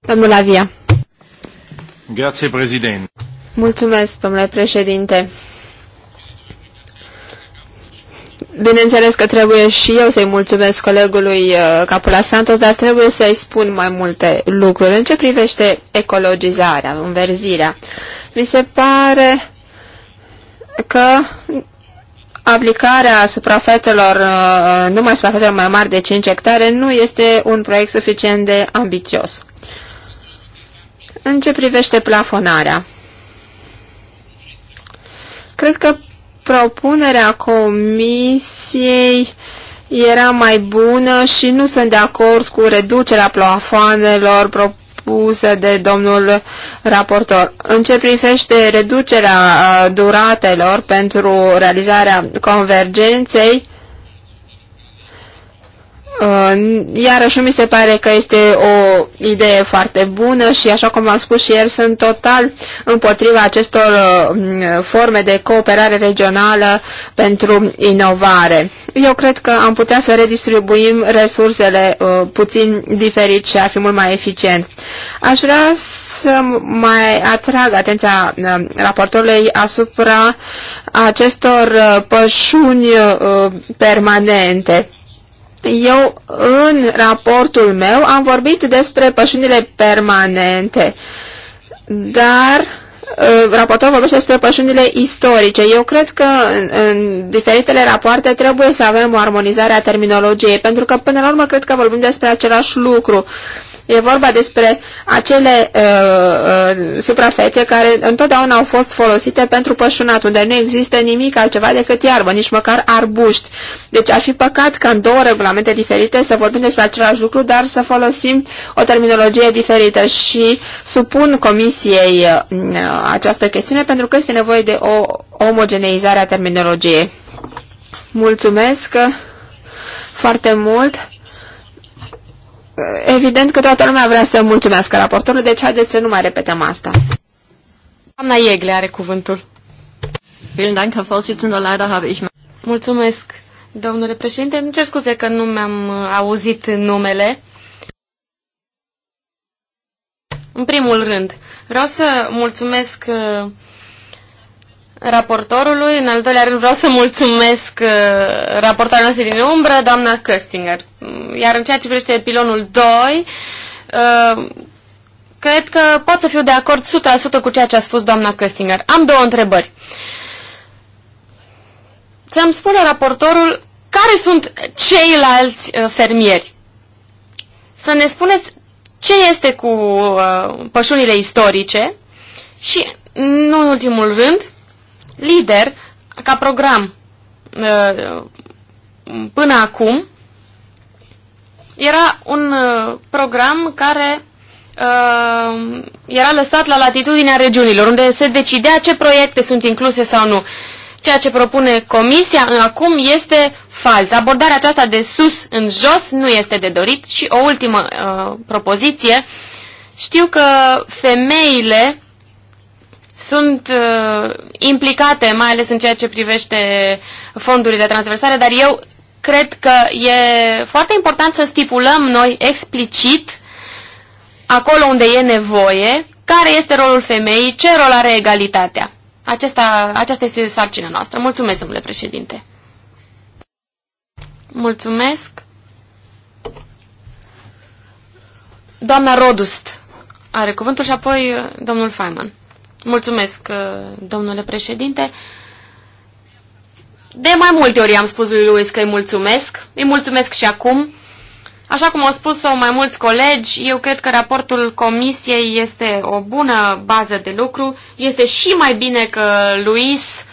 Domnul Avia. Grazie, președinte. Mulțumesc, domnule președinte. Bineînțeles că trebuie și eu să-i mulțumesc colegului uh, Capula Santos, dar trebuie să-i spun mai multe lucruri. În ce privește ecologizarea, înverzirea, mi se pare că aplicarea suprafețelor, uh, numai suprafețelor mai mari de 5 hectare, nu este un proiect suficient de ambițios. În ce privește plafonarea? Cred că propunerea comisiei era mai bună și nu sunt de acord cu reducerea plafoanelor propuse de domnul raportor. În ce privește reducerea uh, duratelor pentru realizarea convergenței, Uh, iarăși mi se pare că este o idee foarte bună și, așa cum am spus și ieri, sunt total împotriva acestor uh, forme de cooperare regională pentru inovare. Eu cred că am putea să redistribuim resursele uh, puțin diferit și ar fi mult mai eficient. Aș vrea să mai atrag atenția raportorului asupra acestor pășuni permanente eu, în raportul meu, am vorbit despre pășunile permanente, dar ă, raportorul vorbește despre pășunile istorice. Eu cred că în, în diferitele rapoarte trebuie să avem o armonizare a terminologiei, pentru că, până la urmă, cred că vorbim despre același lucru. Uh, E vorba despre acele uh, uh, suprafețe care întotdeauna au fost folosite pentru pășunat, unde nu există nimic altceva decât iarbă, nici măcar arbuști. Deci ar fi păcat ca în două regulamente diferite să vorbim despre același lucru, dar să folosim o terminologie diferită și supun comisiei uh, această chestiune pentru că este nevoie de o omogeneizare a terminologiei. Mulțumesc! foarte mult evident că toată lumea vrea să mulțumească raportorul, deci haideți să nu mai repetăm asta. Doamna Iegle are cuvântul. Mulțumesc, domnule președinte. Îmi cer scuze că nu mi-am uh, auzit numele. În primul rând, vreau să mulțumesc uh, raportorului. În al doilea rând vreau să mulțumesc uh, raportoarea noastră din umbră, doamna Köstinger. Iar în ceea ce privește pilonul 2, uh, cred că pot să fiu de acord 100% cu ceea ce a spus doamna Köstinger. Am două întrebări. Să-mi spune raportorul care sunt ceilalți uh, fermieri. Să ne spuneți ce este cu pășunile istorice și, nu în ultimul rând, lider ca program uh, până acum era un uh, program care uh, era lăsat la latitudinea regiunilor, unde se decidea ce proiecte sunt incluse sau nu. Ceea ce propune Comisia acum este fals. Abordarea aceasta de sus în jos nu este de dorit. Și o ultimă uh, propoziție. Știu că femeile sunt uh, implicate, mai ales în ceea ce privește fondurile transversale, dar eu cred că e foarte important să stipulăm noi explicit acolo unde e nevoie, care este rolul femeii, ce rol are egalitatea. Acesta, aceasta este sarcina noastră. Mulțumesc, domnule președinte. Mulțumesc. Doamna Rodust are cuvântul și apoi domnul Feynman. Mulțumesc, uh, domnule președinte. De mai multe ori am spus lui Luis că îi mulțumesc. Îi mulțumesc și acum. Așa cum au spus-o mai mulți colegi, eu cred că raportul comisiei este o bună bază de lucru. Este și mai bine că Luis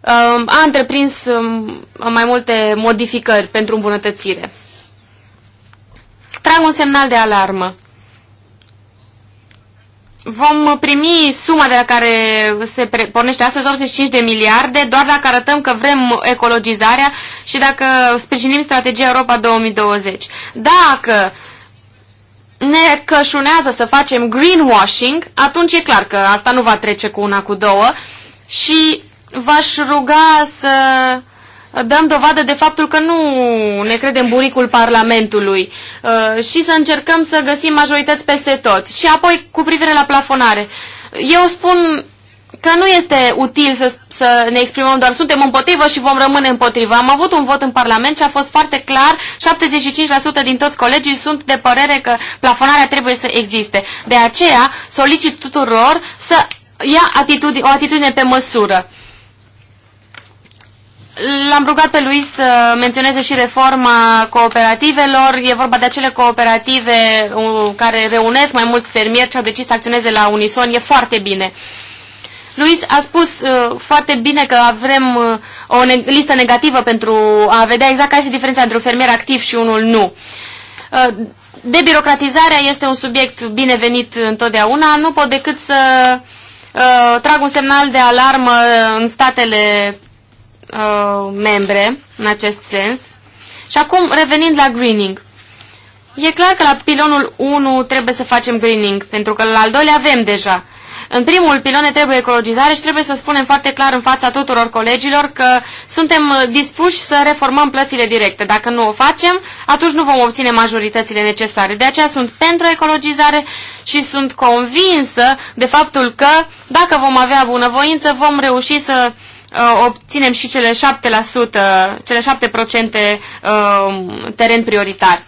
um, a întreprins um, mai multe modificări pentru îmbunătățire. Trag un semnal de alarmă vom primi suma de la care se pornește astăzi 85 de miliarde doar dacă arătăm că vrem ecologizarea și dacă sprijinim strategia Europa 2020. Dacă ne cășunează să facem greenwashing, atunci e clar că asta nu va trece cu una, cu două și v-aș ruga să dăm dovadă de faptul că nu ne credem buricul Parlamentului uh, și să încercăm să găsim majorități peste tot. Și apoi, cu privire la plafonare, eu spun că nu este util să, să ne exprimăm doar suntem împotrivă și vom rămâne împotrivă. Am avut un vot în Parlament și a fost foarte clar, 75% din toți colegii sunt de părere că plafonarea trebuie să existe. De aceea solicit tuturor să ia atitudine, o atitudine pe măsură. L-am rugat pe lui să menționeze și reforma cooperativelor. E vorba de acele cooperative uh, care reunesc mai mulți fermieri și au decis să acționeze la unison. E foarte bine. Luis a spus uh, foarte bine că avem uh, o ne listă negativă pentru a vedea exact care este diferența între un fermier activ și unul nu. Uh, debirocratizarea este un subiect binevenit întotdeauna. Nu pot decât să uh, trag un semnal de alarmă în statele Uh, membre în acest sens. Și acum, revenind la greening. E clar că la pilonul 1 trebuie să facem greening, pentru că la al doilea avem deja. În primul pilon ne trebuie ecologizare și trebuie să spunem foarte clar în fața tuturor colegilor că suntem dispuși să reformăm plățile directe. Dacă nu o facem, atunci nu vom obține majoritățile necesare. De aceea sunt pentru ecologizare și sunt convinsă de faptul că dacă vom avea bunăvoință, vom reuși să Uh, obținem și cele 7%, cele 7% uh, teren prioritar.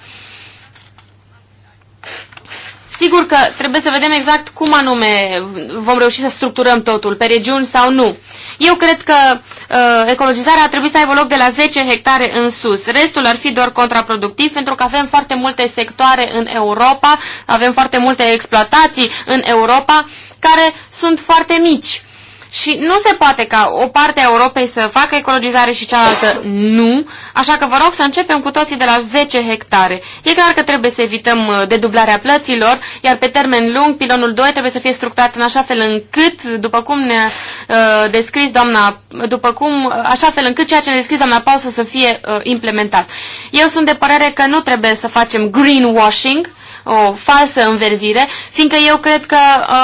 Sigur că trebuie să vedem exact cum anume vom reuși să structurăm totul, pe regiuni sau nu. Eu cred că uh, ecologizarea ar trebui să aibă loc de la 10 hectare în sus. Restul ar fi doar contraproductiv pentru că avem foarte multe sectoare în Europa, avem foarte multe exploatații în Europa care sunt foarte mici. Și nu se poate ca o parte a Europei să facă ecologizare și cealaltă nu, așa că vă rog să începem cu toții de la 10 hectare. E clar că trebuie să evităm uh, dedublarea plăților, iar pe termen lung pilonul 2 trebuie să fie structurat în așa fel încât, după cum ne-a uh, descris doamna, după cum, uh, așa fel încât ceea ce ne-a descris doamna Pausă să fie uh, implementat. Eu sunt de părere că nu trebuie să facem greenwashing, o falsă înverzire, fiindcă eu cred că...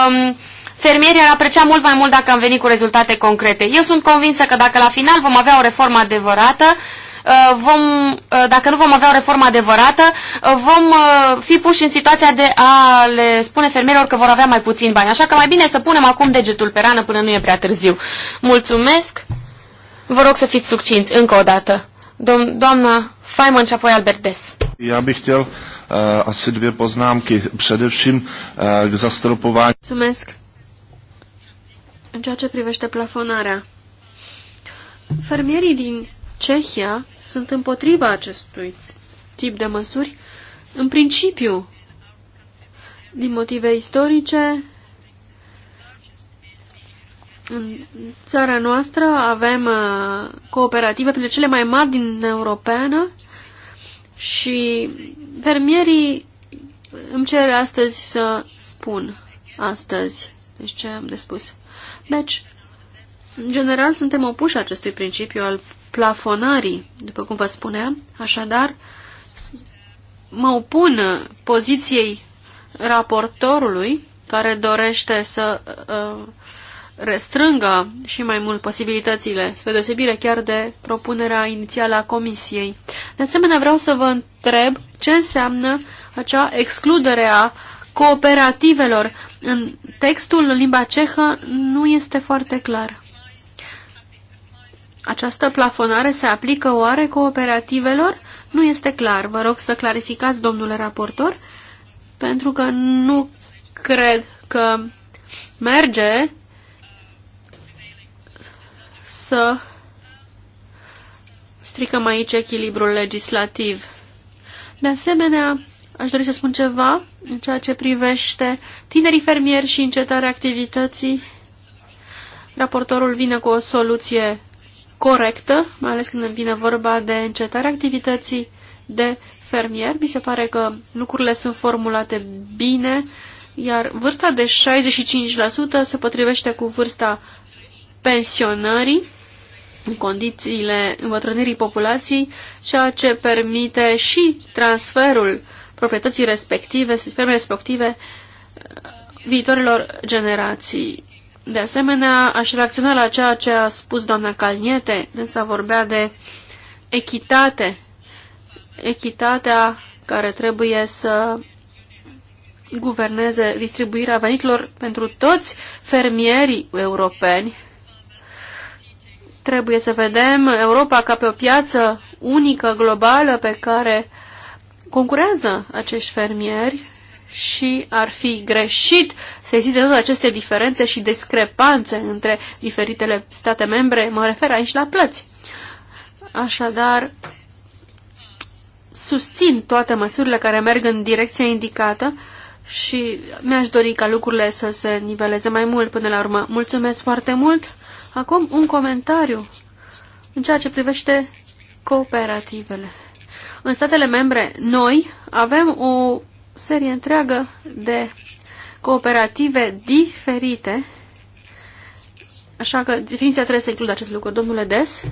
Um, fermierii ar aprecia mult mai mult dacă am venit cu rezultate concrete. Eu sunt convinsă că dacă la final vom avea o reformă adevărată, uh, vom, uh, dacă nu vom avea o reformă adevărată, uh, vom fi puși în situația de a le spune fermierilor că vor avea mai puțin bani. Așa că mai bine să punem acum degetul pe rană până nu e prea târziu. Mulțumesc! Vă rog să fiți succinți încă o dată. Dom doamna Faimă și apoi Albertes. Ja bych chtěl uh, asi dvě poznámky, především uh, k zastropování. Mulțumesc în ceea ce privește plafonarea. Fermierii din Cehia sunt împotriva acestui tip de măsuri, în principiu, din motive istorice, în țara noastră avem uh, cooperative printre cele mai mari din Europeană și fermierii îmi cer astăzi să spun astăzi. Deci ce am de spus? Deci, în general, suntem opuși acestui principiu al plafonării, după cum vă spuneam, așadar, mă opun poziției raportorului care dorește să uh, restrângă și mai mult posibilitățile, spre deosebire chiar de propunerea inițială a Comisiei. De asemenea, vreau să vă întreb ce înseamnă acea excludere a cooperativelor. În textul în limba cehă nu este foarte clar. Această plafonare se aplică oare cooperativelor? Nu este clar. Vă rog să clarificați, domnule raportor, pentru că nu cred că merge să stricăm aici echilibrul legislativ. De asemenea, Aș dori să spun ceva în ceea ce privește tinerii fermieri și încetarea activității. Raportorul vine cu o soluție corectă, mai ales când vine vorba de încetarea activității de fermier. Mi se pare că lucrurile sunt formulate bine, iar vârsta de 65% se potrivește cu vârsta pensionării în condițiile îmbătrânirii populației, ceea ce permite și transferul proprietății respective, fermele respective viitorilor generații. De asemenea, aș reacționa la ceea ce a spus doamna Calniete, s-a vorbea de echitate, echitatea care trebuie să guverneze distribuirea venitelor pentru toți fermierii europeni. Trebuie să vedem Europa ca pe o piață unică, globală, pe care concurează acești fermieri și ar fi greșit să existe toate aceste diferențe și discrepanțe între diferitele state membre. Mă refer aici la plăți. Așadar, susțin toate măsurile care merg în direcția indicată și mi-aș dori ca lucrurile să se niveleze mai mult până la urmă. Mulțumesc foarte mult! Acum un comentariu în ceea ce privește cooperativele. În statele membre, noi avem o serie întreagă de cooperative diferite, așa că definiția trebuie să includă acest lucru. Domnule Des.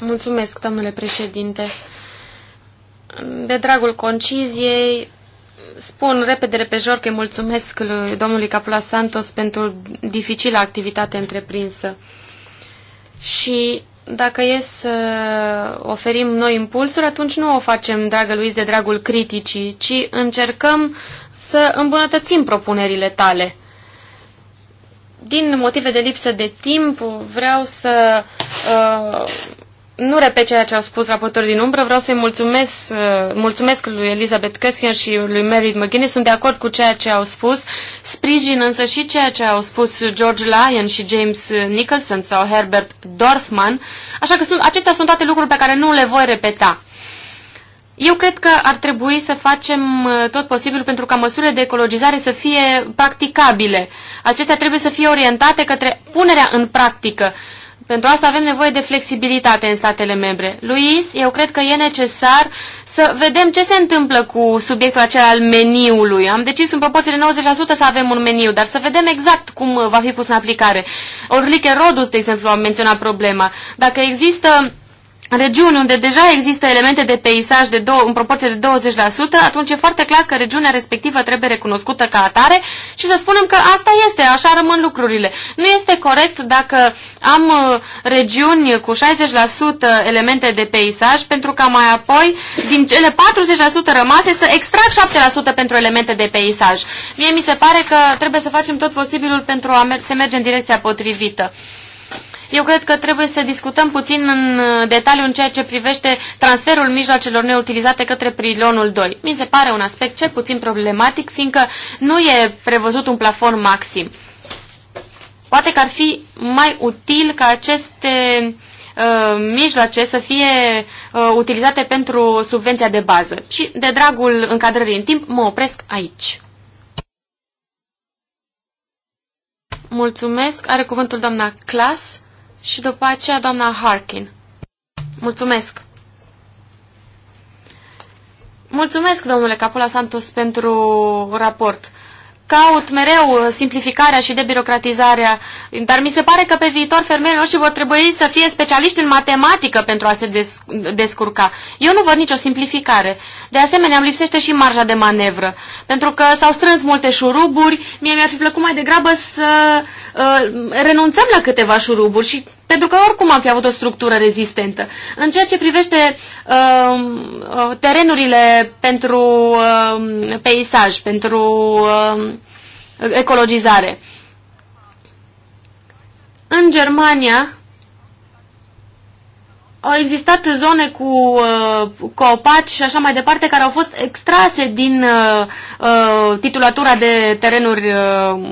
Mulțumesc, domnule președinte. De dragul conciziei, spun repede, repejor că mulțumesc lui domnului Capula Santos pentru dificila activitate întreprinsă. Și dacă e să oferim noi impulsuri, atunci nu o facem, dragă Luis, de dragul criticii, ci încercăm să îmbunătățim propunerile tale. Din motive de lipsă de timp, vreau să uh, nu repet ceea ce au spus raportorii din umbră, vreau să-i mulțumesc, uh, mulțumesc lui Elizabeth Kössinger și lui Mary McGuinness, sunt de acord cu ceea ce au spus, sprijin însă și ceea ce au spus George Lyon și James Nicholson sau Herbert Dorfman, așa că sunt, acestea sunt toate lucruri pe care nu le voi repeta. Eu cred că ar trebui să facem uh, tot posibil pentru ca măsurile de ecologizare să fie practicabile. Acestea trebuie să fie orientate către punerea în practică pentru asta avem nevoie de flexibilitate în statele membre. Luis, eu cred că e necesar să vedem ce se întâmplă cu subiectul acela al meniului. Am decis în proporție de 90% să avem un meniu, dar să vedem exact cum uh, va fi pus în aplicare. Orlike Rodus, de exemplu, a menționat problema. Dacă există regiuni unde deja există elemente de peisaj de două, în proporție de 20%, atunci e foarte clar că regiunea respectivă trebuie recunoscută ca atare și să spunem că asta este, așa rămân lucrurile. Nu este corect dacă am uh, regiuni cu 60% elemente de peisaj pentru ca mai apoi din cele 40% rămase să extrag 7% pentru elemente de peisaj. Mie mi se pare că trebuie să facem tot posibilul pentru a mer se merge în direcția potrivită. Eu cred că trebuie să discutăm puțin în uh, detaliu în ceea ce privește transferul mijloacelor neutilizate către prilonul 2. Mi se pare un aspect cel puțin problematic, fiindcă nu e prevăzut un plafon maxim. Poate că ar fi mai util ca aceste uh, mijloace să fie uh, utilizate pentru subvenția de bază. Și de dragul încadrării în timp, mă opresc aici. Mulțumesc. Are cuvântul doamna Clas și după aceea doamna Harkin. Mulțumesc! Mulțumesc, domnule Capula Santos, pentru raport caut mereu simplificarea și debirocratizarea, dar mi se pare că pe viitor fermierii noștri vor trebui să fie specialiști în matematică pentru a se descurca. Eu nu văd nicio simplificare. De asemenea, îmi lipsește și marja de manevră, pentru că s-au strâns multe șuruburi, mie mi-ar fi plăcut mai degrabă să uh, renunțăm la câteva șuruburi și pentru că oricum am fi avut o structură rezistentă. În ceea ce privește um, uh, terenurile pentru uh, peisaj, pentru uh, ecologizare, în Germania au existat zone cu uh, copaci și așa mai departe care au fost extrase din uh, uh, titulatura de terenuri uh,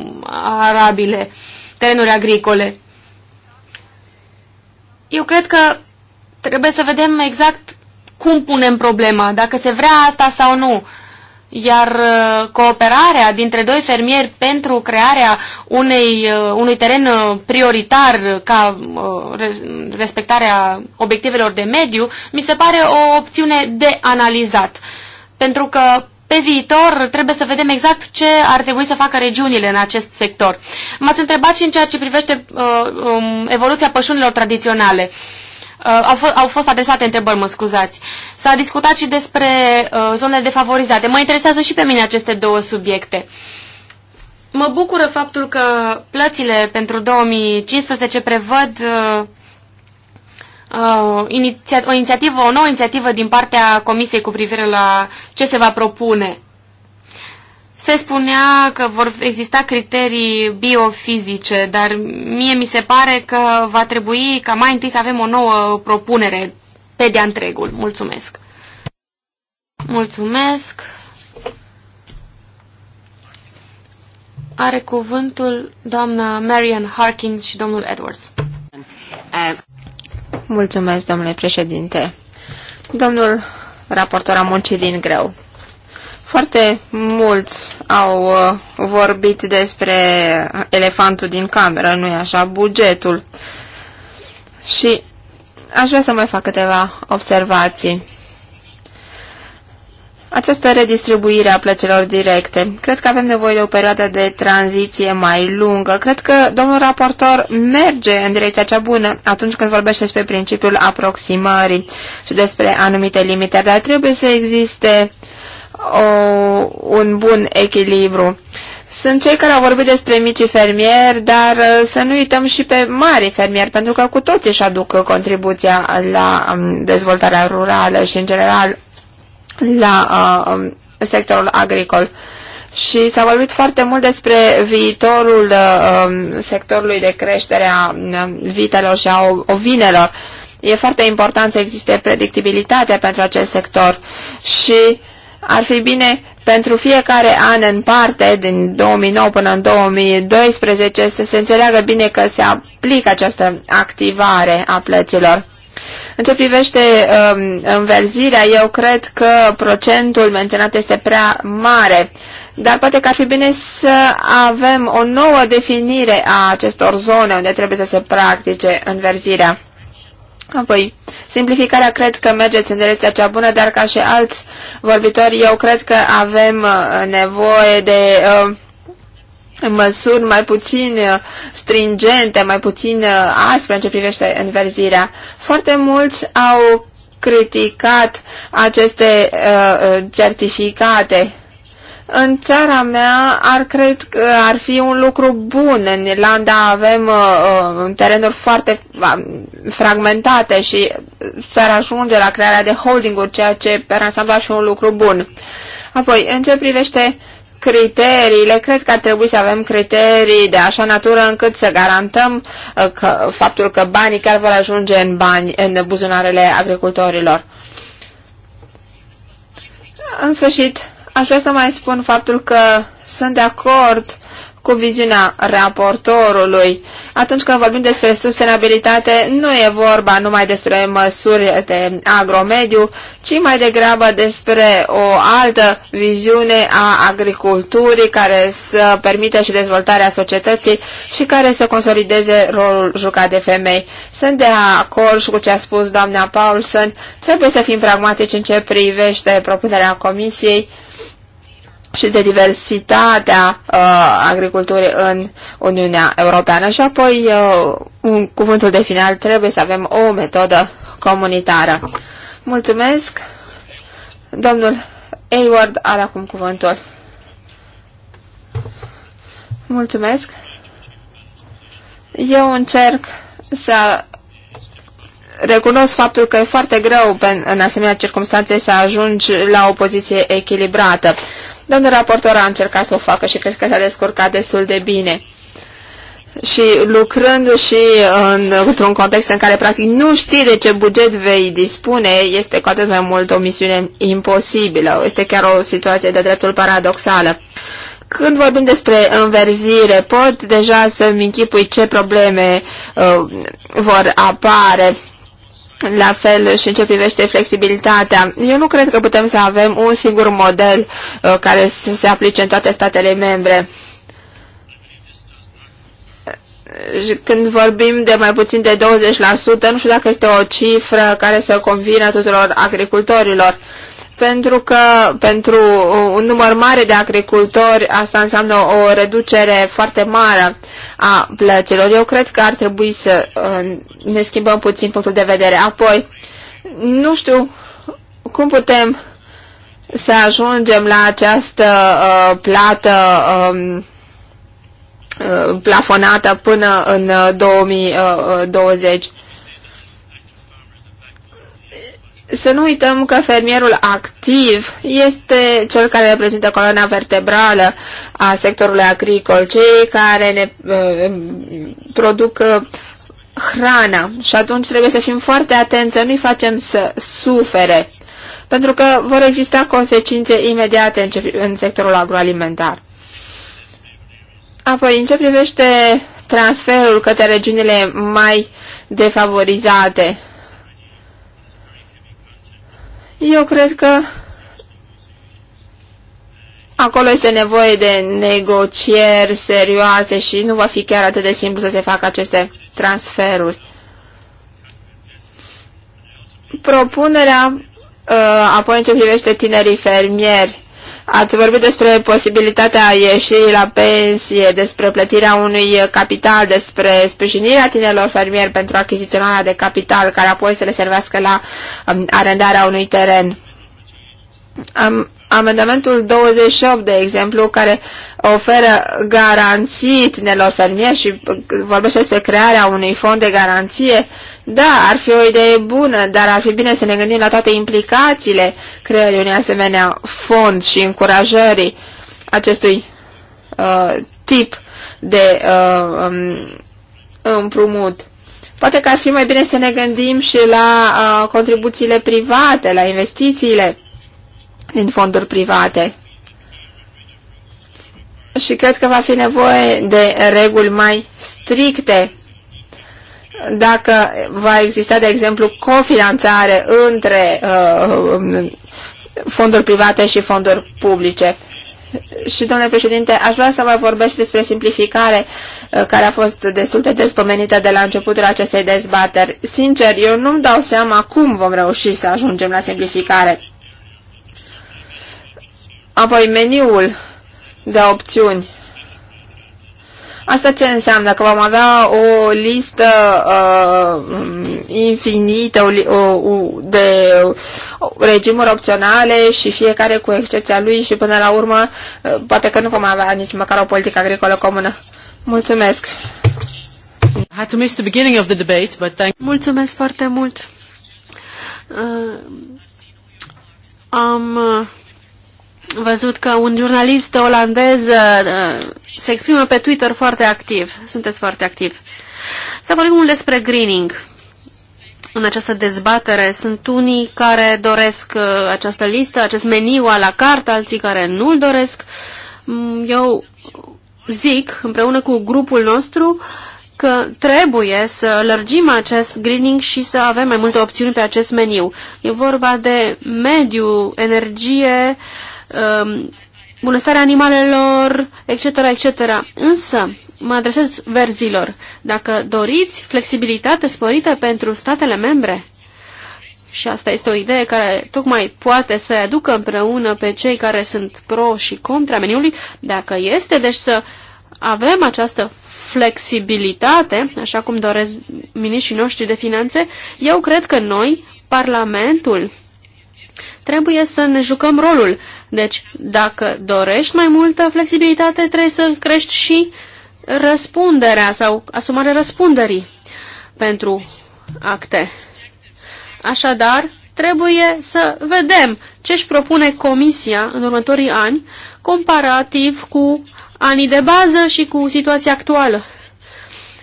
arabile, terenuri agricole eu cred că trebuie să vedem exact cum punem problema, dacă se vrea asta sau nu. Iar uh, cooperarea dintre doi fermieri pentru crearea unei, uh, unui teren uh, prioritar ca respectarea obiectivelor de mediu, mi se pare o opțiune de analizat. Pentru că pe viitor trebuie să vedem exact ce ar trebui să facă regiunile în acest sector. M-ați întrebat și în ceea ce privește uh, um, evoluția pășunilor tradiționale. Uh, au, au fost adresate întrebări, mă scuzați. S-a discutat și despre uh, zonele defavorizate. Mă interesează și pe mine aceste două subiecte. Mă bucură faptul că plățile pentru 2015 prevăd uh, Uh, o inițiativă, o nouă inițiativă din partea Comisiei cu privire la ce se va propune. Se spunea că vor exista criterii biofizice, dar mie mi se pare că va trebui ca mai întâi să avem o nouă propunere pe de-a întregul. Mulțumesc! Mulțumesc! Are cuvântul doamna Marian Harkin și domnul Edwards. Uh, Mulțumesc, domnule președinte. Domnul raportor a muncii din greu. Foarte mulți au uh, vorbit despre elefantul din cameră, nu-i așa, bugetul. Și aș vrea să mai fac câteva observații această redistribuire a plăcelor directe. Cred că avem nevoie de o perioadă de tranziție mai lungă. Cred că domnul raportor merge în direcția cea bună atunci când vorbește despre principiul aproximării și despre anumite limite, dar trebuie să existe o, un bun echilibru. Sunt cei care au vorbit despre micii fermieri, dar uh, să nu uităm și pe mari fermieri, pentru că cu toții își aduc contribuția la um, dezvoltarea rurală și, în general, la uh, sectorul agricol. Și s-a vorbit foarte mult despre viitorul uh, sectorului de creștere a uh, vitelor și a ovinelor. E foarte important să existe predictibilitate pentru acest sector și ar fi bine pentru fiecare an în parte, din 2009 până în 2012, să se înțeleagă bine că se aplică această activare a plăților. În ce privește um, înverzirea, eu cred că procentul menționat este prea mare, dar poate că ar fi bine să avem o nouă definire a acestor zone unde trebuie să se practice înverzirea. Apoi, simplificarea cred că mergeți în direcția cea bună, dar ca și alți vorbitori, eu cred că avem uh, nevoie de uh, măsuri mai puțin uh, stringente, mai puțin uh, aspre în ce privește înverzirea. Foarte mulți au criticat aceste uh, uh, certificate. În țara mea ar cred că ar fi un lucru bun. În Irlanda avem uh, terenuri foarte um, fragmentate și s-ar ajunge la crearea de holdinguri, ceea ce pe ansamblu ar fi un lucru bun. Apoi, în ce privește uh, criteriile, cred că ar trebui să avem criterii de așa natură încât să garantăm uh, că, faptul că banii chiar vor ajunge în bani, în buzunarele agricultorilor. În sfârșit, aș vrea să mai spun faptul că sunt de acord cu viziunea raportorului. Atunci când vorbim despre sustenabilitate, nu e vorba numai despre măsuri de agromediu, ci mai degrabă despre o altă viziune a agriculturii care să permită și dezvoltarea societății și care să consolideze rolul jucat de femei. Sunt de acord și cu ce a spus doamna Paulson, trebuie să fim pragmatici în ce privește propunerea Comisiei, și de diversitatea uh, agriculturii în Uniunea Europeană. Și apoi, uh, un cuvântul de final, trebuie să avem o metodă comunitară. Mulțumesc. Domnul Eward are acum cuvântul. Mulțumesc. Eu încerc să recunosc faptul că e foarte greu în asemenea circunstanțe să ajungi la o poziție echilibrată. Domnul raportor a încercat să o facă și cred că s-a descurcat destul de bine. Și lucrând și în, într-un context în care practic nu știi de ce buget vei dispune, este cu atât mai mult o misiune imposibilă. Este chiar o situație de dreptul paradoxală. Când vorbim despre înverzire, pot deja să-mi închipui ce probleme uh, vor apare la fel și în ce privește flexibilitatea. Eu nu cred că putem să avem un singur model uh, care să se aplice în toate statele membre. Când vorbim de mai puțin de 20%, nu știu dacă este o cifră care să convină tuturor agricultorilor pentru că pentru un număr mare de agricultori asta înseamnă o reducere foarte mare a plăților. Eu cred că ar trebui să uh, ne schimbăm puțin punctul de vedere. Apoi, nu știu cum putem să ajungem la această uh, plată um, uh, plafonată până în 2020. Uh, să nu uităm că fermierul activ este cel care reprezintă coloana vertebrală a sectorului agricol, cei care ne uh, produc uh, hrana și atunci trebuie să fim foarte atenți să nu-i facem să sufere, pentru că vor exista consecințe imediate în, ce, în sectorul agroalimentar. Apoi, în ce privește transferul către regiunile mai defavorizate, eu cred că acolo este nevoie de negocieri serioase și nu va fi chiar atât de simplu să se facă aceste transferuri. Propunerea uh, apoi în ce privește tinerii fermieri Ați vorbit despre posibilitatea ieșirii la pensie, despre plătirea unui capital, despre sprijinirea tinerilor fermieri pentru achiziționarea de capital, care apoi să le servească la um, arendarea unui teren. Am Amendamentul 28, de exemplu, care oferă garanții tinerilor fermieri și vorbește despre crearea unui fond de garanție, da, ar fi o idee bună, dar ar fi bine să ne gândim la toate implicațiile creării unui asemenea fond și încurajării acestui uh, tip de uh, um, împrumut. Poate că ar fi mai bine să ne gândim și la uh, contribuțiile private, la investițiile din fonduri private. Și cred că va fi nevoie de reguli mai stricte dacă va exista, de exemplu, cofinanțare între uh, fonduri private și fonduri publice. Și, domnule președinte, aș vrea să mai vorbesc și despre simplificare, uh, care a fost destul de despomenită de la începutul acestei dezbateri. Sincer, eu nu-mi dau seama cum vom reuși să ajungem la simplificare. Apoi meniul de opțiuni. Asta ce înseamnă? Că vom avea o listă uh, infinită o, o, de regimuri opționale și fiecare cu excepția lui și până la urmă uh, poate că nu vom avea nici măcar o politică agricolă comună. Mulțumesc! Mulțumesc foarte mult! Uh, am... Uh, văzut că un jurnalist olandez uh, uh, se exprimă pe Twitter foarte activ. Sunteți foarte activ. Să vorbim mult despre greening. În această dezbatere sunt unii care doresc uh, această listă, acest meniu a la carte, alții care nu-l doresc. Mm, eu zic, împreună cu grupul nostru, că trebuie să lărgim acest greening și să avem mai multe opțiuni pe acest meniu. E vorba de mediu, energie, uh, Um, bunăstarea animalelor, etc., etc. Însă, mă adresez verzilor, dacă doriți flexibilitate sporită pentru statele membre, și asta este o idee care tocmai poate să aducă împreună pe cei care sunt pro și contra meniului, dacă este, deci să avem această flexibilitate, așa cum doresc miniștrii noștri de finanțe, eu cred că noi, Parlamentul, trebuie să ne jucăm rolul. Deci, dacă dorești mai multă flexibilitate, trebuie să crești și răspunderea sau asumarea răspunderii pentru acte. Așadar, trebuie să vedem ce își propune Comisia în următorii ani, comparativ cu anii de bază și cu situația actuală.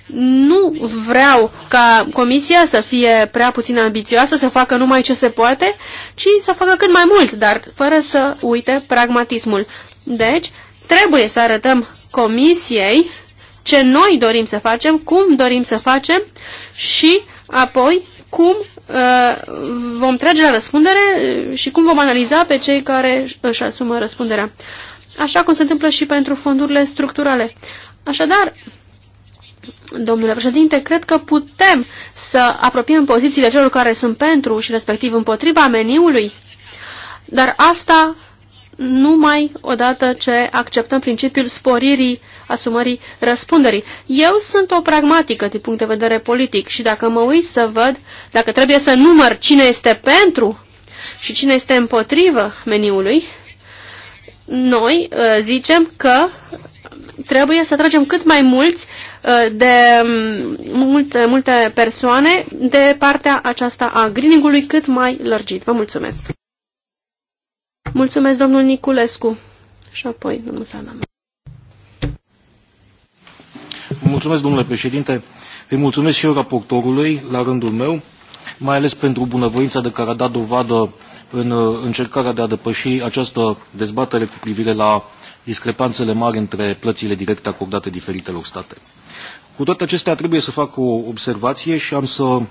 Nu vreau ca comisia să fie prea puțin ambițioasă, să facă numai ce se poate, ci să facă cât mai mult, dar fără să uite pragmatismul. Deci, trebuie să arătăm comisiei ce noi dorim să facem, cum dorim să facem și apoi cum uh, vom trage la răspundere uh, și cum vom analiza pe cei care își asumă răspunderea. Așa cum se întâmplă și pentru fondurile structurale. Așadar, Domnule președinte, cred că putem să apropiem pozițiile celor care sunt pentru și respectiv împotriva meniului, dar asta numai odată ce acceptăm principiul sporirii asumării răspunderii. Eu sunt o pragmatică din punct de vedere politic și dacă mă uit să văd, dacă trebuie să număr cine este pentru și cine este împotrivă meniului, noi uh, zicem că trebuie să tragem cât mai mulți uh, de mm, multe, multe persoane de partea aceasta a greening-ului cât mai lărgit. Vă mulțumesc! Mulțumesc, domnul Niculescu. Și apoi, domnul Sanam. Mulțumesc, domnule președinte. Îi mulțumesc și eu raportorului, la rândul meu, mai ales pentru bunăvoința de care a dat dovadă în uh, încercarea de a depăși această dezbatere cu privire la discrepanțele mari între plățile directe acordate diferitelor state. Cu toate acestea trebuie să fac o observație și am să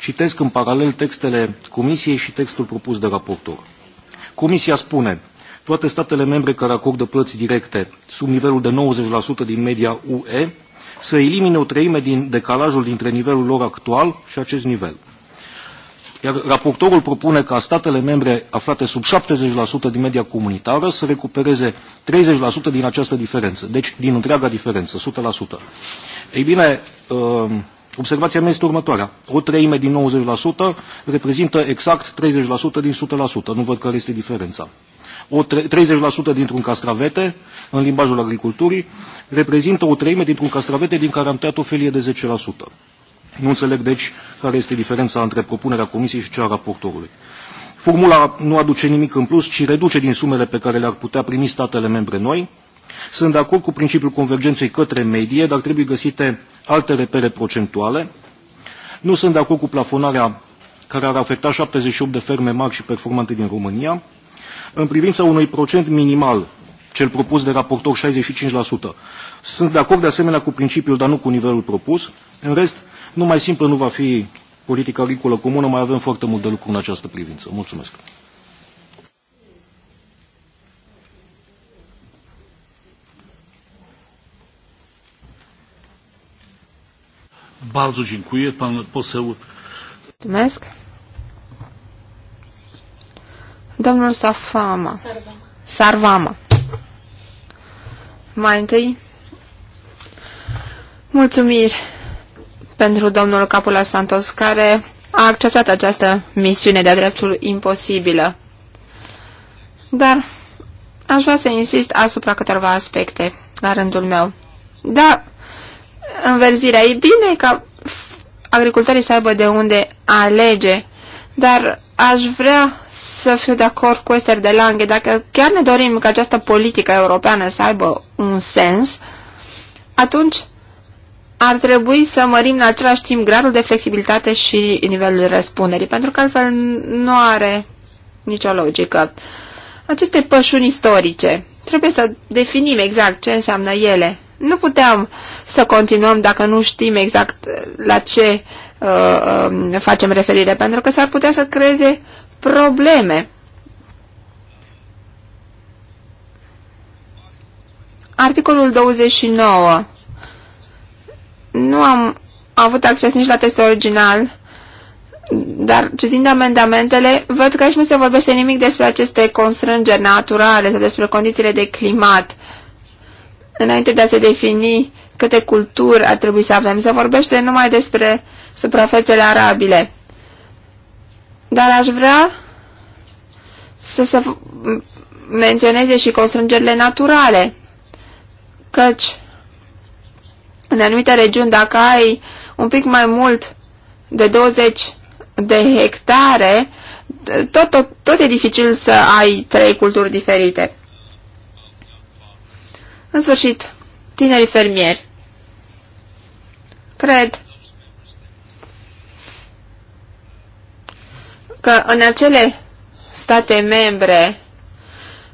citesc în paralel textele Comisiei și textul propus de raportor. Comisia spune, toate statele membre care acordă plăți directe sub nivelul de 90% din media UE să elimine o treime din decalajul dintre nivelul lor actual și acest nivel iar raportorul propune ca statele membre aflate sub 70% din media comunitară să recupereze 30% din această diferență, deci din întreaga diferență, 100%. Ei bine, uh, observația mea este următoarea. O treime din 90% reprezintă exact 30% din 100%, nu văd care este diferența o 30% dintr-un castravete, în limbajul agriculturii, reprezintă o treime dintr-un castravete din care am tăiat o felie de 10%. Nu înțeleg, deci, care este diferența între propunerea Comisiei și cea a raportorului. Formula nu aduce nimic în plus, ci reduce din sumele pe care le-ar putea primi statele membre noi. Sunt de acord cu principiul convergenței către medie, dar trebuie găsite alte repere procentuale. Nu sunt de acord cu plafonarea care ar afecta 78 de ferme mari și performante din România. În privința unui procent minimal, cel propus de raportor 65%, sunt de acord de asemenea cu principiul, dar nu cu nivelul propus. În rest, nu mai simplu nu va fi politica agricolă comună, mai avem foarte mult de lucru în această privință. Mulțumesc! Bardzo dziękuję. Pan poseł... Mulțumesc. Domnul Safama. Sarvama. Sarvama. Mai întâi, mulțumiri pentru domnul Capula Santos, care a acceptat această misiune de-a dreptul imposibilă. Dar aș vrea să insist asupra câteva aspecte, la rândul meu. Da, înverzirea e bine ca agricultorii să aibă de unde alege, dar aș vrea să fiu de acord cu Esther de Lange. Dacă chiar ne dorim ca această politică europeană să aibă un sens, atunci ar trebui să mărim în același timp gradul de flexibilitate și nivelul răspunderii, pentru că altfel nu are nicio logică. Aceste pășuni istorice, trebuie să definim exact ce înseamnă ele. Nu puteam să continuăm dacă nu știm exact uh, la ce uh, um, facem referire, pentru că s-ar putea să creeze probleme. Articolul 29 nu am avut acces nici la testul original, dar citind amendamentele, văd că aici nu se vorbește nimic despre aceste constrângeri naturale sau despre condițiile de climat. Înainte de a se defini câte culturi ar trebui să avem, se vorbește numai despre suprafețele arabile. Dar aș vrea să se menționeze și constrângerile naturale, căci în anumite regiuni, dacă ai un pic mai mult de 20 de hectare, tot, tot, tot e dificil să ai trei culturi diferite. În sfârșit, tinerii fermieri. Cred că în acele state membre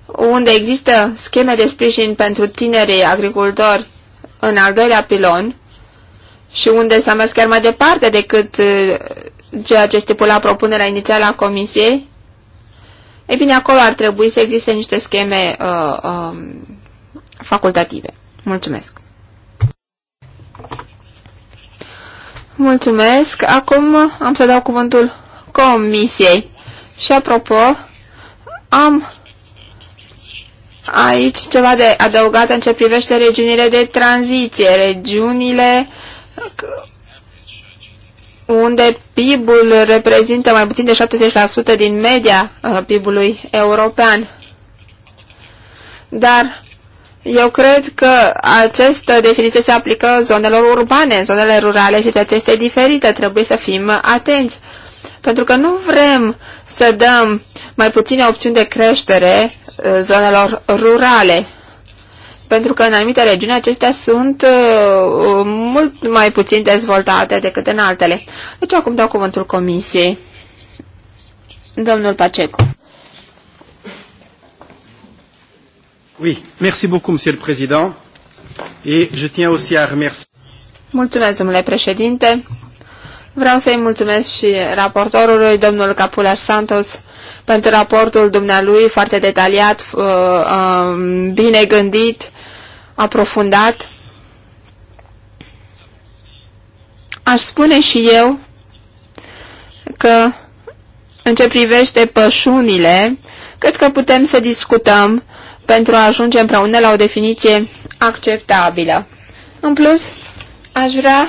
unde există scheme de sprijin pentru tinerii agricultori în al doilea pilon și unde s-a mers chiar mai departe decât uh, ceea ce stipula propunerea inițială a Comisiei, e bine, acolo ar trebui să existe niște scheme uh, uh, facultative. Mulțumesc! Mulțumesc! Acum am să dau cuvântul Comisiei. Și apropo, am aici ceva de adăugat în ce privește regiunile de tranziție, regiunile unde PIB-ul reprezintă mai puțin de 70% din media uh, PIB-ului european. Dar eu cred că această definiție se aplică zonelor urbane. În zonele rurale situația este diferită, trebuie să fim atenți pentru că nu vrem să dăm mai puține opțiuni de creștere uh, zonelor rurale, pentru că în anumite regiuni acestea sunt uh, mult mai puțin dezvoltate decât în altele. Deci acum dau cuvântul Comisiei. Domnul Paceco. Oui, merci beaucoup, Monsieur le Président. Et je tiens aussi à remercier. Mulțumesc, domnule președinte. Vreau să-i mulțumesc și raportorului, domnul Capula Santos, pentru raportul dumnealui foarte detaliat, uh, um, bine gândit, aprofundat. Aș spune și eu că în ce privește pășunile, cred că putem să discutăm pentru a ajunge împreună la o definiție acceptabilă. În plus, aș vrea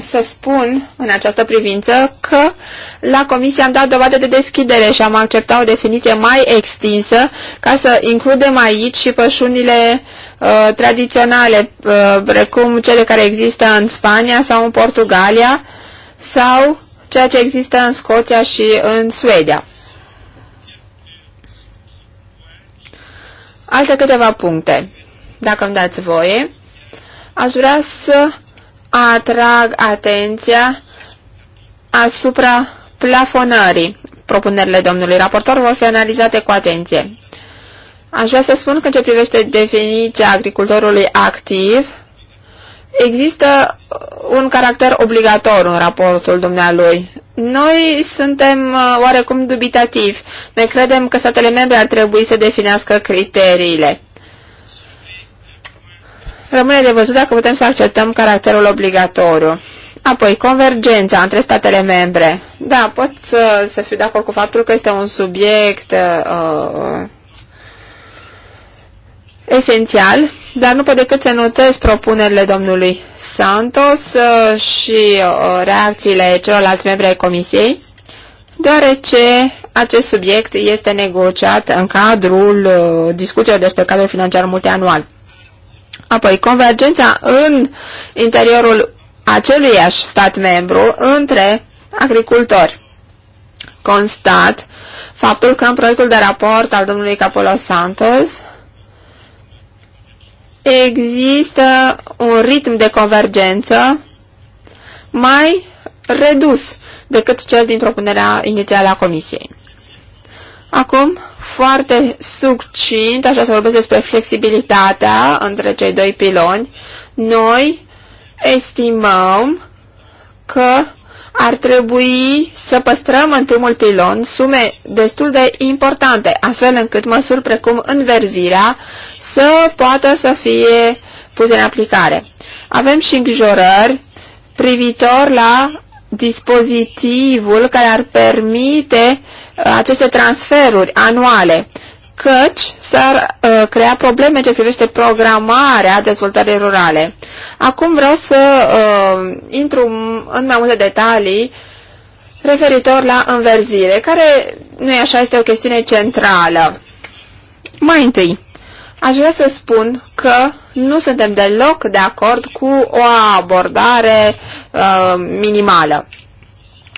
să spun în această privință că la comisie am dat dovadă de deschidere și am acceptat o definiție mai extinsă ca să includem aici și pășunile uh, tradiționale, uh, precum cele care există în Spania sau în Portugalia sau ceea ce există în Scoția și în Suedia. Alte câteva puncte, dacă îmi dați voie. Aș vrea să atrag atenția asupra plafonării. Propunerile domnului raportor vor fi analizate cu atenție. Aș vrea să spun că în ce privește definiția agricultorului activ, există un caracter obligatoriu în raportul dumnealui. Noi suntem uh, oarecum dubitativi. Ne credem că statele membre ar trebui să definească criteriile. Rămâne de văzut dacă putem să acceptăm caracterul obligatoriu. Apoi, convergența între statele membre. Da, pot să, uh, să fiu de acord cu faptul că este un subiect uh, esențial, dar nu pot decât să notez propunerile domnului Santos uh, și uh, reacțiile celorlalți membri ai Comisiei, deoarece acest subiect este negociat în cadrul discuțiilor despre cadrul financiar multianual. Apoi, convergența în interiorul aceluiași stat membru între agricultori. Constat faptul că în proiectul de raport al domnului Capolo Santos există un ritm de convergență mai redus decât cel din propunerea inițială a Comisiei. Acum, foarte succint, așa să vorbesc despre flexibilitatea între cei doi piloni, noi estimăm că ar trebui să păstrăm în primul pilon sume destul de importante, astfel încât măsuri precum înverzirea să poată să fie puse în aplicare. Avem și îngrijorări privitor la dispozitivul care ar permite aceste transferuri anuale, căci s-ar uh, crea probleme ce privește programarea dezvoltării rurale. Acum vreau să uh, intru în mai multe detalii referitor la înverzire, care, nu e așa, este o chestiune centrală. Mai întâi, aș vrea să spun că nu suntem deloc de acord cu o abordare uh, minimală.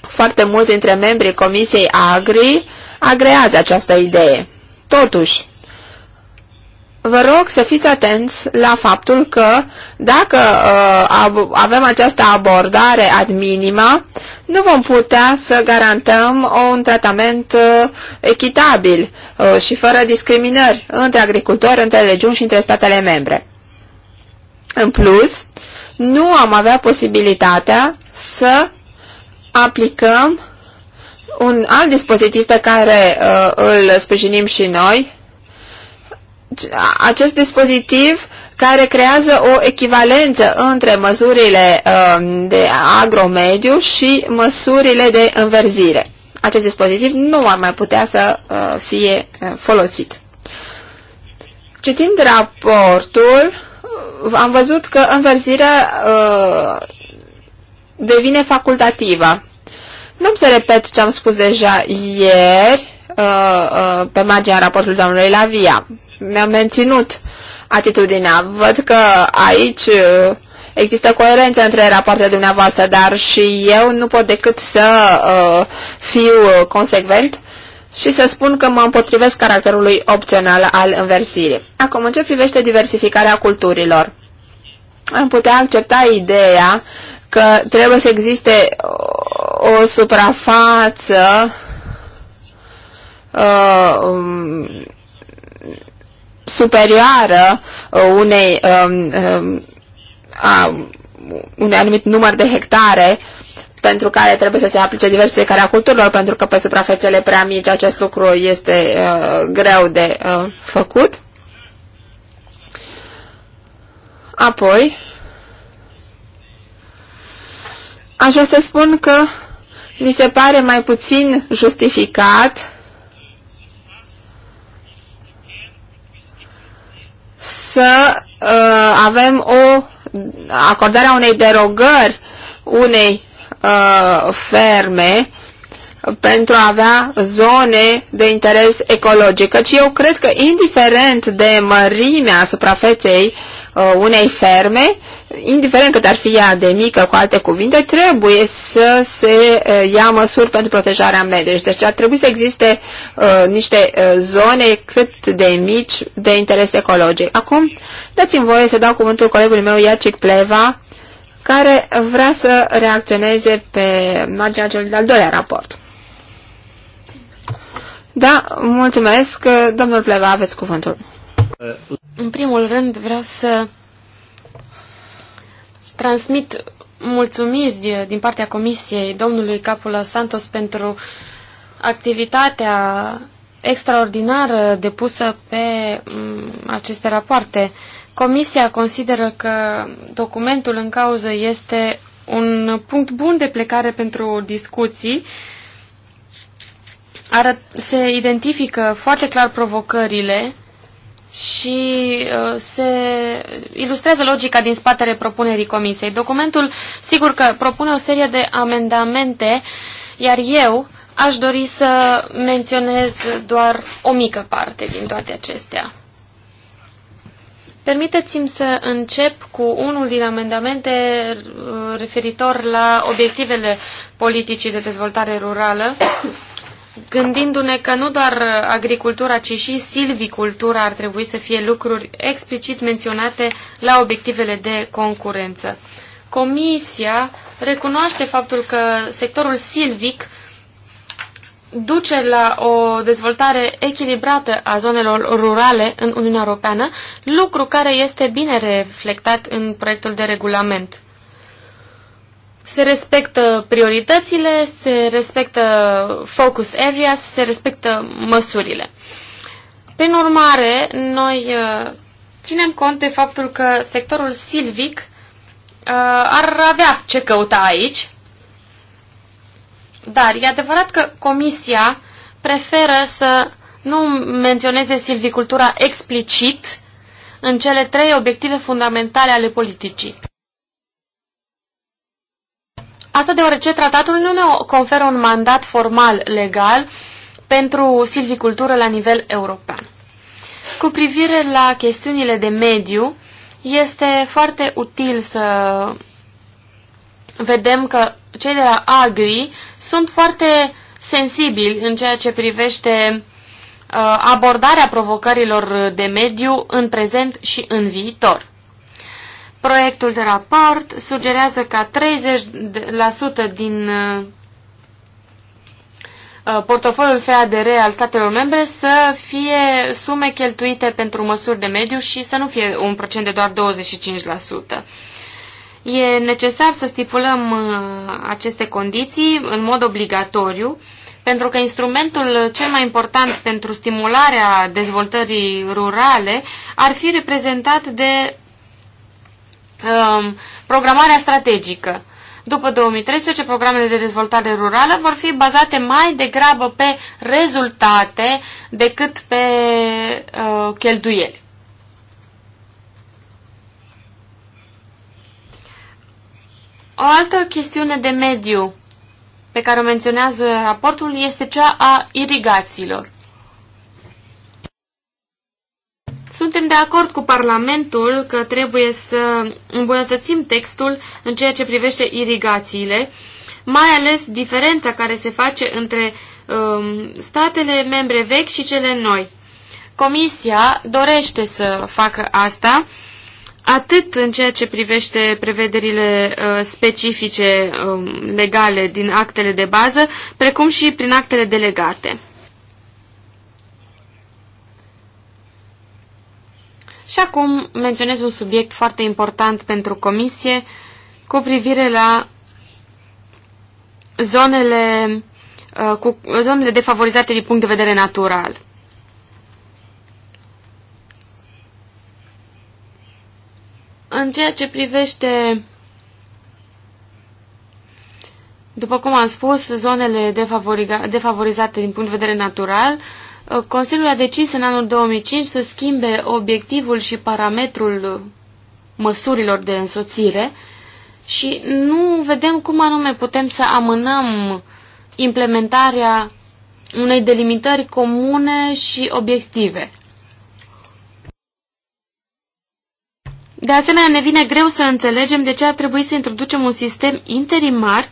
Foarte mulți dintre membrii Comisiei Agri agrează această idee. Totuși, vă rog să fiți atenți la faptul că dacă uh, avem această abordare ad minima, nu vom putea să garantăm un tratament uh, echitabil uh, și fără discriminări între agricultori, între regiuni și între statele membre. În plus, nu am avea posibilitatea să aplicăm un alt dispozitiv pe care uh, îl sprijinim și noi, acest dispozitiv care creează o echivalență între măsurile uh, de agromediu și măsurile de înverzire. Acest dispozitiv nu ar mai putea să uh, fie uh, folosit. Citind raportul, am văzut că înverzirea uh, devine facultativă. Nu să repet ce am spus deja ieri uh, uh, pe marginea raportului domnului Lavia. Mi-am menținut atitudinea. Văd că aici uh, există coerență între rapoartele dumneavoastră, dar și eu nu pot decât să uh, fiu consecvent și să spun că mă împotrivesc caracterului opțional al înversirii. Acum, în ce privește diversificarea culturilor? Am putea accepta ideea că trebuie să existe o suprafață uh, um, superioară uh, unei um, um a un anumit număr de hectare pentru care trebuie să se aplice diversificarea culturilor, pentru că pe suprafețele prea mici acest lucru este uh, greu de uh, făcut. Apoi, Aș vrea să spun că mi se pare mai puțin justificat să uh, avem o acordarea unei derogări unei uh, ferme pentru a avea zone de interes ecologic. Căci eu cred că indiferent de mărimea suprafeței uh, unei ferme, uh, indiferent cât ar fi ea de mică, cu alte cuvinte, trebuie să se ia măsuri pentru protejarea mediului. Deci ar trebui să existe uh, niște zone cât de mici de interes ecologic. Acum, dați-mi voie să dau cuvântul colegului meu, Iacic Pleva, care vrea să reacționeze pe marginea celui de-al doilea raport. Da, mulțumesc. Domnul Pleva, aveți cuvântul. În primul rând vreau să transmit mulțumiri din partea Comisiei domnului Capula Santos pentru activitatea extraordinară depusă pe mm, aceste rapoarte. Comisia consideră că documentul în cauză este un punct bun de plecare pentru discuții. Arăt, se identifică foarte clar provocările și uh, se ilustrează logica din spatele propunerii comisiei. Documentul, sigur că propune o serie de amendamente, iar eu aș dori să menționez doar o mică parte din toate acestea. Permiteți-mi să încep cu unul din amendamente uh, referitor la obiectivele politicii de dezvoltare rurală gândindu-ne că nu doar agricultura, ci și silvicultura ar trebui să fie lucruri explicit menționate la obiectivele de concurență. Comisia recunoaște faptul că sectorul silvic duce la o dezvoltare echilibrată a zonelor rurale în Uniunea Europeană, lucru care este bine reflectat în proiectul de regulament se respectă prioritățile, se respectă focus areas, se respectă măsurile. Prin urmare, noi uh, ținem cont de faptul că sectorul silvic uh, ar avea ce căuta aici, dar e adevărat că Comisia preferă să nu menționeze silvicultura explicit în cele trei obiective fundamentale ale politicii. Asta deoarece tratatul nu ne conferă un mandat formal legal pentru silvicultură la nivel european. Cu privire la chestiunile de mediu, este foarte util să vedem că cei de la Agri sunt foarte sensibili în ceea ce privește uh, abordarea provocărilor de mediu în prezent și în viitor. Proiectul de raport sugerează ca 30% din uh, uh, portofoliul FADR al statelor membre să fie sume cheltuite pentru măsuri de mediu și să nu fie un procent de doar 25%. E necesar să stipulăm uh, aceste condiții în mod obligatoriu, pentru că instrumentul cel mai important pentru stimularea dezvoltării rurale ar fi reprezentat de Um, programarea strategică. După 2013, programele de dezvoltare rurală vor fi bazate mai degrabă pe rezultate decât pe uh, cheltuieli. O altă chestiune de mediu pe care o menționează raportul este cea a irigațiilor. Suntem de acord cu Parlamentul că trebuie să îmbunătățim textul în ceea ce privește irigațiile, mai ales diferența care se face între um, statele membre vechi și cele noi. Comisia dorește să facă asta atât în ceea ce privește prevederile uh, specifice um, legale din actele de bază, precum și prin actele delegate. Și acum menționez un subiect foarte important pentru comisie cu privire la zonele, uh, cu zonele defavorizate din punct de vedere natural. În ceea ce privește, după cum am spus, zonele defavorizate din punct de vedere natural, uh, Consiliul a decis în anul 2005 să schimbe obiectivul și parametrul măsurilor de însoțire și nu vedem cum anume putem să amânăm implementarea unei delimitări comune și obiective. De asemenea, ne vine greu să înțelegem de ce ar trebui să introducem un sistem interimar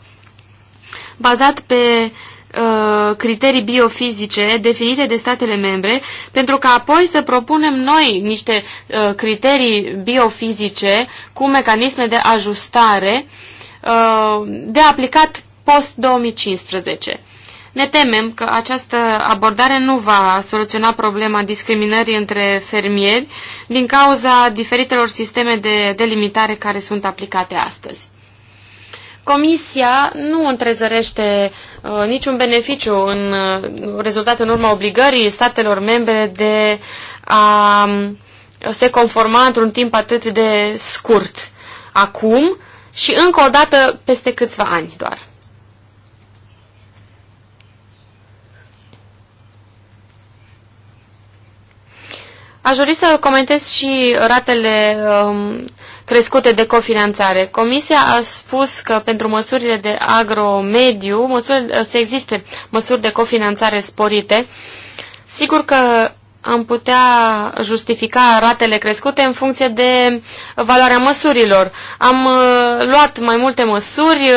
bazat pe uh, Uh, criterii biofizice definite de statele membre, pentru că apoi să propunem noi niște uh, criterii biofizice cu mecanisme de ajustare uh, de aplicat post-2015. Ne temem că această abordare nu va soluționa problema discriminării între fermieri din cauza diferitelor sisteme de delimitare care sunt aplicate astăzi. Comisia nu întrezărește Uh, niciun beneficiu în uh, rezultat în urma obligării statelor membre de a um, se conforma într-un timp atât de scurt acum și încă o dată peste câțiva ani doar. Aș dori să comentez și ratele um, crescute de cofinanțare. Comisia a spus că pentru măsurile de agromediu măsuri, să existe măsuri de cofinanțare sporite. Sigur că am putea justifica ratele crescute în funcție de valoarea măsurilor. Am uh, luat mai multe măsuri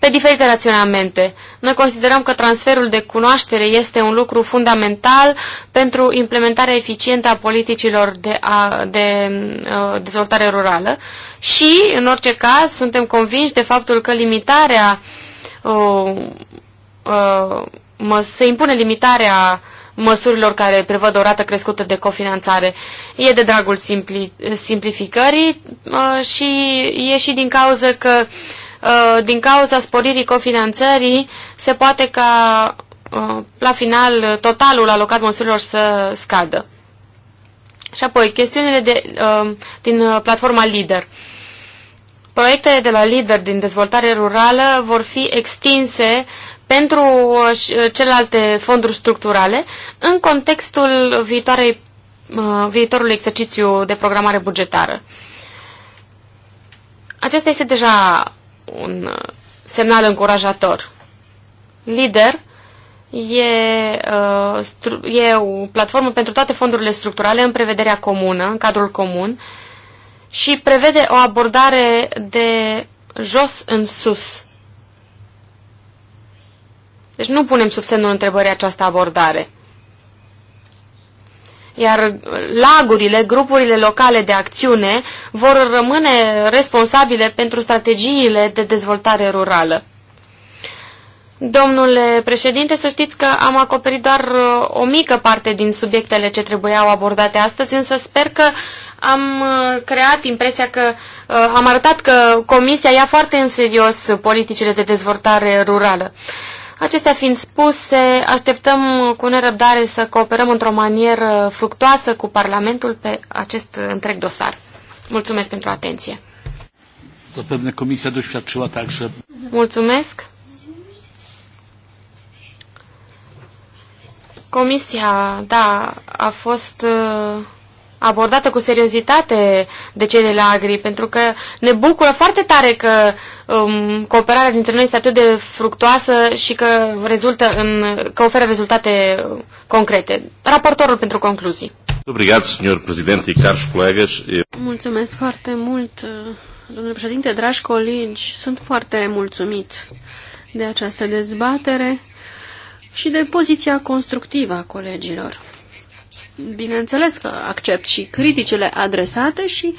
pe diferite raționamente. Noi considerăm că transferul de cunoaștere este un lucru fundamental pentru implementarea eficientă a politicilor de, a, de a, uh, dezvoltare rurală și, în orice caz, suntem convinși de faptul că limitarea a, uh, a, uh, mă, se impune limitarea măsurilor care prevăd o rată crescută de cofinanțare. E de dragul simpli, simplificării a, și e și din cauza că uh, Uh, din cauza sporirii cofinanțării, se poate ca uh, la final totalul alocat măsurilor să scadă. Și apoi, chestiunile de, uh, din platforma LIDER. Proiectele de la LIDER din dezvoltare rurală vor fi extinse pentru celelalte fonduri structurale în contextul viitoarei, viitorului exercițiu de programare bugetară. Acesta este deja un uh, semnal încurajator. Lider e, uh, e o platformă pentru toate fondurile structurale în prevederea comună, în cadrul comun, și prevede o abordare de jos în sus. Deci nu punem sub semnul întrebării această abordare iar lagurile, grupurile locale de acțiune vor rămâne responsabile pentru strategiile de dezvoltare rurală. Domnule președinte, să știți că am acoperit doar uh, o mică parte din subiectele ce trebuiau abordate astăzi, însă sper că am uh, creat impresia că uh, am arătat că Comisia ia foarte în serios politicile de dezvoltare rurală. Acestea fiind spuse, așteptăm cu nerăbdare să cooperăm într-o manieră fructoasă cu Parlamentul pe acest întreg dosar. Mulțumesc pentru atenție. Zapewne Comisia doświadczyła także. Mulțumesc. Comisia, da, a fost uh, abordată cu seriozitate de cei de la Agri, pentru că ne bucură foarte tare că um, cooperarea dintre noi este atât de fructoasă și că, rezultă în, că oferă rezultate concrete. Raportorul pentru concluzii. președinte, cari Mulțumesc foarte mult, domnule președinte, dragi colegi. Sunt foarte mulțumit de această dezbatere și de poziția constructivă a colegilor bineînțeles că accept și criticile adresate și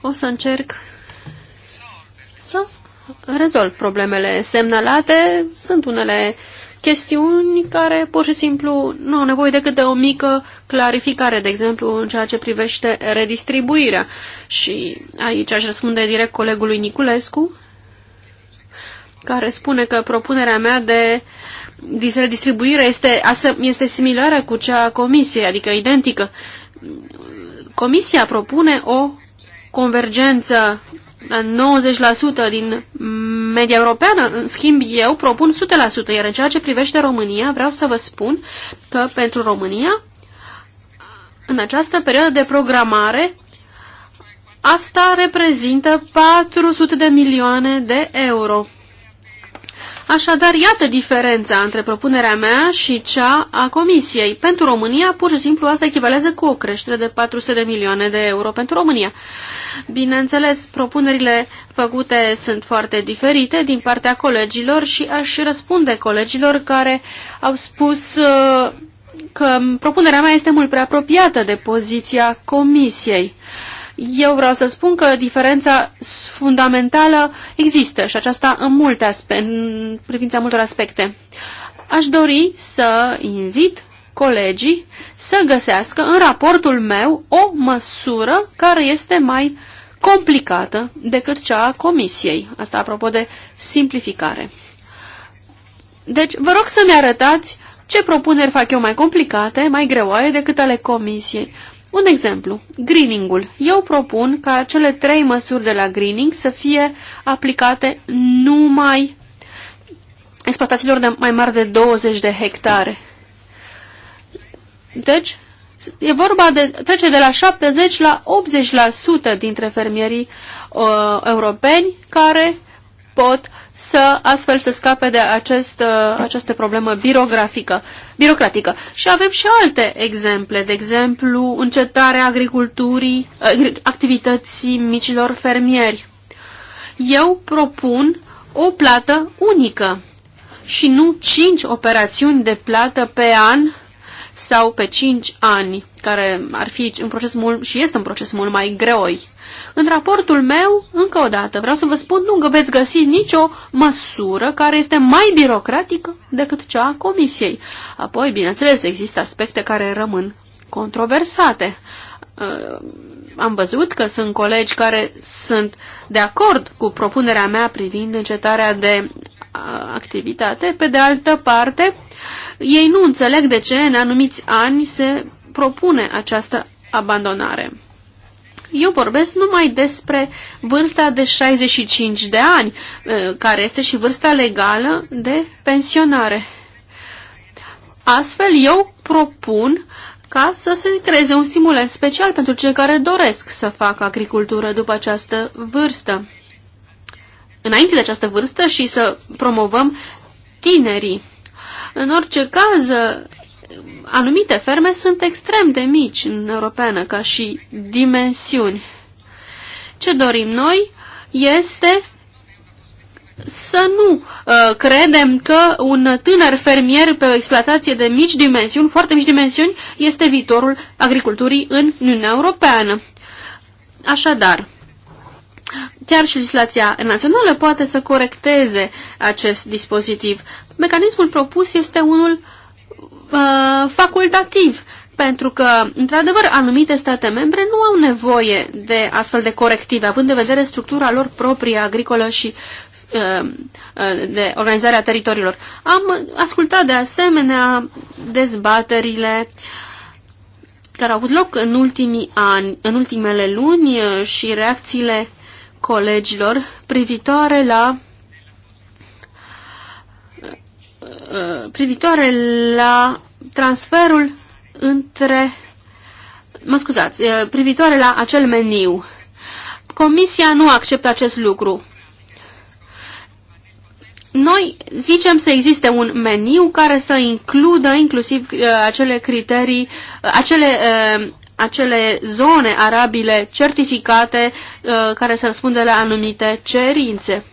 o să încerc să rezolv problemele semnalate. Sunt unele chestiuni care pur și simplu nu au nevoie decât de o mică clarificare, de exemplu în ceea ce privește redistribuirea. Și aici aș răspunde direct colegului Niculescu, care spune că propunerea mea de uh, redistribuirea este, este similară cu cea a comisiei, adică identică. Comisia propune o convergență la 90% din media europeană, în schimb eu propun 100%, iar în ceea ce privește România, vreau să vă spun că pentru România, în această perioadă de programare, asta reprezintă 400 de milioane de euro. Așadar, iată diferența între propunerea mea și cea a Comisiei. Pentru România, pur și simplu, asta echivalează cu o creștere de 400 de milioane de euro pentru România. Bineînțeles, propunerile făcute sunt foarte diferite din partea colegilor și aș răspunde colegilor care au spus uh, că propunerea mea este mult prea apropiată de poziția Comisiei. Eu vreau să spun că diferența fundamentală există și aceasta în, multe aspe în privința multor aspecte. Aș dori să invit colegii să găsească în raportul meu o măsură care este mai complicată decât cea a comisiei. Asta apropo de simplificare. Deci, vă rog să-mi arătați ce propuneri fac eu mai complicate, mai greoaie decât ale comisiei. Un exemplu, greening-ul. Eu propun ca cele trei măsuri de la greening să fie aplicate numai exploatațiilor de mai mari de 20 de hectare. Deci, e vorba de trece de la 70 la 80% dintre fermierii uh, europeni care pot să astfel să scape de acest, uh, această problemă birografică, birocratică. Și avem și alte exemple, de exemplu încetarea agriculturii, activității micilor fermieri. Eu propun o plată unică și nu cinci operațiuni de plată pe an sau pe cinci ani, care ar fi un proces mult, și este un proces mult mai greoi. În raportul meu, încă o dată, vreau să vă spun, nu veți găsi nicio măsură care este mai birocratică decât cea a Comisiei. Apoi, bineînțeles, există aspecte care rămân controversate. Uh, am văzut că sunt colegi care sunt de acord cu propunerea mea privind încetarea de uh, activitate. Pe de altă parte, ei nu înțeleg de ce în anumiți ani se propune această abandonare eu vorbesc numai despre vârsta de 65 de ani, eh, care este și vârsta legală de pensionare. Astfel, eu propun ca să se creeze un stimulant special pentru cei care doresc să facă agricultură după această vârstă. Înainte de această vârstă și să promovăm tinerii. În orice caz, anumite ferme sunt extrem de mici în Europeană ca și dimensiuni. Ce dorim noi este să nu uh, credem că un tânăr fermier pe o exploatație de mici dimensiuni, foarte mici dimensiuni, este viitorul agriculturii în Uniunea Europeană. Așadar, chiar și legislația națională poate să corecteze acest dispozitiv. Mecanismul propus este unul uh, uh, facultativ, pentru că, într-adevăr, anumite state membre nu au nevoie de astfel de corective, având de vedere structura lor proprie agricolă și uh, uh, de organizarea teritoriilor. Am ascultat de asemenea dezbaterile care au avut loc în ultimii ani, în ultimele luni uh, și reacțiile colegilor privitoare la Uh, privitoare la transferul între mă scuzați, uh, privitoare la acel meniu. Comisia nu acceptă acest lucru. Noi zicem să existe un meniu care să includă inclusiv uh, acele criterii, acele, acele zone arabile certificate care să răspundă la anumite cerințe.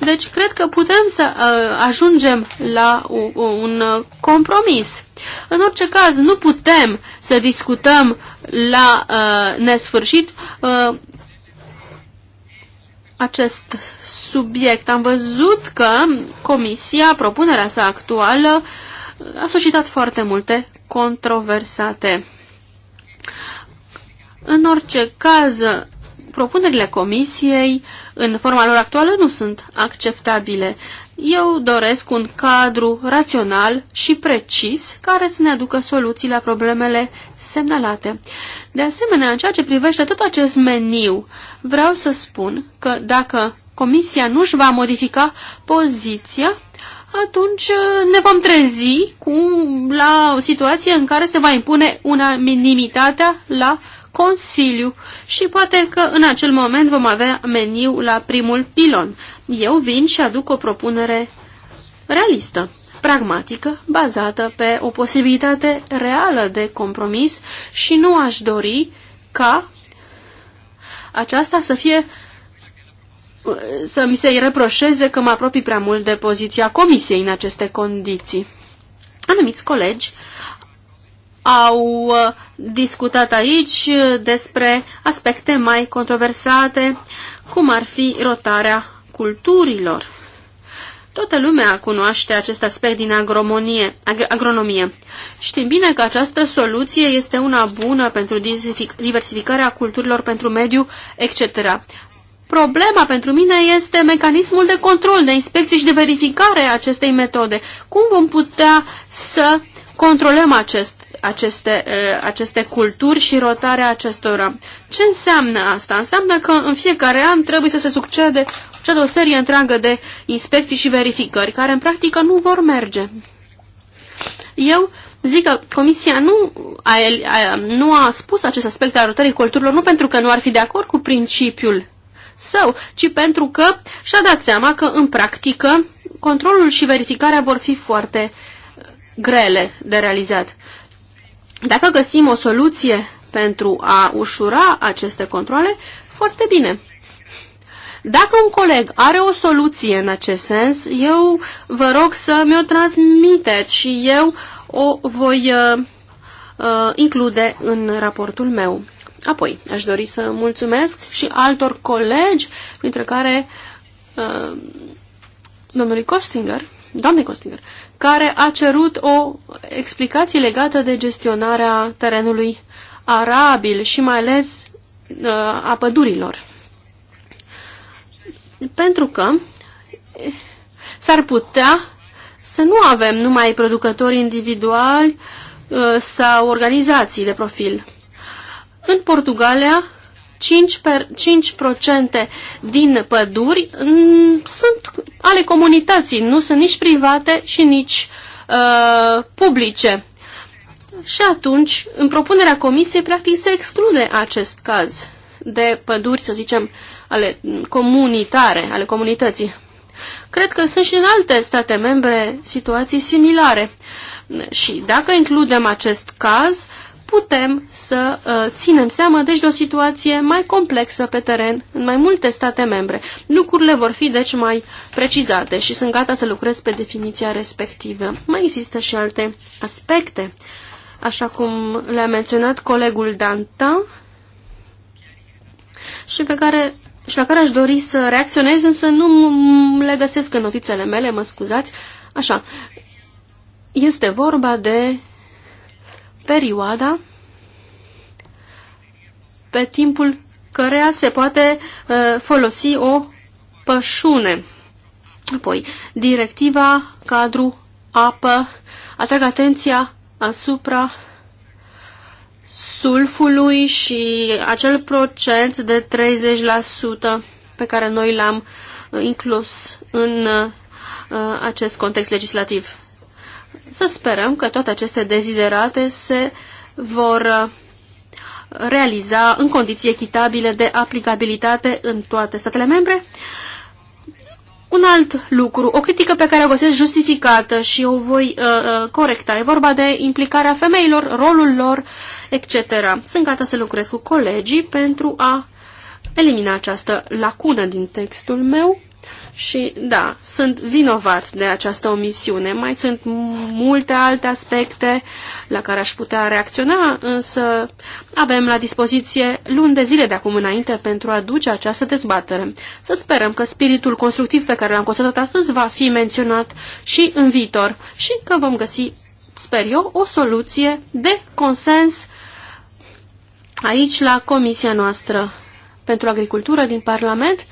Deci cred că putem să uh, ajungem la un, un uh, compromis. În orice caz, nu putem să discutăm la uh, nesfârșit uh, acest subiect. Am văzut că comisia, propunerea sa actuală, uh, a suscitat foarte multe controversate. În orice caz, propunerile comisiei uh, în forma lor actuală nu sunt acceptabile. Eu doresc un cadru rațional și precis care să ne aducă soluții la problemele semnalate. De asemenea, în ceea ce privește tot acest meniu, vreau să spun că dacă Comisia nu își va modifica poziția, atunci uh, ne vom trezi cu, la o situație în care se va impune unanimitatea la Consiliu și poate că în acel moment vom avea meniu la primul pilon. Eu vin și aduc o propunere realistă, pragmatică, bazată pe o posibilitate reală de compromis și nu aș dori ca aceasta să fie să mi se reproșeze că mă apropii prea mult de poziția comisiei în aceste condiții. Anumiți colegi au uh, discutat aici uh, despre aspecte mai controversate, cum ar fi rotarea culturilor. Toată lumea cunoaște acest aspect din agromonie, ag agronomie. Știm bine că această soluție este una bună pentru diversificarea culturilor pentru mediu, etc. Problema pentru mine este mecanismul de control, de inspecție și de verificare a acestei metode. Cum vom putea să controlăm acest aceste, aceste culturi și rotarea acestora. Ce înseamnă asta? Înseamnă că în fiecare an trebuie să se succede cea o serie întreagă de inspecții și verificări, care în practică nu vor merge. Eu zic că Comisia nu a, a, nu a spus acest aspect al rotării culturilor nu pentru că nu ar fi de acord cu principiul său, ci pentru că și-a dat seama că în practică controlul și verificarea vor fi foarte grele de realizat. Dacă găsim o soluție pentru a ușura aceste controle, foarte bine. Dacă un coleg are o soluție în acest sens, eu vă rog să mi-o transmiteți și eu o voi uh, uh include în raportul meu. Apoi, aș dori să mulțumesc și altor colegi, printre care uh, domnului Costinger, doamne Costinger, care a cerut o explicație legată de gestionarea terenului arabil și mai ales uh, a pădurilor. Pentru că s-ar putea să nu avem numai producători individuali uh, sau organizații de profil. În Portugalia 5%, per, 5 din păduri mm, sunt ale comunității, nu sunt nici private și nici uh, publice. Și atunci, în propunerea comisiei, practic se exclude acest caz de păduri, să zicem, ale comunitare, ale comunității. Cred că sunt și în alte state membre situații similare. Și dacă includem acest caz, uh, putem să uh, ținem seama deci de o situație mai complexă pe teren în mai multe state membre. Lucrurile vor fi deci mai precizate și sunt gata să lucrez pe definiția respectivă. Mai există și alte aspecte, așa cum le-a menționat colegul Danta și pe care și la care aș dori să reacționez, însă nu le găsesc în notițele mele, mă scuzați. Așa, este vorba de perioada pe timpul căreia se poate uh, folosi o pășune. Apoi, directiva cadru apă atrag atenția asupra sulfului și acel procent de 30% pe care noi l-am uh, inclus în uh, acest context legislativ. Să sperăm că toate aceste deziderate se vor uh, realiza în condiții echitabile de aplicabilitate în toate statele membre. Un alt lucru, o critică pe care o găsesc justificată și o voi uh, uh corecta, e vorba de implicarea femeilor, rolul lor, etc. Sunt gata să lucrez cu colegii pentru a elimina această lacună din textul meu. Și da, sunt vinovați de această omisiune. Mai sunt multe alte aspecte la care aș putea reacționa, însă avem la dispoziție luni de zile de acum înainte pentru a duce această dezbatere. Să sperăm că spiritul constructiv pe care l-am constatat astăzi va fi menționat și în viitor și că vom găsi, sper eu, o soluție de consens aici la comisia noastră pentru agricultură din Parlament,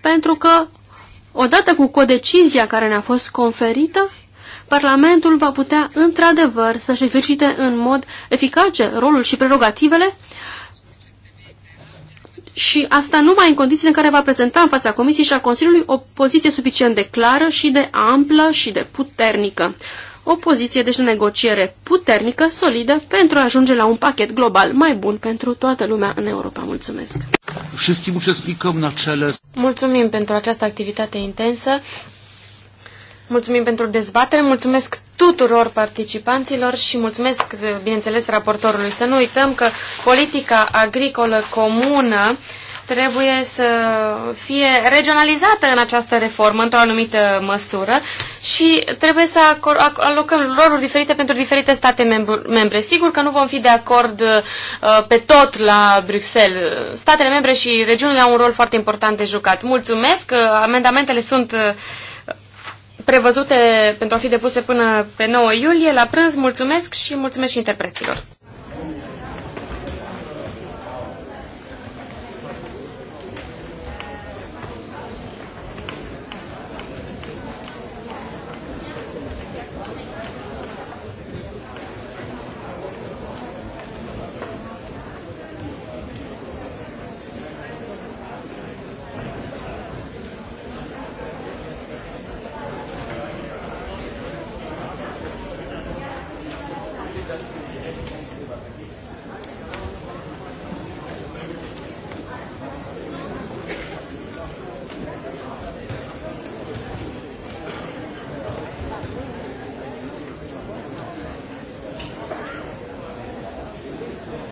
pentru că Odată cu codecizia care ne-a fost conferită, Parlamentul va putea într-adevăr să-și exercite în mod eficace rolul și prerogativele și asta numai în condițiile în care va prezenta în fața Comisiei și a Consiliului o poziție suficient de clară și de amplă și de puternică o poziție deci de negociere puternică, solidă, pentru a ajunge la un pachet global mai bun pentru toată lumea în Europa. Mulțumesc! Mulțumim pentru această activitate intensă. Mulțumim pentru dezbatere, mulțumesc tuturor participanților și mulțumesc, bineînțeles, raportorului. Să nu uităm că politica agricolă comună trebuie să fie regionalizată în această reformă, într-o anumită măsură și trebuie să alocăm roluri diferite pentru diferite state membre. Sigur că nu vom fi de acord uh, pe tot la Bruxelles. Statele membre și regiunile au un rol foarte important de jucat. Mulțumesc, uh, amendamentele sunt uh, prevăzute pentru a fi depuse până pe 9 iulie la prânz. Mulțumesc și mulțumesc și interpreților.